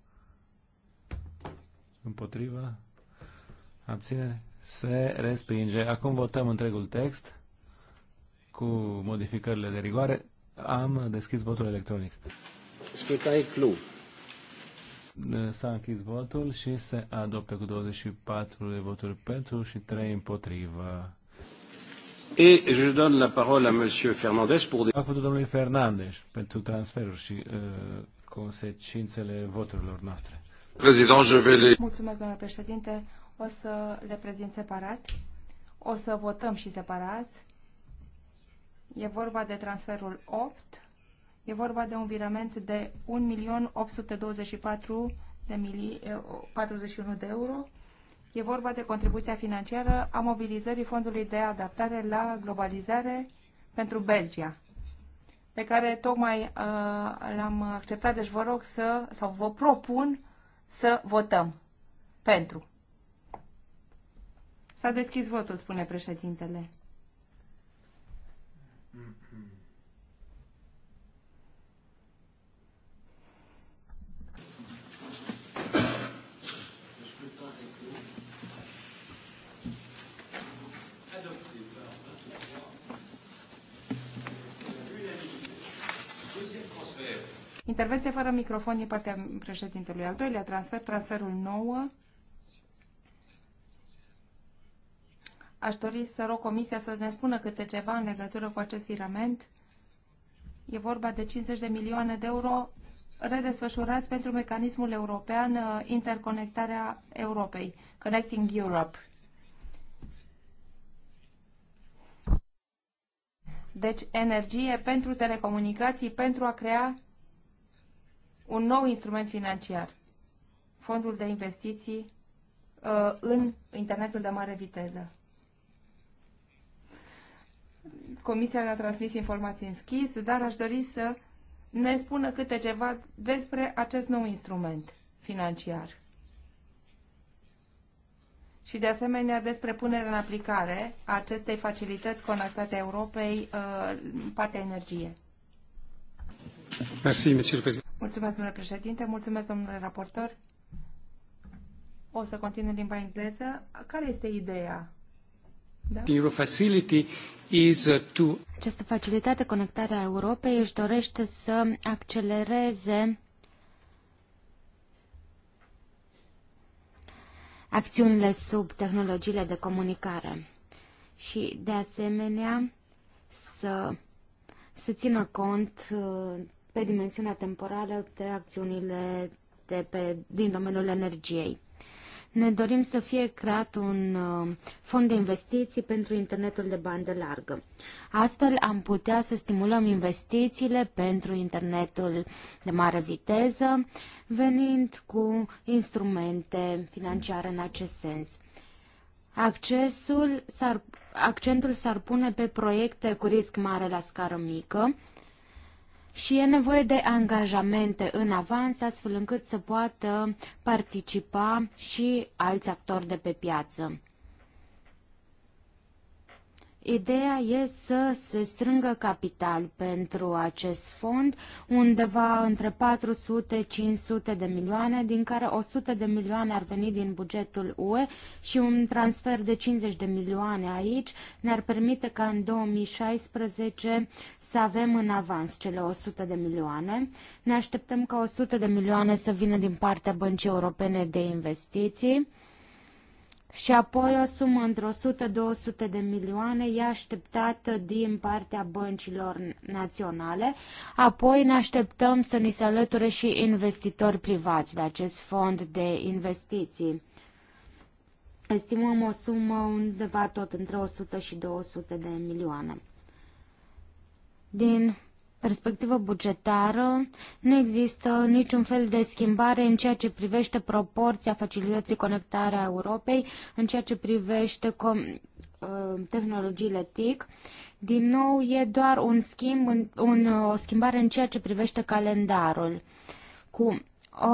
Împotriva? Abținere. se respinge. Acum votăm întregul text cu modificările de rigoare. Am deschis votul electronic. Scrutai clu. S-a închis votul și se adoptă cu 24 de voturi pentru și 3 împotrivă. Et je donne la parole à monsieur Fernandez pour des... A făcut domnului Fernandez pentru transferuri și uh, consecințele voturilor noastre. Président, je vais les... Mulțumesc, domnule președinte o să le prezint separat. O să votăm și separat. E vorba de transferul 8. E vorba de un virament de 1.824.41 de eh, de euro. E vorba de contribuția financiară a mobilizării Fondului de Adaptare la Globalizare pentru Belgia, pe care tocmai uh, l-am acceptat, deci vă rog să, sau vă propun să votăm pentru. S-a deschis votul, spune președintele. Intervenție fără microfon din partea președintelui. Al doilea transfer, transferul 9. Aș dori să rog Comisia să ne spună câte ceva în legătură cu acest virament. E vorba de 50 de milioane de euro redesfășurați pentru mecanismul european uh, interconectarea Europei, Connecting Europe. Deci energie pentru telecomunicații pentru a crea un nou instrument financiar, fondul de investiții uh, în internetul de mare viteză. Comisia ne-a transmis informații în schis, dar aș dori să ne spună câte ceva despre acest nou instrument financiar. Și de asemenea despre punerea în aplicare a acestei facilități conectate Europei, uh, partea energie. Merci, Mulțumesc, domnule președinte, mulțumesc, domnule raportor. O să continui în limba engleză. Care este ideea da. Uh, Această facilitate conectarea Europei își dorește să accelereze acțiunile sub tehnologiile de comunicare și, de asemenea, să se țină cont uh, pe dimensiunea temporală de acțiunile de pe, din domeniul energiei. Ne dorim să fie creat un uh, fond de investiții pentru internetul de bandă largă. Astfel am putea să stimulăm investițiile pentru internetul de mare viteză, venind cu instrumente financiare în acest sens. Accesul s-ar, accentul s-ar pune pe proiecte cu risc mare la scară mică, și e nevoie de angajamente în avans, astfel încât să poată participa și alți actori de pe piață. Ideea e să se strângă capital pentru acest fond, undeva între 400-500 de milioane, din care 100 de milioane ar veni din bugetul UE și un transfer de 50 de milioane aici ne-ar permite ca în 2016 să avem în avans cele 100 de milioane. Ne așteptăm ca 100 de milioane să vină din partea Băncii Europene de Investiții și apoi o sumă între 100-200 de milioane e așteptată din partea băncilor naționale. Apoi ne așteptăm să ni se alăture și investitori privați de acest fond de investiții. Estimăm o sumă undeva tot între 100 și 200 de milioane. Din perspectivă bugetară, nu există niciun fel de schimbare în ceea ce privește proporția facilității a Europei, în ceea ce privește com- uh, tehnologiile TIC. Din nou, e doar un schimb, un, uh, o schimbare în ceea ce privește calendarul, cu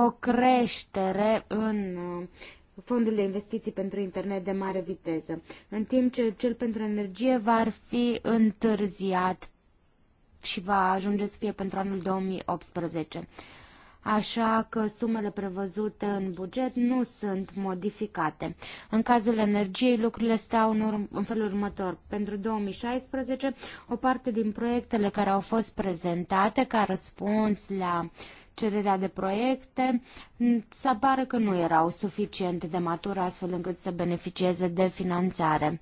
o creștere în uh, fondul de investiții pentru internet de mare viteză, în timp ce cel pentru energie va fi întârziat și va ajunge să fie pentru anul 2018. Așa că sumele prevăzute în buget nu sunt modificate. În cazul energiei, lucrurile stau în, în felul următor. Pentru 2016, o parte din proiectele care au fost prezentate ca răspuns la cererea de proiecte, mm, se pare că nu erau suficiente de matură astfel încât să beneficieze de finanțare.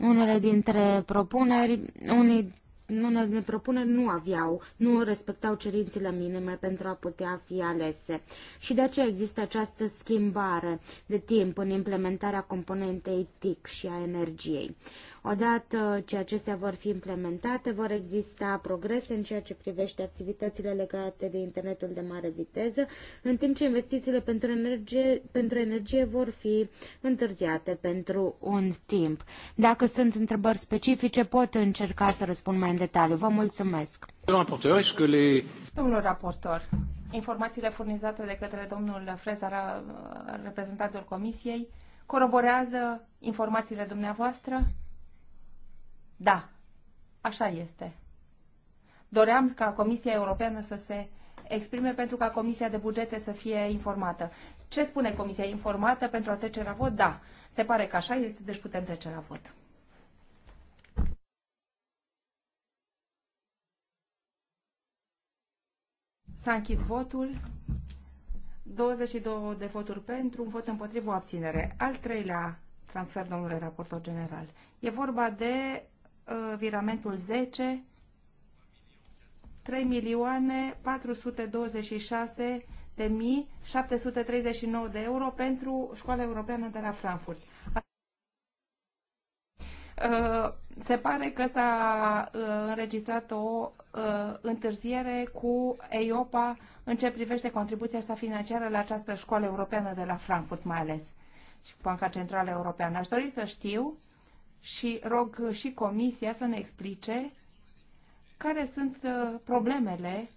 Unele dintre propuneri, unii unele dintre propuneri nu aveau, nu respectau cerințele minime pentru a putea fi alese. Și de aceea există această schimbare de timp în implementarea componentei TIC și a energiei. Odată ce acestea vor fi implementate, vor exista progrese în ceea ce privește activitățile legate de internetul de mare viteză, în timp ce investițiile pentru energie, pentru energie vor fi întârziate pentru un timp. Dacă sunt întrebări specifice, pot încerca să răspund mai în detaliu. Vă mulțumesc! Domnul raportor, informațiile furnizate de către domnul Frezara, reprezentantul Comisiei, coroborează informațiile dumneavoastră? Da, așa este. Doream ca Comisia Europeană să se exprime pentru ca Comisia de Bugete să fie informată. Ce spune Comisia informată pentru a trece la vot? Da, se pare că așa este, deci putem trece la vot. S-a închis votul. 22 de voturi pentru, un vot împotrivă, o abținere. Al treilea transfer, domnule raportor general. E vorba de Uh, viramentul 10, 3 milioane 426 de mii 739 de euro pentru Școala Europeană de la Frankfurt. Uh, se pare că s-a uh, înregistrat o întârziere cu EIOPA în ce privește contribuția sa financiară la această școală europeană de la Frankfurt mai ales și Banca Centrală Europeană. Aș dori să știu uh, și rog și Comisia să ne explice care sunt uh, problemele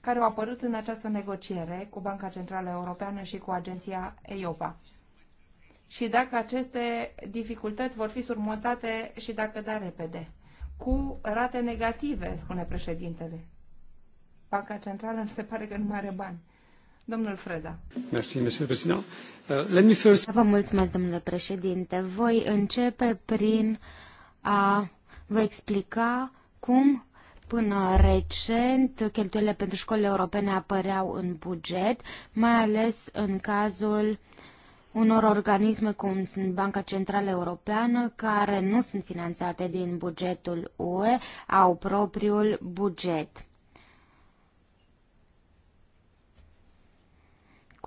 care au apărut în această negociere cu Banca Centrală Europeană și cu agenția EIOPA. Și dacă aceste dificultăți vor fi surmontate și dacă da repede. Cu rate negative, spune președintele. Banca Centrală se pare că nu mai are bani. Domnul Freza. Mersi, euh, Let me first... Vă mulțumesc, domnule președinte. Voi începe prin a vă explica cum Până recent, cheltuielile pentru școlile europene apăreau în buget, mai ales în cazul unor organisme cum sunt Banca Centrală Europeană, care nu sunt finanțate din bugetul UE, au propriul buget.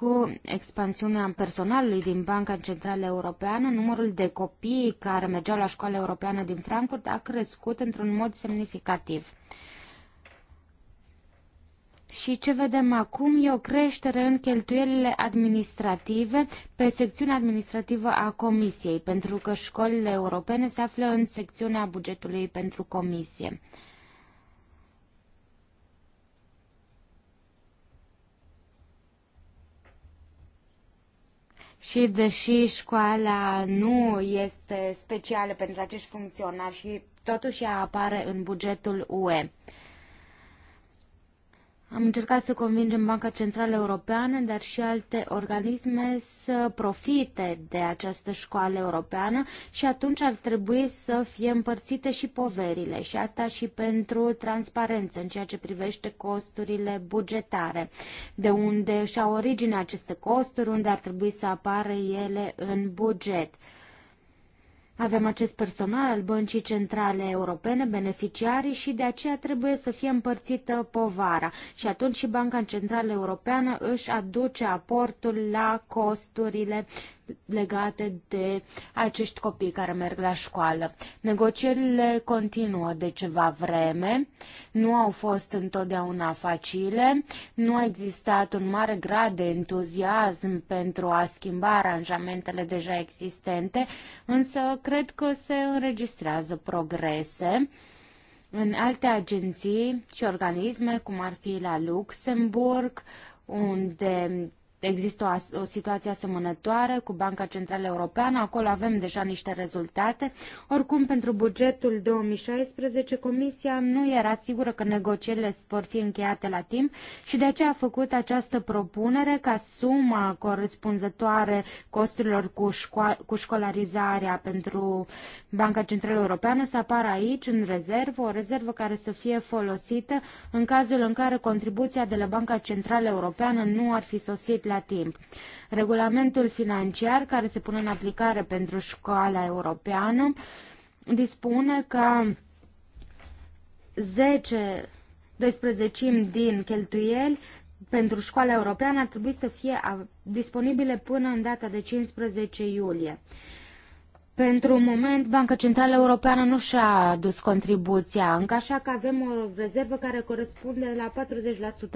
Cu expansiunea personalului din Banca Centrală Europeană, numărul de copii care mergeau la școala europeană din Frankfurt a crescut într-un mod semnificativ. Și ce vedem acum e o creștere în cheltuielile administrative pe secțiunea administrativă a Comisiei, pentru că școlile europene se află în secțiunea bugetului pentru Comisie. Și deși școala nu este specială pentru acești funcționari și totuși ea apare în bugetul UE. Am încercat să convingem Banca Centrală Europeană, dar și alte organisme să profite de această școală europeană și atunci ar trebui să fie împărțite și poverile și asta și pentru transparență în ceea ce privește costurile bugetare, de unde și-au origine aceste costuri, unde ar trebui să apară ele în buget. Avem acest personal al Băncii Centrale Europene, beneficiarii și de aceea trebuie să fie împărțită povara și atunci și Banca Centrală Europeană își aduce aportul la costurile legate de acești copii care merg la școală. Negocierile continuă de ceva vreme, nu au fost întotdeauna facile, nu a existat un mare grad de entuziasm pentru a schimba aranjamentele deja existente, însă cred că se înregistrează progrese. În alte agenții și organisme, cum ar fi la Luxemburg, unde Există o, o situație asemănătoare cu Banca Centrală Europeană, acolo avem deja niște rezultate. Oricum, pentru bugetul 2016, Comisia nu era sigură că negocierile vor fi încheiate la timp și de aceea a făcut această propunere ca suma corespunzătoare costurilor cu, șco- cu școlarizarea pentru Banca Centrală Europeană să apară aici, în rezervă, o rezervă care să fie folosită în cazul în care contribuția de la Banca Centrală Europeană nu ar fi sosit la timp. Regulamentul financiar care se pune în aplicare pentru școala europeană dispune că 10 12 din cheltuieli pentru școala europeană ar trebui să fie disponibile până în data de 15 iulie. Pentru un moment, Banca Centrală Europeană nu și-a adus contribuția încă, așa că avem o rezervă care corespunde la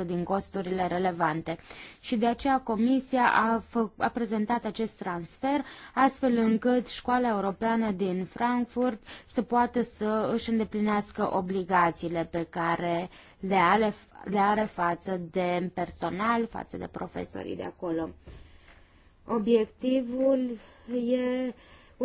40% din costurile relevante. Și de aceea Comisia a, a prezentat acest transfer, astfel încât școala europeană din Frankfurt să poată să își îndeplinească obligațiile pe care le are, le are față de personal, față de profesorii de acolo. Obiectivul e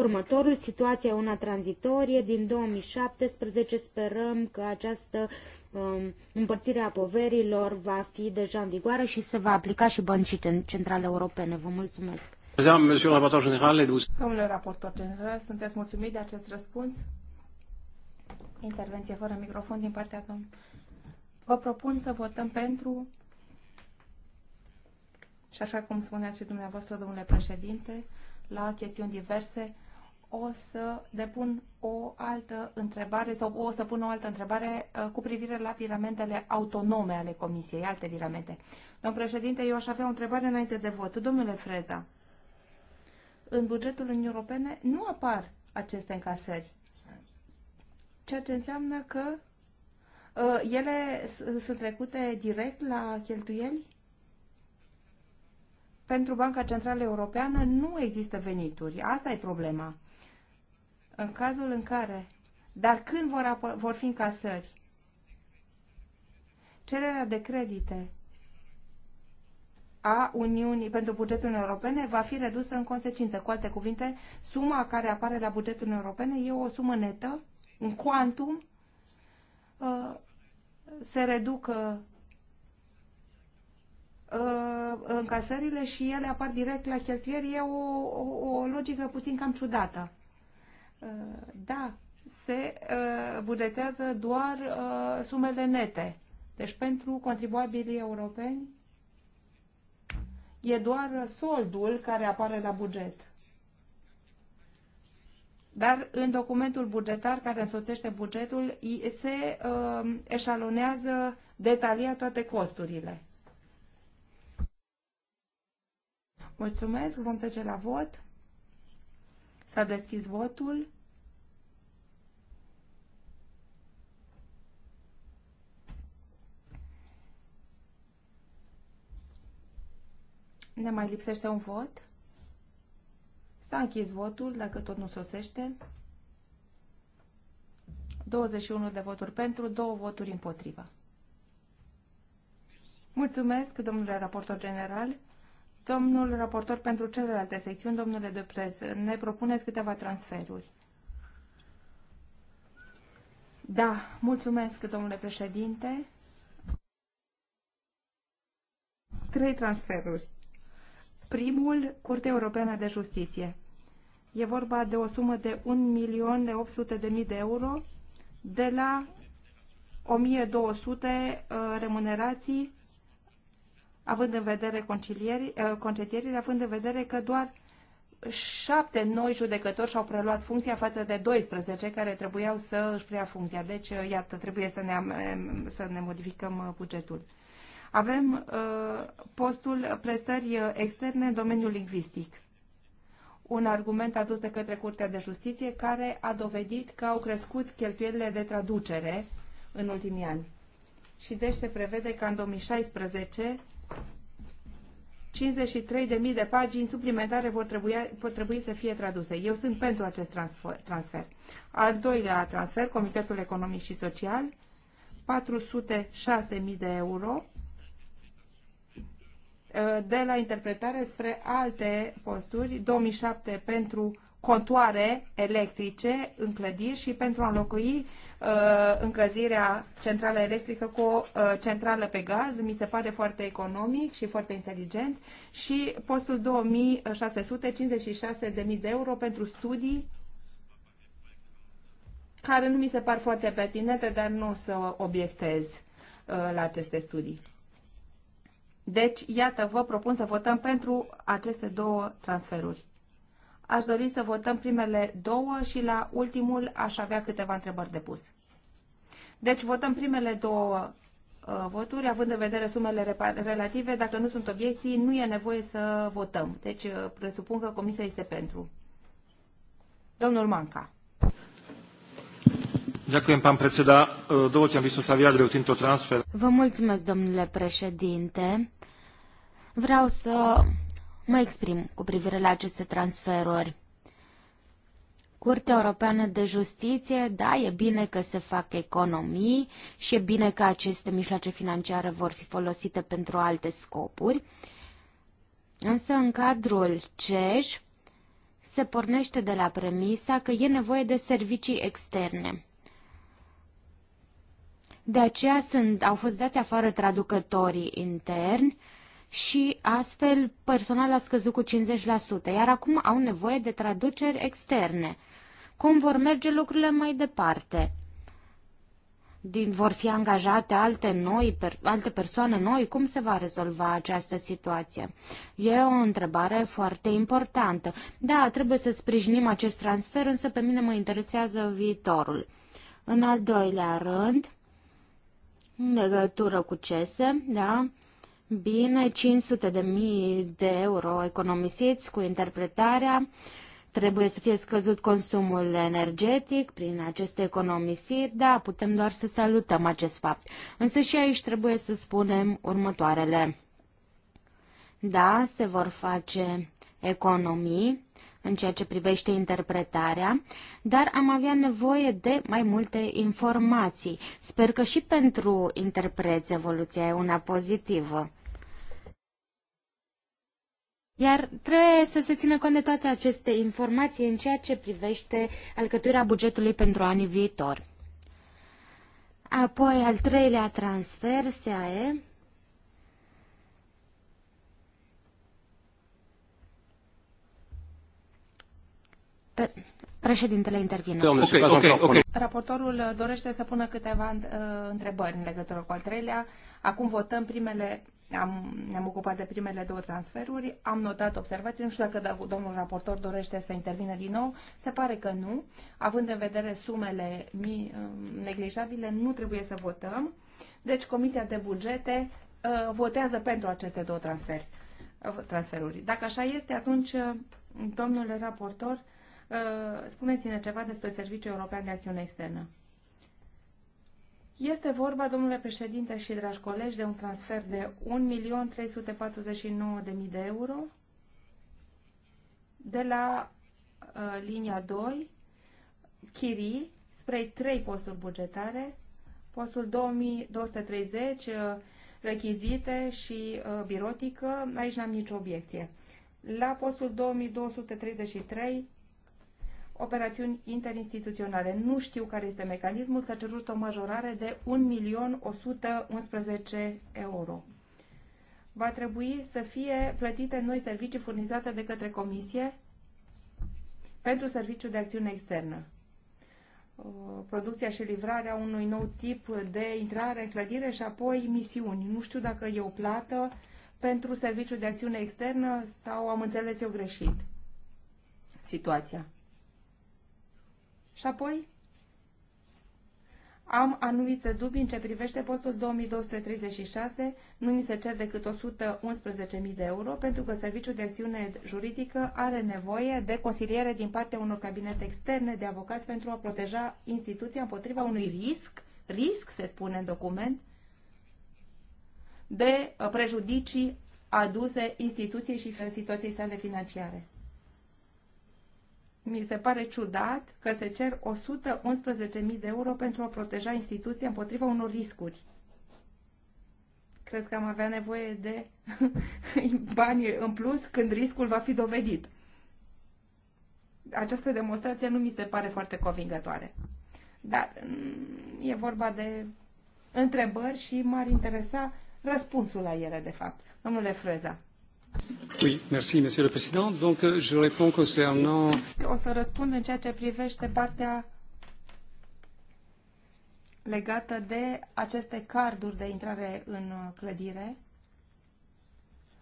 Următorul, situația e una tranzitorie. Din 2017 sperăm că această um, împărțire a poverilor va fi deja în vigoare și se va aplica și băncii centrale europene. Vă mulțumesc. Domnule raportor general, sunteți mulțumit de acest răspuns? Intervenție fără microfon din partea domnului. Vă propun să votăm pentru și așa cum spuneați și dumneavoastră, domnule președinte, la chestiuni diverse, o să depun o altă întrebare sau o să pun o altă întrebare uh, cu privire la viramentele autonome ale Comisiei, alte viramente. Domnul președinte, eu aș avea o întrebare înainte de vot. Domnule Freza, în bugetul Uniunii Europene nu apar aceste încasări, ceea ce înseamnă că uh, ele sunt trecute direct la cheltuieli? Pentru Banca Centrală Europeană nu există venituri. Asta e problema. În cazul în care, dar când vor, vor fi încasări? Cererea de credite a Uniunii pentru bugetul europene va fi redusă în consecință. Cu alte cuvinte, suma care apare la bugetul europene e o sumă netă, un quantum, ă, se reduc ă, ă, încasările și ele apar direct la cheltuieri. E o, o, o logică puțin cam ciudată. Eh, da, se eh, buletează doar eh, sumele nete. Deci pentru contribuabilii europeni e doar soldul care apare la buget. Dar în documentul bugetar care însoțește bugetul se uh, eșalonează detaliat toate costurile. Mulțumesc, vom trece la vot. S-a deschis votul. Ne mai lipsește un vot. S-a închis votul, dacă tot nu sosește. 21 de voturi pentru, 2 voturi împotriva. Mulțumesc, domnule raportor general. Domnul raportor pentru celelalte secțiuni, domnule Deprez, ne propuneți câteva transferuri. Da, mulțumesc, domnule președinte. Trei transferuri. Primul, Curtea Europeană de Justiție. E vorba de o sumă de 1.800.000 de euro de la 1.200 uh, remunerații având în vedere eh, concedierile, având în vedere că doar șapte noi judecători și-au preluat funcția față de 12 care trebuiau să își preia funcția. Deci, eh, iată, trebuie să ne, să ne modificăm eh, bugetul. Avem uh, postul prestări externe în domeniul lingvistic. Un argument adus de către Curtea de Justiție care a dovedit că au crescut cheltuielile de traducere în ultimii ani. Și deci se prevede că în 2016 53.000 de pagini suplimentare vor trebui, pot trebui să fie traduse. Eu sunt pentru acest transfer. transfer. Al doilea transfer, Comitetul Economic și Social, 406.000 de euro uh, de la interpretare spre alte posturi, 2007 pentru contoare electrice în clădiri și pentru a înlocui Uh, încălzirea centrală electrică cu o uh, centrală pe gaz. Mi se pare foarte economic și foarte inteligent. Și postul 2656.000 de euro pentru studii care nu mi se par foarte pertinente, dar nu o să obiectez uh, la aceste studii. Deci, iată, vă propun să votăm pentru aceste două transferuri. Aș dori să votăm primele două și la ultimul aș avea câteva întrebări de pus. Deci votăm primele două uh, voturi, având în vedere sumele relative. Dacă nu sunt obiecții, nu e nevoie să votăm. Deci uh, presupun că comisia este pentru. Domnul Manca. Ďakujem, pán predseda. Uh, dovolte, aby som sa vyjadril týmto transfer. Vă mulțumesc, domnule președinte. Vreau să Mă exprim cu privire la aceste transferuri. Curtea Europeană de Justiție, da, e bine că se fac economii și e bine că aceste mijloace financiare vor fi folosite pentru alte scopuri, însă în cadrul CEJ se pornește de la premisa că e nevoie de servicii externe. De aceea sunt, au fost dați afară traducătorii interni, și astfel personal a scăzut cu 50%, iar acum au nevoie de traduceri externe. Cum vor merge lucrurile mai departe? Din, vor fi angajate alte, noi, per, alte persoane noi? Cum se va rezolva această situație? E o întrebare foarte importantă. Da, trebuie să sprijinim acest transfer, însă pe mine mă interesează viitorul. În al doilea rând, în legătură cu CESE, da, Bine, 500 de mii de euro economisiți cu interpretarea. Trebuie să fie scăzut consumul energetic prin aceste economisiri, da, putem doar să salutăm acest fapt. Însă și aici trebuie să spunem următoarele. Da, se vor face economii, în ceea ce privește interpretarea, dar am avea nevoie de mai multe informații. Sper că și pentru interpreți evoluția e una pozitivă. Iar trebuie să se țină cont de toate aceste informații în ceea ce privește alcătuirea bugetului pentru anii viitori. Apoi, al treilea transfer, SAE, Președintele intervine. Okay, okay, okay. Raportorul uh, dorește să pună câteva uh, întrebări în legătură cu al treilea. Acum votăm primele, am, ne-am ocupat de primele două transferuri, am notat observații, nu știu dacă domnul raportor dorește să intervină din nou, se pare că nu. Având în vedere sumele uh, neglijabile, nu trebuie să votăm. Deci Comisia de Bugete votează pentru aceste două transferuri. Dacă așa este, atunci, domnule raportor, Uh, spuneți-ne ceva despre Serviciul European de Acțiune Externă. Este vorba, domnule președinte și dragi colegi, de un transfer de 1.349.000 de euro de la uh, linia 2, chirii, spre 3 posturi bugetare, postul 2230, uh, rechizite și uh, birotică, aici n-am nicio obiecție. La postul 2233, operațiuni interinstituționale. Nu știu care este mecanismul, s-a cerut o majorare de 1.111 euro. Va trebui să fie plătite noi servicii furnizate de către Comisie pentru serviciul de acțiune externă. Uh, producția și livrarea unui nou tip de intrare în clădire și apoi misiuni. Nu știu dacă e o plată pentru serviciul de acțiune externă sau am înțeles eu greșit situația. Și apoi am anumite dubii în ce privește postul 2236, nu ni se cer decât 111.000 de euro, pentru că Serviciul de Acțiune Juridică are nevoie de consiliere din partea unor cabinete externe de avocați pentru a proteja instituția împotriva unui risc, risc se spune în document, de uh, prejudicii aduse instituției și situației sale financiare mi se pare ciudat că se cer 111.000 de euro pentru a proteja instituția împotriva unor riscuri. Cred că am avea nevoie de bani în plus când riscul va fi dovedit. Această demonstrație nu mi se pare foarte convingătoare. Dar mm, e vorba de întrebări și m-ar interesa răspunsul la ele, de fapt. Domnule Freza, Oui, merci, monsieur le président. Donc, euh, je réponds concernant... O să răspund în ceea ce privește partea legată de aceste carduri de intrare în uh, clădire.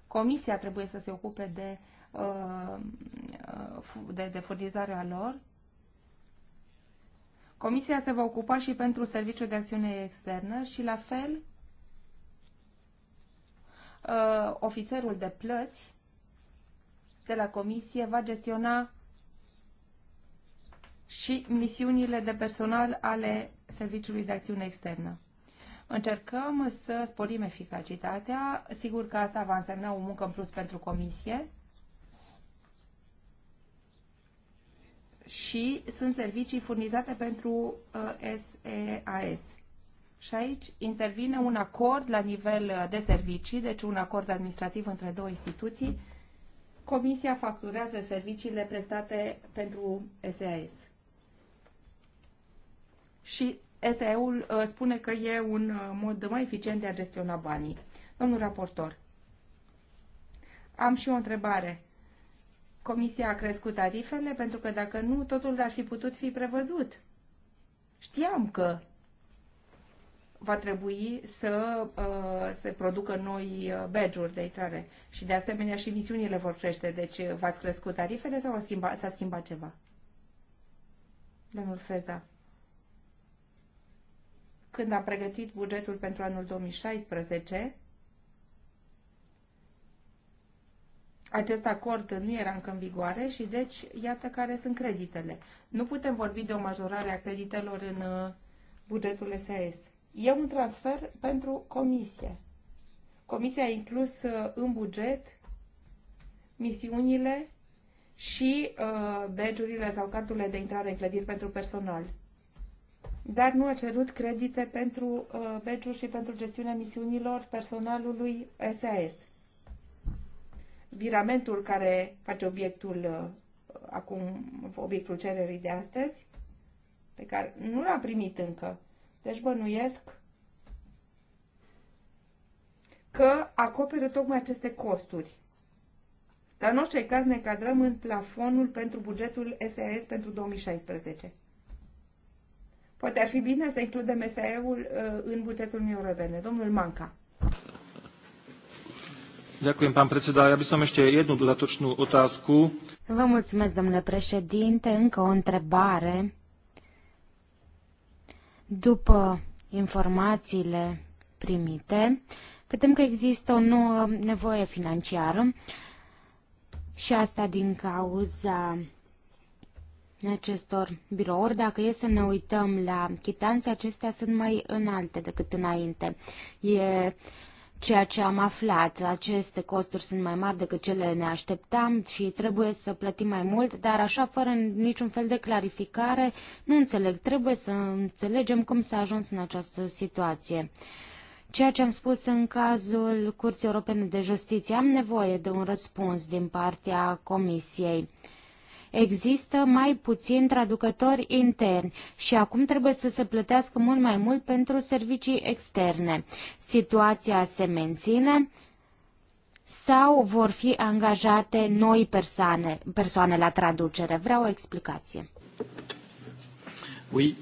Comisia trebuie să se ocupe de, uh, uh, de, de furnizarea lor. Comisia se va ocupa și pentru serviciul de acțiune externă și la fel uh, ofițerul de plăți de la comisie va gestiona și misiunile de personal ale Serviciului de Acțiune Externă. Încercăm să sporim eficacitatea. Sigur că asta va însemna o muncă în plus pentru comisie. Și sunt servicii furnizate pentru SEAS. Uh, și aici intervine un acord la nivel uh, de servicii, deci un acord administrativ între două instituții. Comisia facturează serviciile prestate pentru SAS. Și SAE-ul uh, spune că e un uh, mod mai eficient de a gestiona banii. Domnul raportor, am și o întrebare. Comisia a crescut tarifele pentru că dacă nu, totul ar fi putut fi prevăzut. Știam că va trebui să uh, se producă noi uh, badge-uri de intrare și de asemenea și misiunile vor crește. Deci uh, v-ați crescut tarifele sau s-a schimbat, schimbat ceva? Domnul Feza. Când am pregătit bugetul pentru anul 2016, acest acord nu era încă în vigoare și deci iată care sunt creditele. Nu putem vorbi de o majorare a creditelor în uh, bugetul SAS. E un transfer pentru comisie. Comisia a inclus uh, în buget misiunile și uh, badge sau cardurile de intrare în clădiri pentru personal. Dar nu a cerut credite pentru uh, badge și pentru gestiunea misiunilor personalului SAS. Viramentul care face obiectul uh, acum, obiectul cererii de astăzi, pe care nu l-am primit încă, deci bănuiesc că acoperă tocmai aceste costuri. Dar în orice caz ne cadrăm în plafonul pentru bugetul SAS pentru 2016. Poate ar fi bine să includem SAE-ul uh, în bugetul Uniunii Europene. Domnul Manca. Ďakujem, pán predseda. Ja by som ešte jednu dodatočnú otázku. Vă mulțumesc, domnule președinte. Încă o întrebare după informațiile primite, vedem că există o nouă nevoie financiară și asta din cauza acestor birouri. Dacă e să ne uităm la chitanțe, acestea sunt mai înalte decât înainte. E ceea ce am aflat. Aceste costuri sunt mai mari decât cele ne așteptam și trebuie să plătim mai mult, dar așa, fără niciun fel de clarificare, nu înțeleg. Trebuie să înțelegem cum s-a ajuns în această situație. Ceea ce am spus în cazul Curții Europene de Justiție, am nevoie de un răspuns din partea Comisiei există mai puțin traducători interni și acum trebuie să se plătească mult mai mult pentru servicii externe. Situația se menține sau vor fi angajate noi persoane, persoane la traducere? Vreau o explicație. Oui,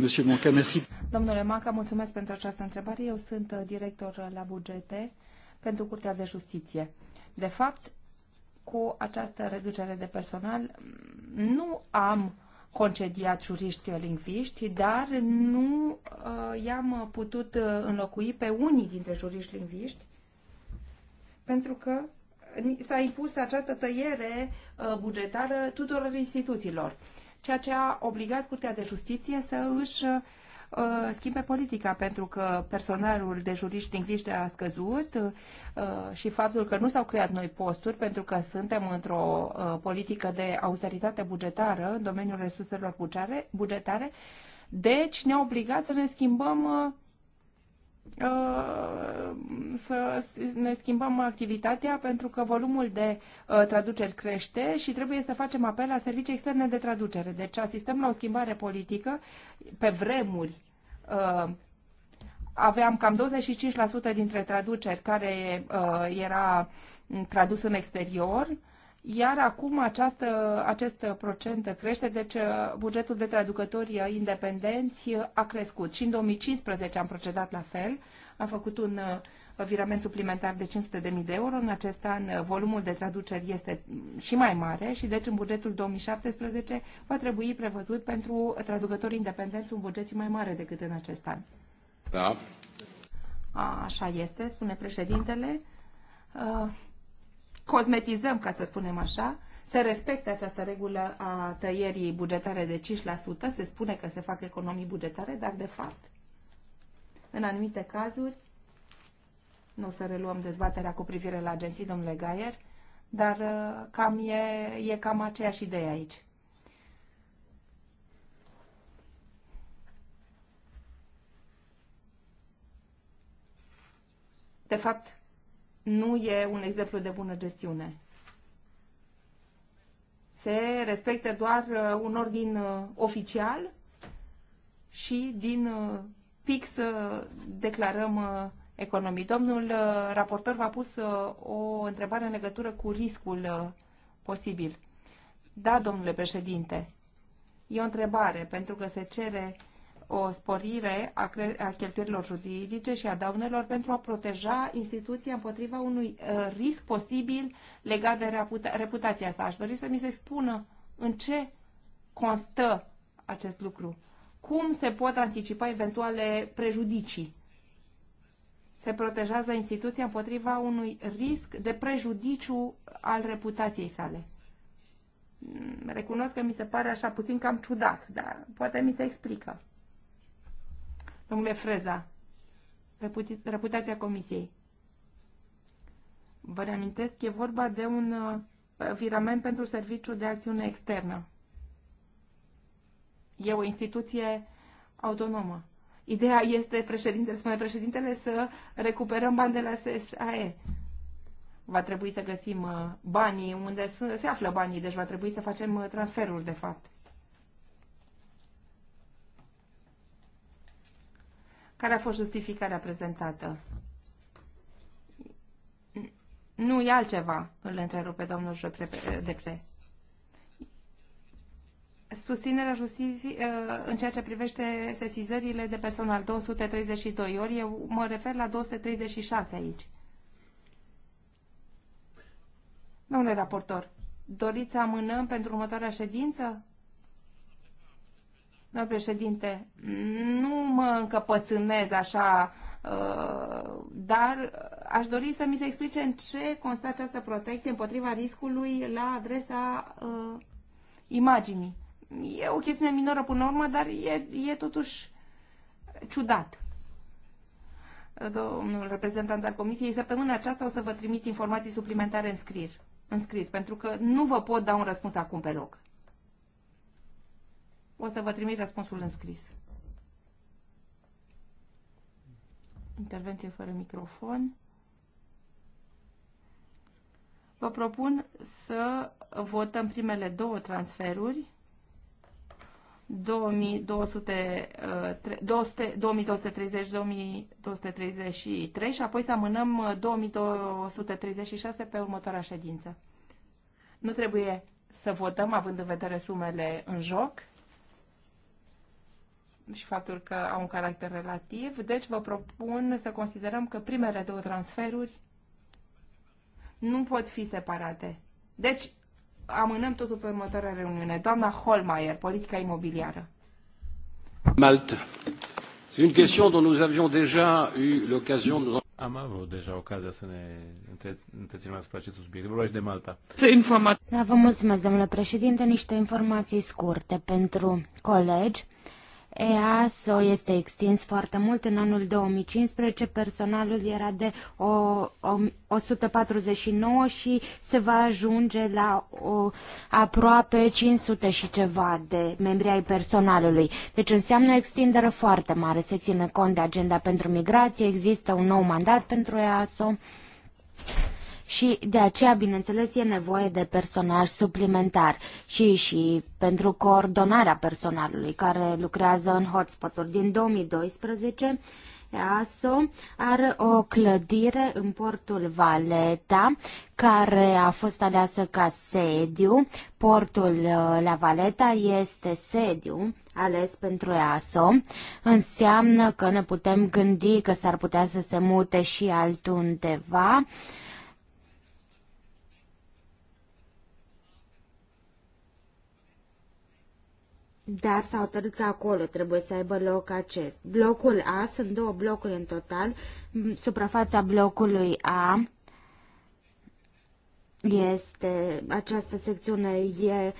monsieur Manca, merci. Domnule Manca, mulțumesc pentru această întrebare. Eu sunt uh, director la bugete pentru Curtea de Justiție. De fapt, cu această reducere de personal nu am concediat juriști lingviști, dar nu uh, i-am putut uh, înlocui pe unii dintre juriști lingviști pentru că s-a impus această tăiere uh, bugetară tuturor instituțiilor, ceea ce a obligat Curtea de Justiție să își uh, Uh, schimbe politica, pentru că personalul de juriști lingviști a scăzut uh, și faptul că nu s-au creat noi posturi, pentru că suntem într-o uh, politică de austeritate bugetară în domeniul resurselor bugetare, bugetare deci ne-a obligat să ne schimbăm uh, Uh, să ne schimbăm activitatea pentru că volumul de uh, traduceri crește și trebuie să facem apel la servicii externe de traducere. Deci asistăm la o schimbare politică pe vremuri uh, aveam cam 25% dintre traduceri care uh, era tradus în exterior iar acum această, acest procent crește, deci uh, bugetul de traducători independenți a crescut. Și în 2015 am procedat la fel, am făcut un uh, virament suplimentar de 500.000 de euro. În acest an uh, volumul de traduceri este și mai mare și deci în bugetul 2017 va trebui prevăzut pentru traducători independenți un buget mai mare decât în acest an. Da. A, așa este, spune președintele cosmetizăm, ca să spunem așa, se respecte această regulă a tăierii bugetare de 5%, se spune că se fac economii bugetare, dar de fapt, în anumite cazuri, nu o să reluăm dezbaterea cu privire la agenții, domnule Gaier, dar uh, cam e, e cam aceeași idee aici. De fapt, nu e un exemplu de bună gestiune. Se respectă doar uh, un ordin uh, oficial și din pix uh, declarăm economii. Domnul raportor v-a pus o întrebare în legătură cu riscul posibil. Da, domnule președinte, e o întrebare, pentru că se cere o sporire a, a cheltuielilor juridice și a daunelor pentru a proteja instituția împotriva unui uh, risc posibil legat de reputa reputația sa. Aș dori să mi se spună în ce constă acest lucru. Cum se pot anticipa eventuale prejudicii? Se protejează instituția împotriva unui risc de prejudiciu al reputației sale mm, recunosc că mi se pare așa puțin cam ciudat, dar poate mi se explică. Domnule Freza, reputația comisiei. Vă reamintesc, e vorba de un uh, virament pentru serviciu de acțiune externă. E o instituție autonomă. Ideea este, președintele, spune președintele, să recuperăm bani de la SSAE. Va trebui să găsim uh, banii unde se află banii, deci va trebui să facem uh, transferuri de fapt. Care a fost justificarea prezentată? Nu, e altceva, îl întrerupe domnul Depre. Susținerea justific ă, în ceea ce privește sesizările de personal 232 ori, eu mă refer la 236 aici. Domnule raportor, doriți să amânăm pentru următoarea ședință? Domnul președinte, nu mă încăpățânez așa, uh, dar aș dori să mi se explice în ce constă această protecție împotriva riscului la adresa uh, imaginii. E o chestiune minoră până la urmă, dar e, e totuși ciudat domnul reprezentant al Comisiei, săptămâna aceasta o să vă trimit informații suplimentare în scris, în scris, pentru că nu vă pot da un răspuns acum pe loc. O să vă trimit răspunsul în scris. Intervenție fără microfon. Vă propun să votăm primele două transferuri. 2230-2233 uh, și apoi să amânăm 2236 uh, pe următoarea ședință. Nu trebuie să votăm având în vedere sumele în joc, și faptul că au un caracter relativ, deci vă propun să considerăm că primele două transferuri nu pot fi separate. Deci amânăm totul pe următoarea reuniune. Doamna Holmeier, politica imobiliară. Malta. C'est une question dont nous avions déjà eu l'occasion de am avut deja ocazia să ne întreținem asupra acest subiect. Vorbești de Malta. Să Da, vă mulțumesc, domnule președinte. Niște informații scurte pentru colegi. EASO este extins foarte mult. În anul 2015 personalul era de o, o, 149 și se va ajunge la o, aproape 500 și ceva de membri ai personalului. Deci înseamnă o extindere foarte mare. Se ține cont de agenda pentru migrație, există un nou mandat pentru EASO și de aceea, bineînțeles, e nevoie de personaj suplimentar și, și pentru coordonarea personalului care lucrează în hotspot-uri. Din 2012, EASO are o clădire în portul Valeta, care a fost aleasă ca sediu. Portul uh, la Valeta este sediu ales pentru EASO. Înseamnă că ne putem gândi că s-ar putea să se mute și altundeva. Uh, dar s-a hotărât că acolo trebuie să aibă loc acest. Blocul A, sunt două blocuri în total, mm, suprafața blocului A este, această secțiune e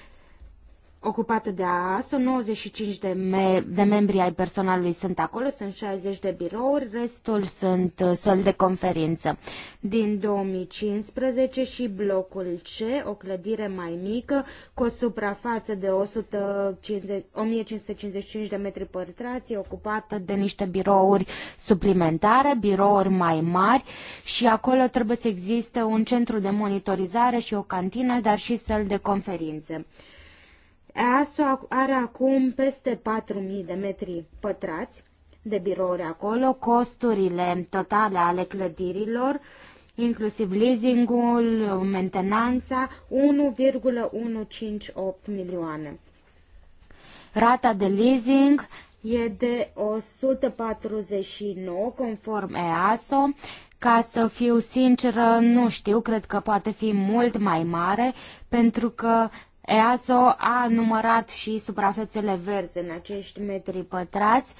ocupată de ASO, 95 de, me- de membri ai personalului sunt acolo, sunt 60 de birouri, restul sunt uh, săli de conferință. Din 2015 și blocul C, o clădire mai mică, cu o suprafață de 150, 1555 de metri pătrați, ocupată de niște birouri suplimentare, birouri mai mari și acolo trebuie să existe un centru de monitorizare și o cantină, dar și săli de conferință. EASO are acum peste 4.000 de metri pătrați de birouri acolo, costurile totale ale clădirilor, inclusiv leasingul, mentenanța, 1,158 milioane. Rata de leasing e de 149 conform EASO. Ca să fiu sinceră, nu știu, cred că poate fi mult mai mare, pentru că EASO a numărat și suprafețele verzi în acești metri pătrați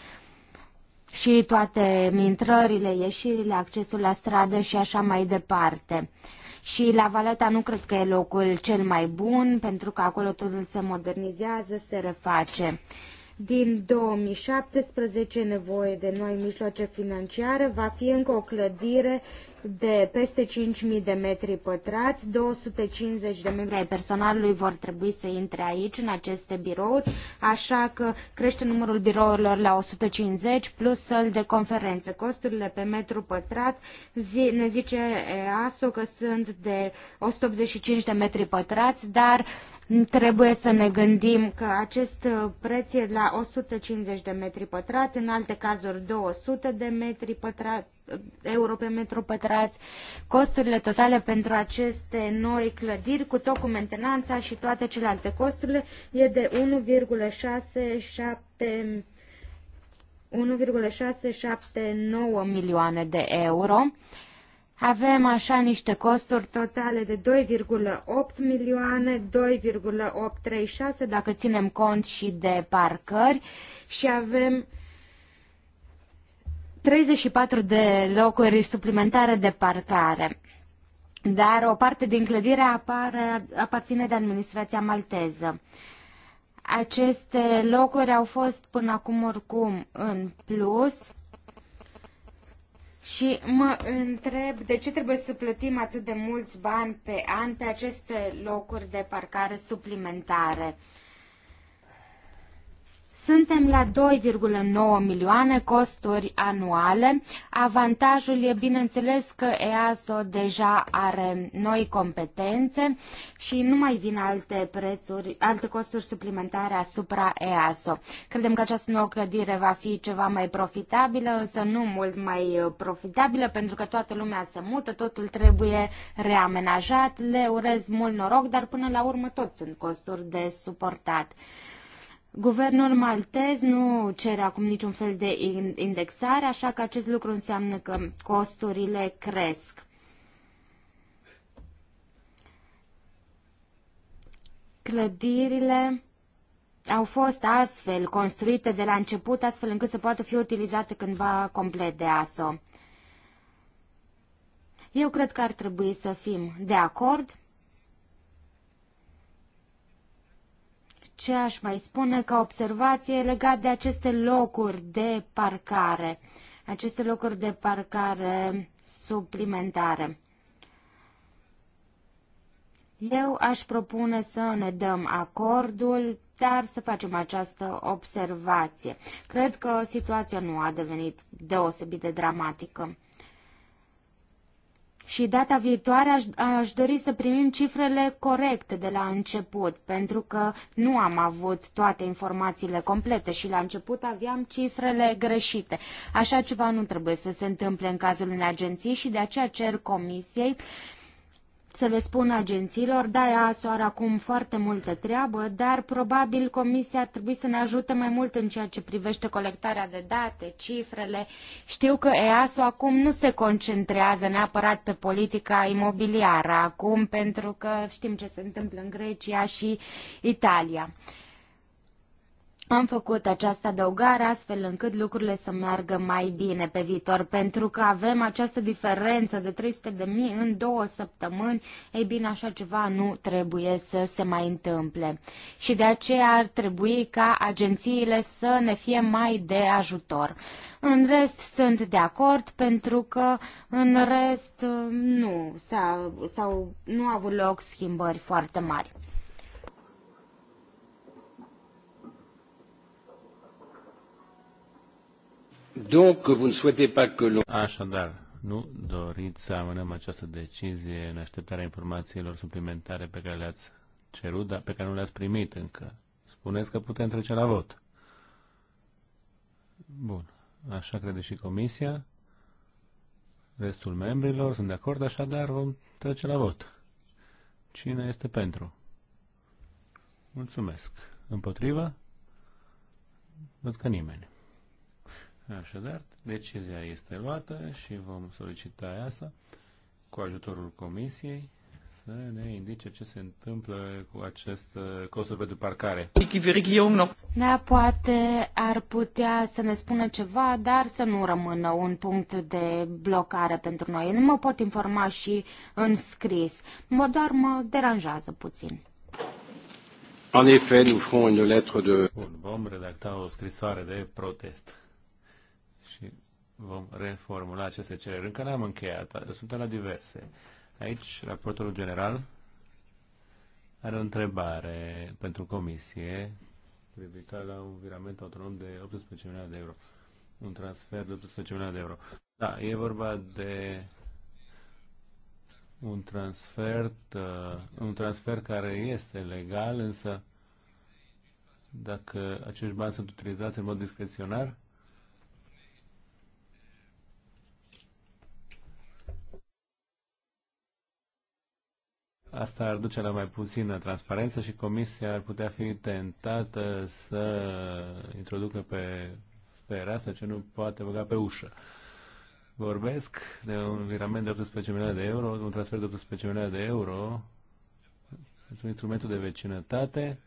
și toate intrările, ieșirile, accesul la stradă și așa mai departe. Și la Valeta nu cred că e locul cel mai bun, pentru că acolo totul se modernizează, se reface. Din 2017 nevoie de noi mijloace financiare, va fi încă o clădire de peste 5.000 de metri pătrați, 250 de membri ai personalului vor trebui să intre aici, în aceste birouri, așa că crește numărul birourilor la 150 plus săli de conferență. Costurile pe metru pătrat zi, ne zice ASO că sunt de 185 de metri pătrați, dar uh, Trebuie să ne gândim că acest uh, preț e la 150 de metri pătrați, în alte cazuri 200 de metri pătrați, uh, euro pe metru pătrați, costurile totale pentru aceste noi clădiri, cu tot cu mentenanța și toate celelalte costurile, e de 1,67 1,679 milioane de euro, avem așa niște costuri totale de 2,8 milioane, 2,836 dacă ținem cont și de parcări și avem 34 de locuri suplimentare de parcare. Dar o parte din clădire apare, aparține de administrația malteză. Aceste locuri au fost până acum oricum în plus și mă întreb de ce trebuie să plătim atât de mulți bani pe an pe aceste locuri de parcare suplimentare. Uh, suntem la 2,9 milioane costuri anuale. Avantajul e bineînțeles că EASO deja are noi competențe și nu mai vin alte prețuri, alte costuri suplimentare asupra EASO. Credem că această nouă clădire va fi ceva mai profitabilă, însă nu mult mai uh, profitabilă pentru că toată lumea se mută, totul trebuie reamenajat. Le urez mult noroc, dar până la urmă tot sunt costuri de suportat. Guvernul maltez nu cere acum niciun fel de indexare, așa că acest lucru înseamnă că costurile cresc. Clădirile au fost astfel construite de la început, astfel încât să poată fi utilizate cândva complet de ASO. Eu cred că ar trebui să fim de acord Ce aș mai spune ca observație legat de aceste locuri de parcare, aceste locuri de parcare suplimentare? Eu aș propune să ne dăm acordul, dar să facem această observație. Cred că situația nu a devenit deosebit de dramatică. Și data viitoare aș, aș dori să primim cifrele corecte de la început, pentru că nu am avut toate informațiile complete și la început aveam cifrele greșite. Așa ceva nu trebuie să se întâmple în cazul unei agenții și de aceea cer comisiei să le spun agențiilor, da, EASO are acum foarte multă treabă, dar probabil Comisia ar trebui să ne ajute mai mult în ceea ce privește colectarea de date, cifrele. Știu că EASO acum nu se concentrează neapărat pe politica imobiliară acum, pentru că știm ce se întâmplă în Grecia și Italia. Am făcut această adăugare astfel încât lucrurile să meargă mai bine pe viitor, pentru că avem această diferență de 300 de mii în două săptămâni, ei bine, așa ceva nu trebuie să se mai întâmple. Și de aceea ar trebui ca agențiile să ne fie mai de ajutor. În rest sunt de acord pentru că în rest nu, sau sau nu au avut loc schimbări foarte mari. Așadar, nu doriți să amânăm această decizie în așteptarea informațiilor suplimentare pe care le-ați cerut, dar pe care nu le-ați primit încă. Spuneți că putem trece la vot. Bun. Așa crede și Comisia. Restul membrilor sunt de acord, așadar vom trece la vot. Cine este pentru? Mulțumesc. Împotriva? Văd că nimeni. Așadar, decizia este luată și vom solicita asta cu ajutorul Comisiei să ne indice ce se întâmplă cu acest uh, costul pentru parcare. Da, poate ar putea să ne spună ceva, dar să nu rămână un punct de blocare pentru noi. Nu mă pot informa și în scris. Mă doar mă deranjează puțin. En effet, nous ferons une lettre de... Bun, vom redacta o scrisoare de protest vom reformula aceste cereri. Încă n-am încheiat, suntem la diverse. Aici, raportorul general are o întrebare pentru comisie privitoare la un virament autonom de 18 milioane de euro. Un transfer de 18 milioane de euro. Da, e vorba de un transfer, uh, un transfer care este legal, însă dacă acești bani sunt utilizați în mod discreționar, Asta ar duce la mai puțină transparență și Comisia ar putea fi tentată să introducă pe fereastră ce nu poate băga pe ușă. Vorbesc de un virament de 18 milioane de euro, un transfer de 18 milioane de euro pentru instrumentul de vecinătate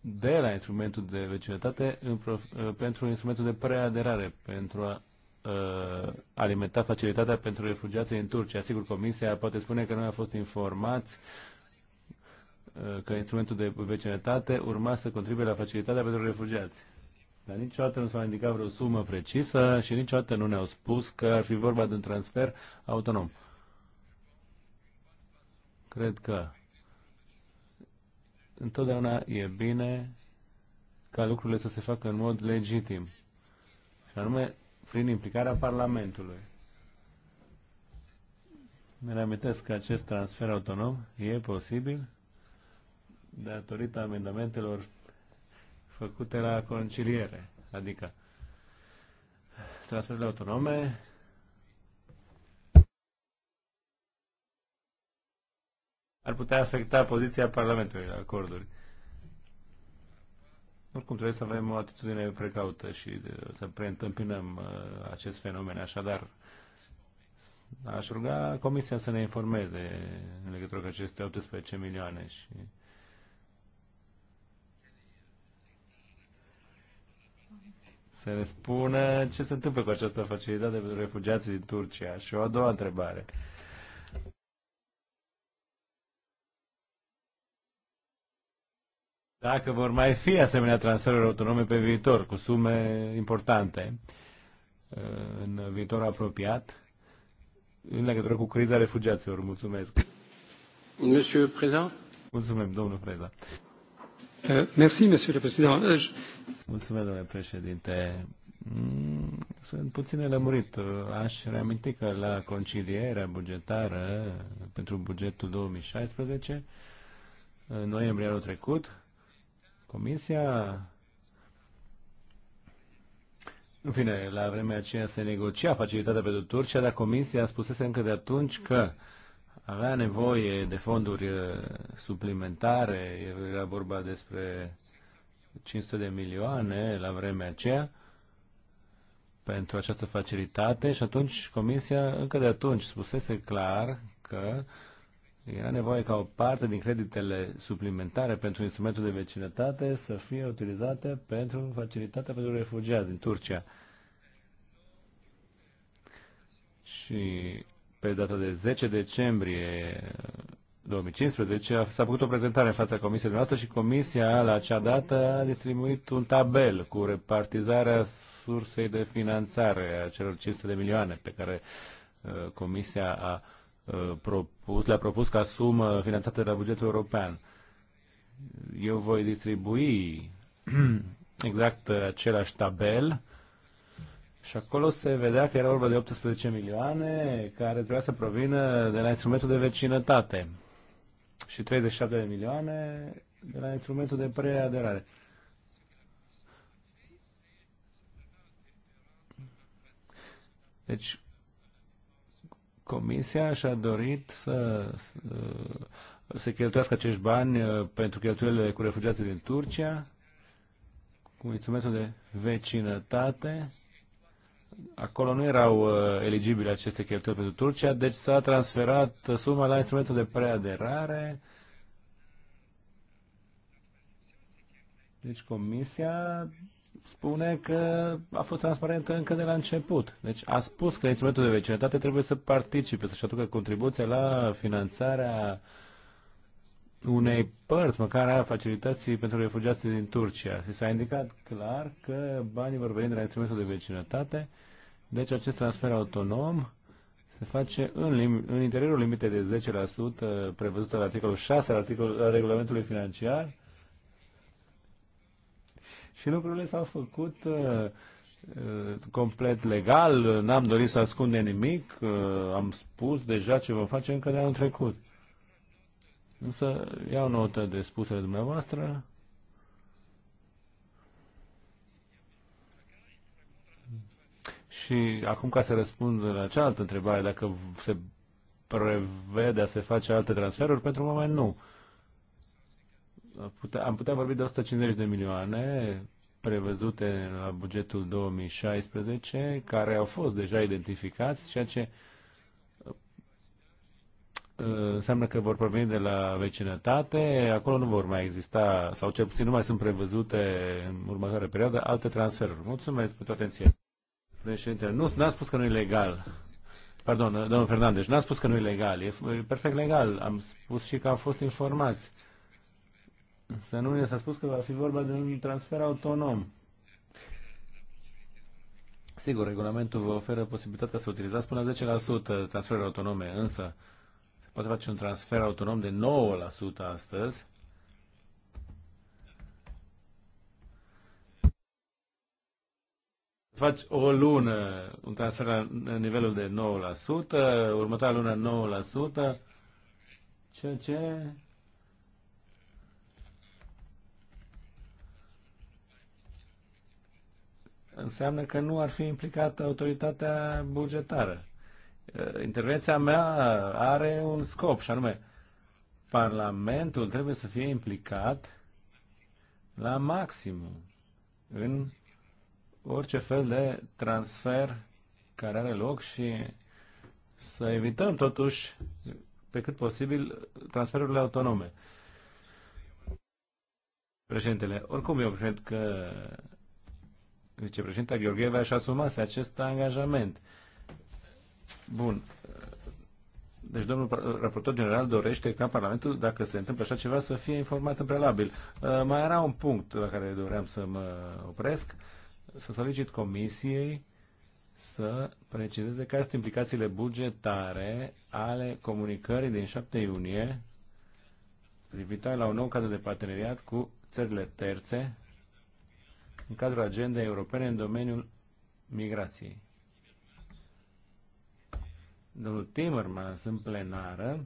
de la instrumentul de vecinătate în prof, pentru instrumentul de preaderare, pentru a uh, alimenta facilitatea pentru refugiații în Turcia. Sigur, Comisia poate spune că noi am fost informați uh, că instrumentul de vecinătate urma să contribuie la facilitatea pentru refugiați. Dar niciodată nu s-a indicat vreo sumă precisă și niciodată nu ne-au spus că ar fi vorba de un transfer autonom. Cred că întotdeauna e bine ca lucrurile să se facă în mod legitim. Și anume prin implicarea Parlamentului. Ne reamintesc că acest transfer autonom e posibil datorită amendamentelor făcute la conciliere, adică transferurile autonome ar putea afecta poziția Parlamentului la acorduri. Oricum trebuie să avem o atitudine precaută și uh, să preîntâmpinăm uh, acest fenomen. Așadar, aș ruga Comisia să ne informeze în legătură cu aceste 18 milioane și să ne spună ce se întâmplă cu această facilitate pentru refugiații din Turcia. Și o a doua întrebare. Uh, dacă vor mai fi asemenea transferuri autonome pe viitor, cu sume importante uh, în viitor apropiat, în legătură cu criza refugiaților. Mulțumesc. Monsieur Preza. Mulțumesc domnul Preza. Euh, merci, monsieur le président. Euh, Mulțumesc, domnule președinte. Mm, sunt puțin lămurit. Aș reaminti că la concilierea bugetară pentru bugetul 2016, în noiembrie anul trecut, Comisia în fine, la vremea aceea se negocia facilitatea pentru Turcia, dar Comisia spusese încă de atunci că avea nevoie de fonduri uh, suplimentare, era vorba despre 500 de milioane la vremea aceea pentru această facilitate și atunci Comisia încă de atunci spusese clar că uh, era nevoie ca o parte din creditele suplimentare pentru instrumentul de vecinătate să fie utilizate pentru facilitatea pentru refugiați din Turcia. Și pe data de 10 decembrie 2015 uh, s-a făcut o prezentare în fața Comisiei noastre și Comisia la acea dată a distribuit un tabel cu repartizarea sursei de finanțare a celor 500 de milioane pe care uh, Comisia a uh, Uh, propus, le-a propus ca sumă finanțată de la bugetul european. Eu voi distribui exact același tabel și acolo se vedea că era vorba de 18 milioane care trebuia să provină de la instrumentul de vecinătate și 37 de milioane de la instrumentul de preaderare. Deci, Comisia și-a dorit să uh, se cheltuiască acești bani uh, pentru cheltuielile cu refugiații din Turcia, cu instrumentul de vecinătate. Acolo nu erau uh, eligibile aceste cheltuieli pentru Turcia, deci s-a transferat suma la instrumentul de preaderare. Deci Comisia spune că a fost transparentă încă de la început. Deci a spus că instrumentul de vecinătate trebuie să participe, să-și aducă contribuția la finanțarea unei părți, măcar a facilității pentru refugiații din Turcia. Și s-a indicat clar că banii vor veni de la instrumentul de vecinătate, deci acest transfer autonom se face în, în interiorul limitei de 10% prevăzută la articolul 6 al, articol, al regulamentului financiar, și lucrurile s-au făcut uh, uh, complet legal, n-am dorit să ascundem nimic, uh, am spus deja ce vom face încă de anul trecut. Însă iau notă de spusele dumneavoastră. Și acum ca să răspund la cealaltă întrebare, dacă se prevede a se face alte transferuri, pentru moment nu. Uh, am putea vorbi de 150 de milioane prevăzute la bugetul 2016, care au fost deja identificați, ceea ce uh, înseamnă că vor proveni de la vecinătate, acolo nu vor mai exista, sau cel puțin nu mai sunt prevăzute în următoarea perioadă, alte transferuri. Mulțumesc pentru atenție. Președinte, nu, n-am spus că nu e legal. Pardon, domnul Fernandez, nu am spus că nu e legal. E, e perfect legal. Am spus și că am fost informați. Să nu ne s-a spus că va fi vorba de un transfer autonom. Sigur, regulamentul vă oferă posibilitatea să utilizați până la 10% transferuri autonome, însă se poate face un transfer autonom de 9% astăzi. Faci o lună un transfer la nivelul de 9%, următoarea lună 9%, ceea ce înseamnă că nu ar fi implicată autoritatea bugetară. Uh, intervenția mea are un scop și anume Parlamentul trebuie să fie implicat la maximum în orice fel de transfer care are loc și să evităm totuși pe cât posibil transferurile autonome. Președintele, oricum eu cred că vicepreședinta Gheorgheva și asumase acest angajament. Bun. Deci domnul raportor general dorește ca Parlamentul, dacă se întâmplă așa ceva, să fie informat în prealabil. Uh, mai era un punct la care doream să mă opresc, să solicit Comisiei să precizeze care sunt implicațiile bugetare ale comunicării din 7 iunie privitoare la un nou cadru de parteneriat cu țările terțe în cadrul agendei europene în domeniul migrației. Domnul Timmermans în plenară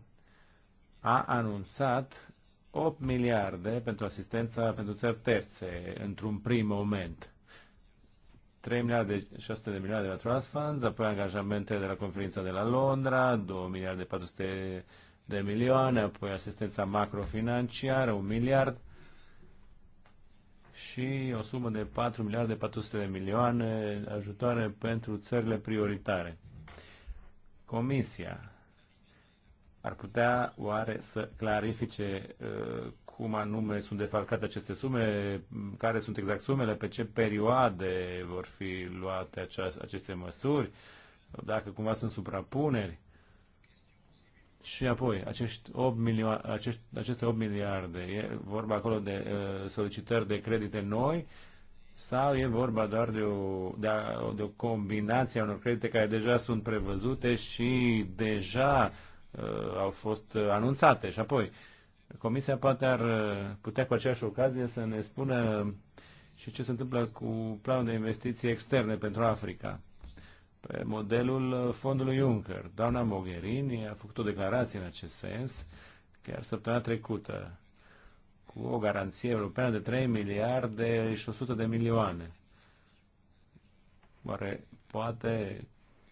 a anunțat 8 miliarde pentru asistența pentru țări terțe într-un prim moment. 3 miliarde 600 de miliarde de la Trust Funds, apoi angajamente de la conferința de la Londra, 2 miliarde 400 de milioane, apoi asistența macrofinanciară, 1 miliard, și o sumă de 4 miliarde 400 de milioane ajutoare pentru țările prioritare. Comisia ar putea oare să clarifice uh, cum anume sunt defalcate aceste sume, care sunt exact sumele, pe ce perioade vor fi luate aceste măsuri, dacă cumva sunt suprapuneri și apoi, acești 8 milioane, acești, aceste 8 miliarde, e vorba acolo de uh, solicitări de credite noi sau e vorba doar de o, de, a, de o combinație a unor credite care deja sunt prevăzute și deja uh, au fost anunțate? Și apoi, Comisia poate ar uh, putea cu aceeași ocazie să ne spună și ce se întâmplă cu planul de investiții externe pentru Africa pe modelul uh, fondului Juncker. Doamna Mogherini a făcut o declarație în acest sens chiar săptămâna trecută cu o garanție europeană de 3 miliarde și 100 de milioane. Oare poate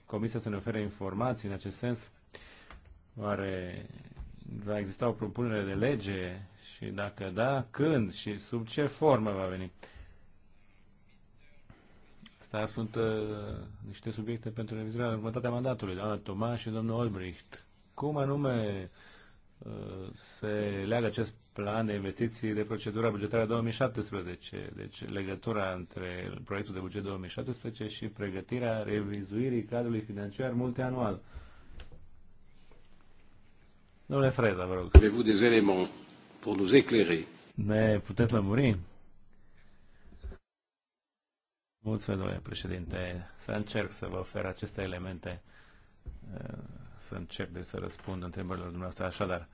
Comisia să ne ofere informații în acest sens? Oare va exista o propunere de lege și dacă da, când și sub ce formă va veni? asta sunt uh, niște subiecte pentru revizuirea următatea mandatului, doamna Toma și domnul Olbricht. Cum anume uh, se leagă acest plan de investiții de procedura bugetară 2017, deci legătura între proiectul de buget 2017 și pregătirea revizuirii cadrului financiar multianual? Domnule Freza, vă rog. Avez-vous des éléments pour nous éclairer? Ne puteți lămuri? Mulțumesc, domnule președinte. Să încerc să vă ofer aceste elemente, eh, să încerc de deci, să răspund întrebărilor dumneavoastră. Așadar,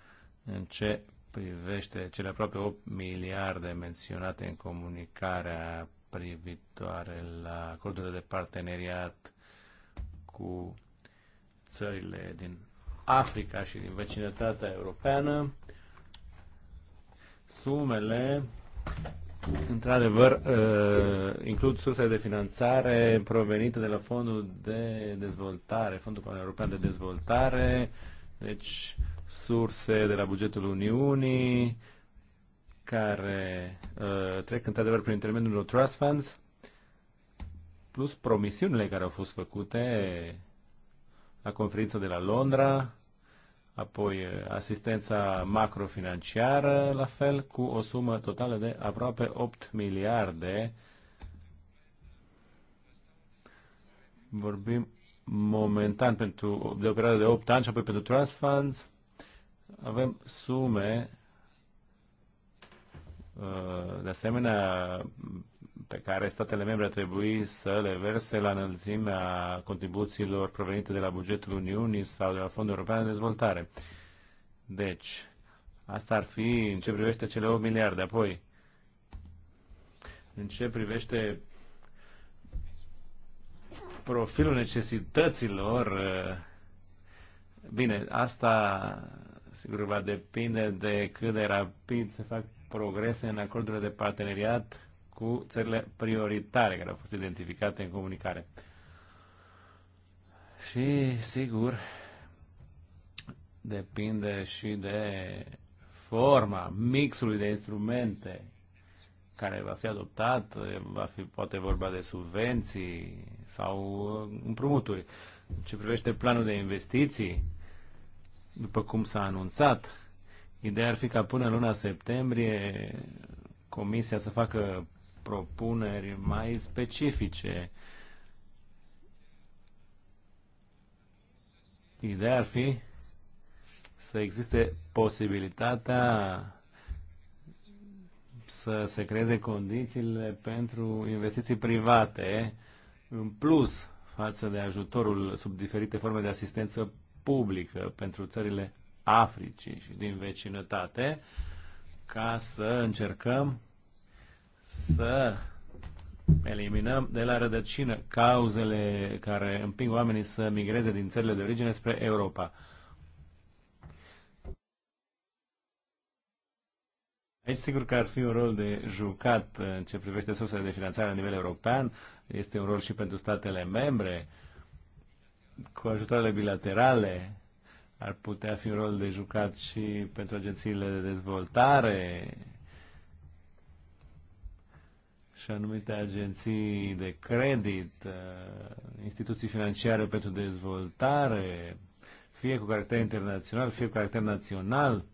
în ce privește cele aproape 8 miliarde menționate în comunicarea privitoare la acordurile de parteneriat cu țările din Africa și din vecinătatea europeană, sumele Într-adevăr, uh, includ surse de finanțare provenite de la Fondul de Dezvoltare, Fondul European de Dezvoltare, deci surse de la bugetul Uniunii, care uh, trec într-adevăr prin intermediul unor trust funds, plus promisiunile care au fost făcute la conferința de la Londra, apoi eh, asistența macrofinanciară, la fel, cu o sumă totală de aproape 8 miliarde. Vorbim momentan pentru, de o perioadă de 8 ani și apoi pentru trust funds. Avem sume eh, de asemenea pe care statele membre ar trebui să le verse la înălțimea contribuțiilor provenite de la bugetul Uniunii sau de la Fondul European de Dezvoltare. Deci, asta ar fi în ce privește cele 8 miliarde. Apoi, în ce privește profilul necesităților, eh, bine, asta sigur va depinde de cât de rapid se fac progrese în acordurile de parteneriat cu țările prioritare care au fost identificate în comunicare. Și, sigur, depinde și de forma, mixului de instrumente care va fi adoptat, va fi poate vorba de subvenții sau împrumuturi. Ce privește planul de investiții, după cum s-a anunțat, ideea ar fi ca până luna septembrie Comisia să facă propuneri mai specifice. Ideea ar fi să existe posibilitatea să se creeze condițiile pentru investiții private în plus față de ajutorul sub diferite forme de asistență publică pentru țările Africii și din vecinătate ca să încercăm să eliminăm de la rădăcină cauzele care împing oamenii să migreze din țările de origine spre Europa. Aici sigur că ar fi un rol de jucat în ce privește sursele de finanțare la nivel european, este un rol și pentru statele membre, cu ajutoarele bilaterale, ar putea fi un rol de jucat și pentru agențiile de dezvoltare, și anumite agenții de credit, uh, instituții financiare pentru dezvoltare, fie cu caracter internațional, fie cu caracter național.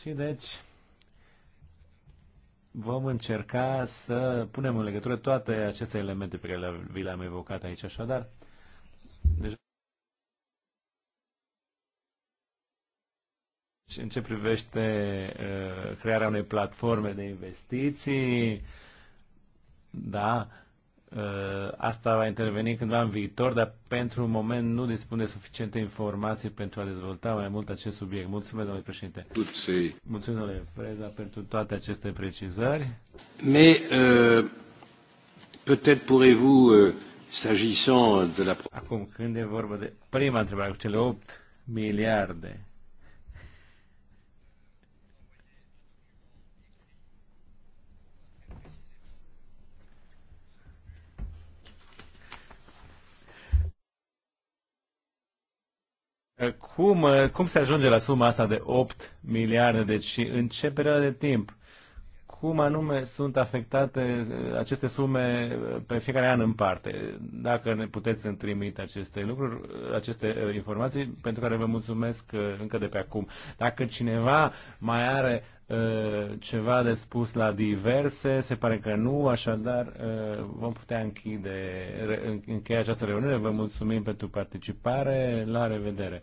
Și deci vom încerca să punem în legătură toate aceste elemente pe care vi le-am evocat aici. Așadar, deci în ce privește uh, crearea unei platforme de investiții, da, uh, asta va interveni cândva în viitor, dar pentru un moment nu dispune suficiente informații pentru a dezvolta mai mult acest subiect. Mulțumesc, domnule președinte. Puței. Mulțumesc, domnule Freza, pentru toate aceste precizări. Mais, euh, peut-être pourrez-vous, euh, s'agissant de la... Acum, când e vorba de prima întrebare cu cele 8 miliarde Cum, cum se ajunge la suma asta de 8 miliarde? Deci în ce perioadă de timp? Cum anume sunt afectate uh, aceste sume uh, pe fiecare an în parte? Dacă ne puteți să trimite aceste lucruri, uh, aceste informații, pentru care vă mulțumesc încă de pe acum. Dacă cineva mai are Ă, ceva de spus la diverse, se pare că nu, așadar ă, vom putea închide, încheia această reuniune. Vă mulțumim pentru participare, la revedere!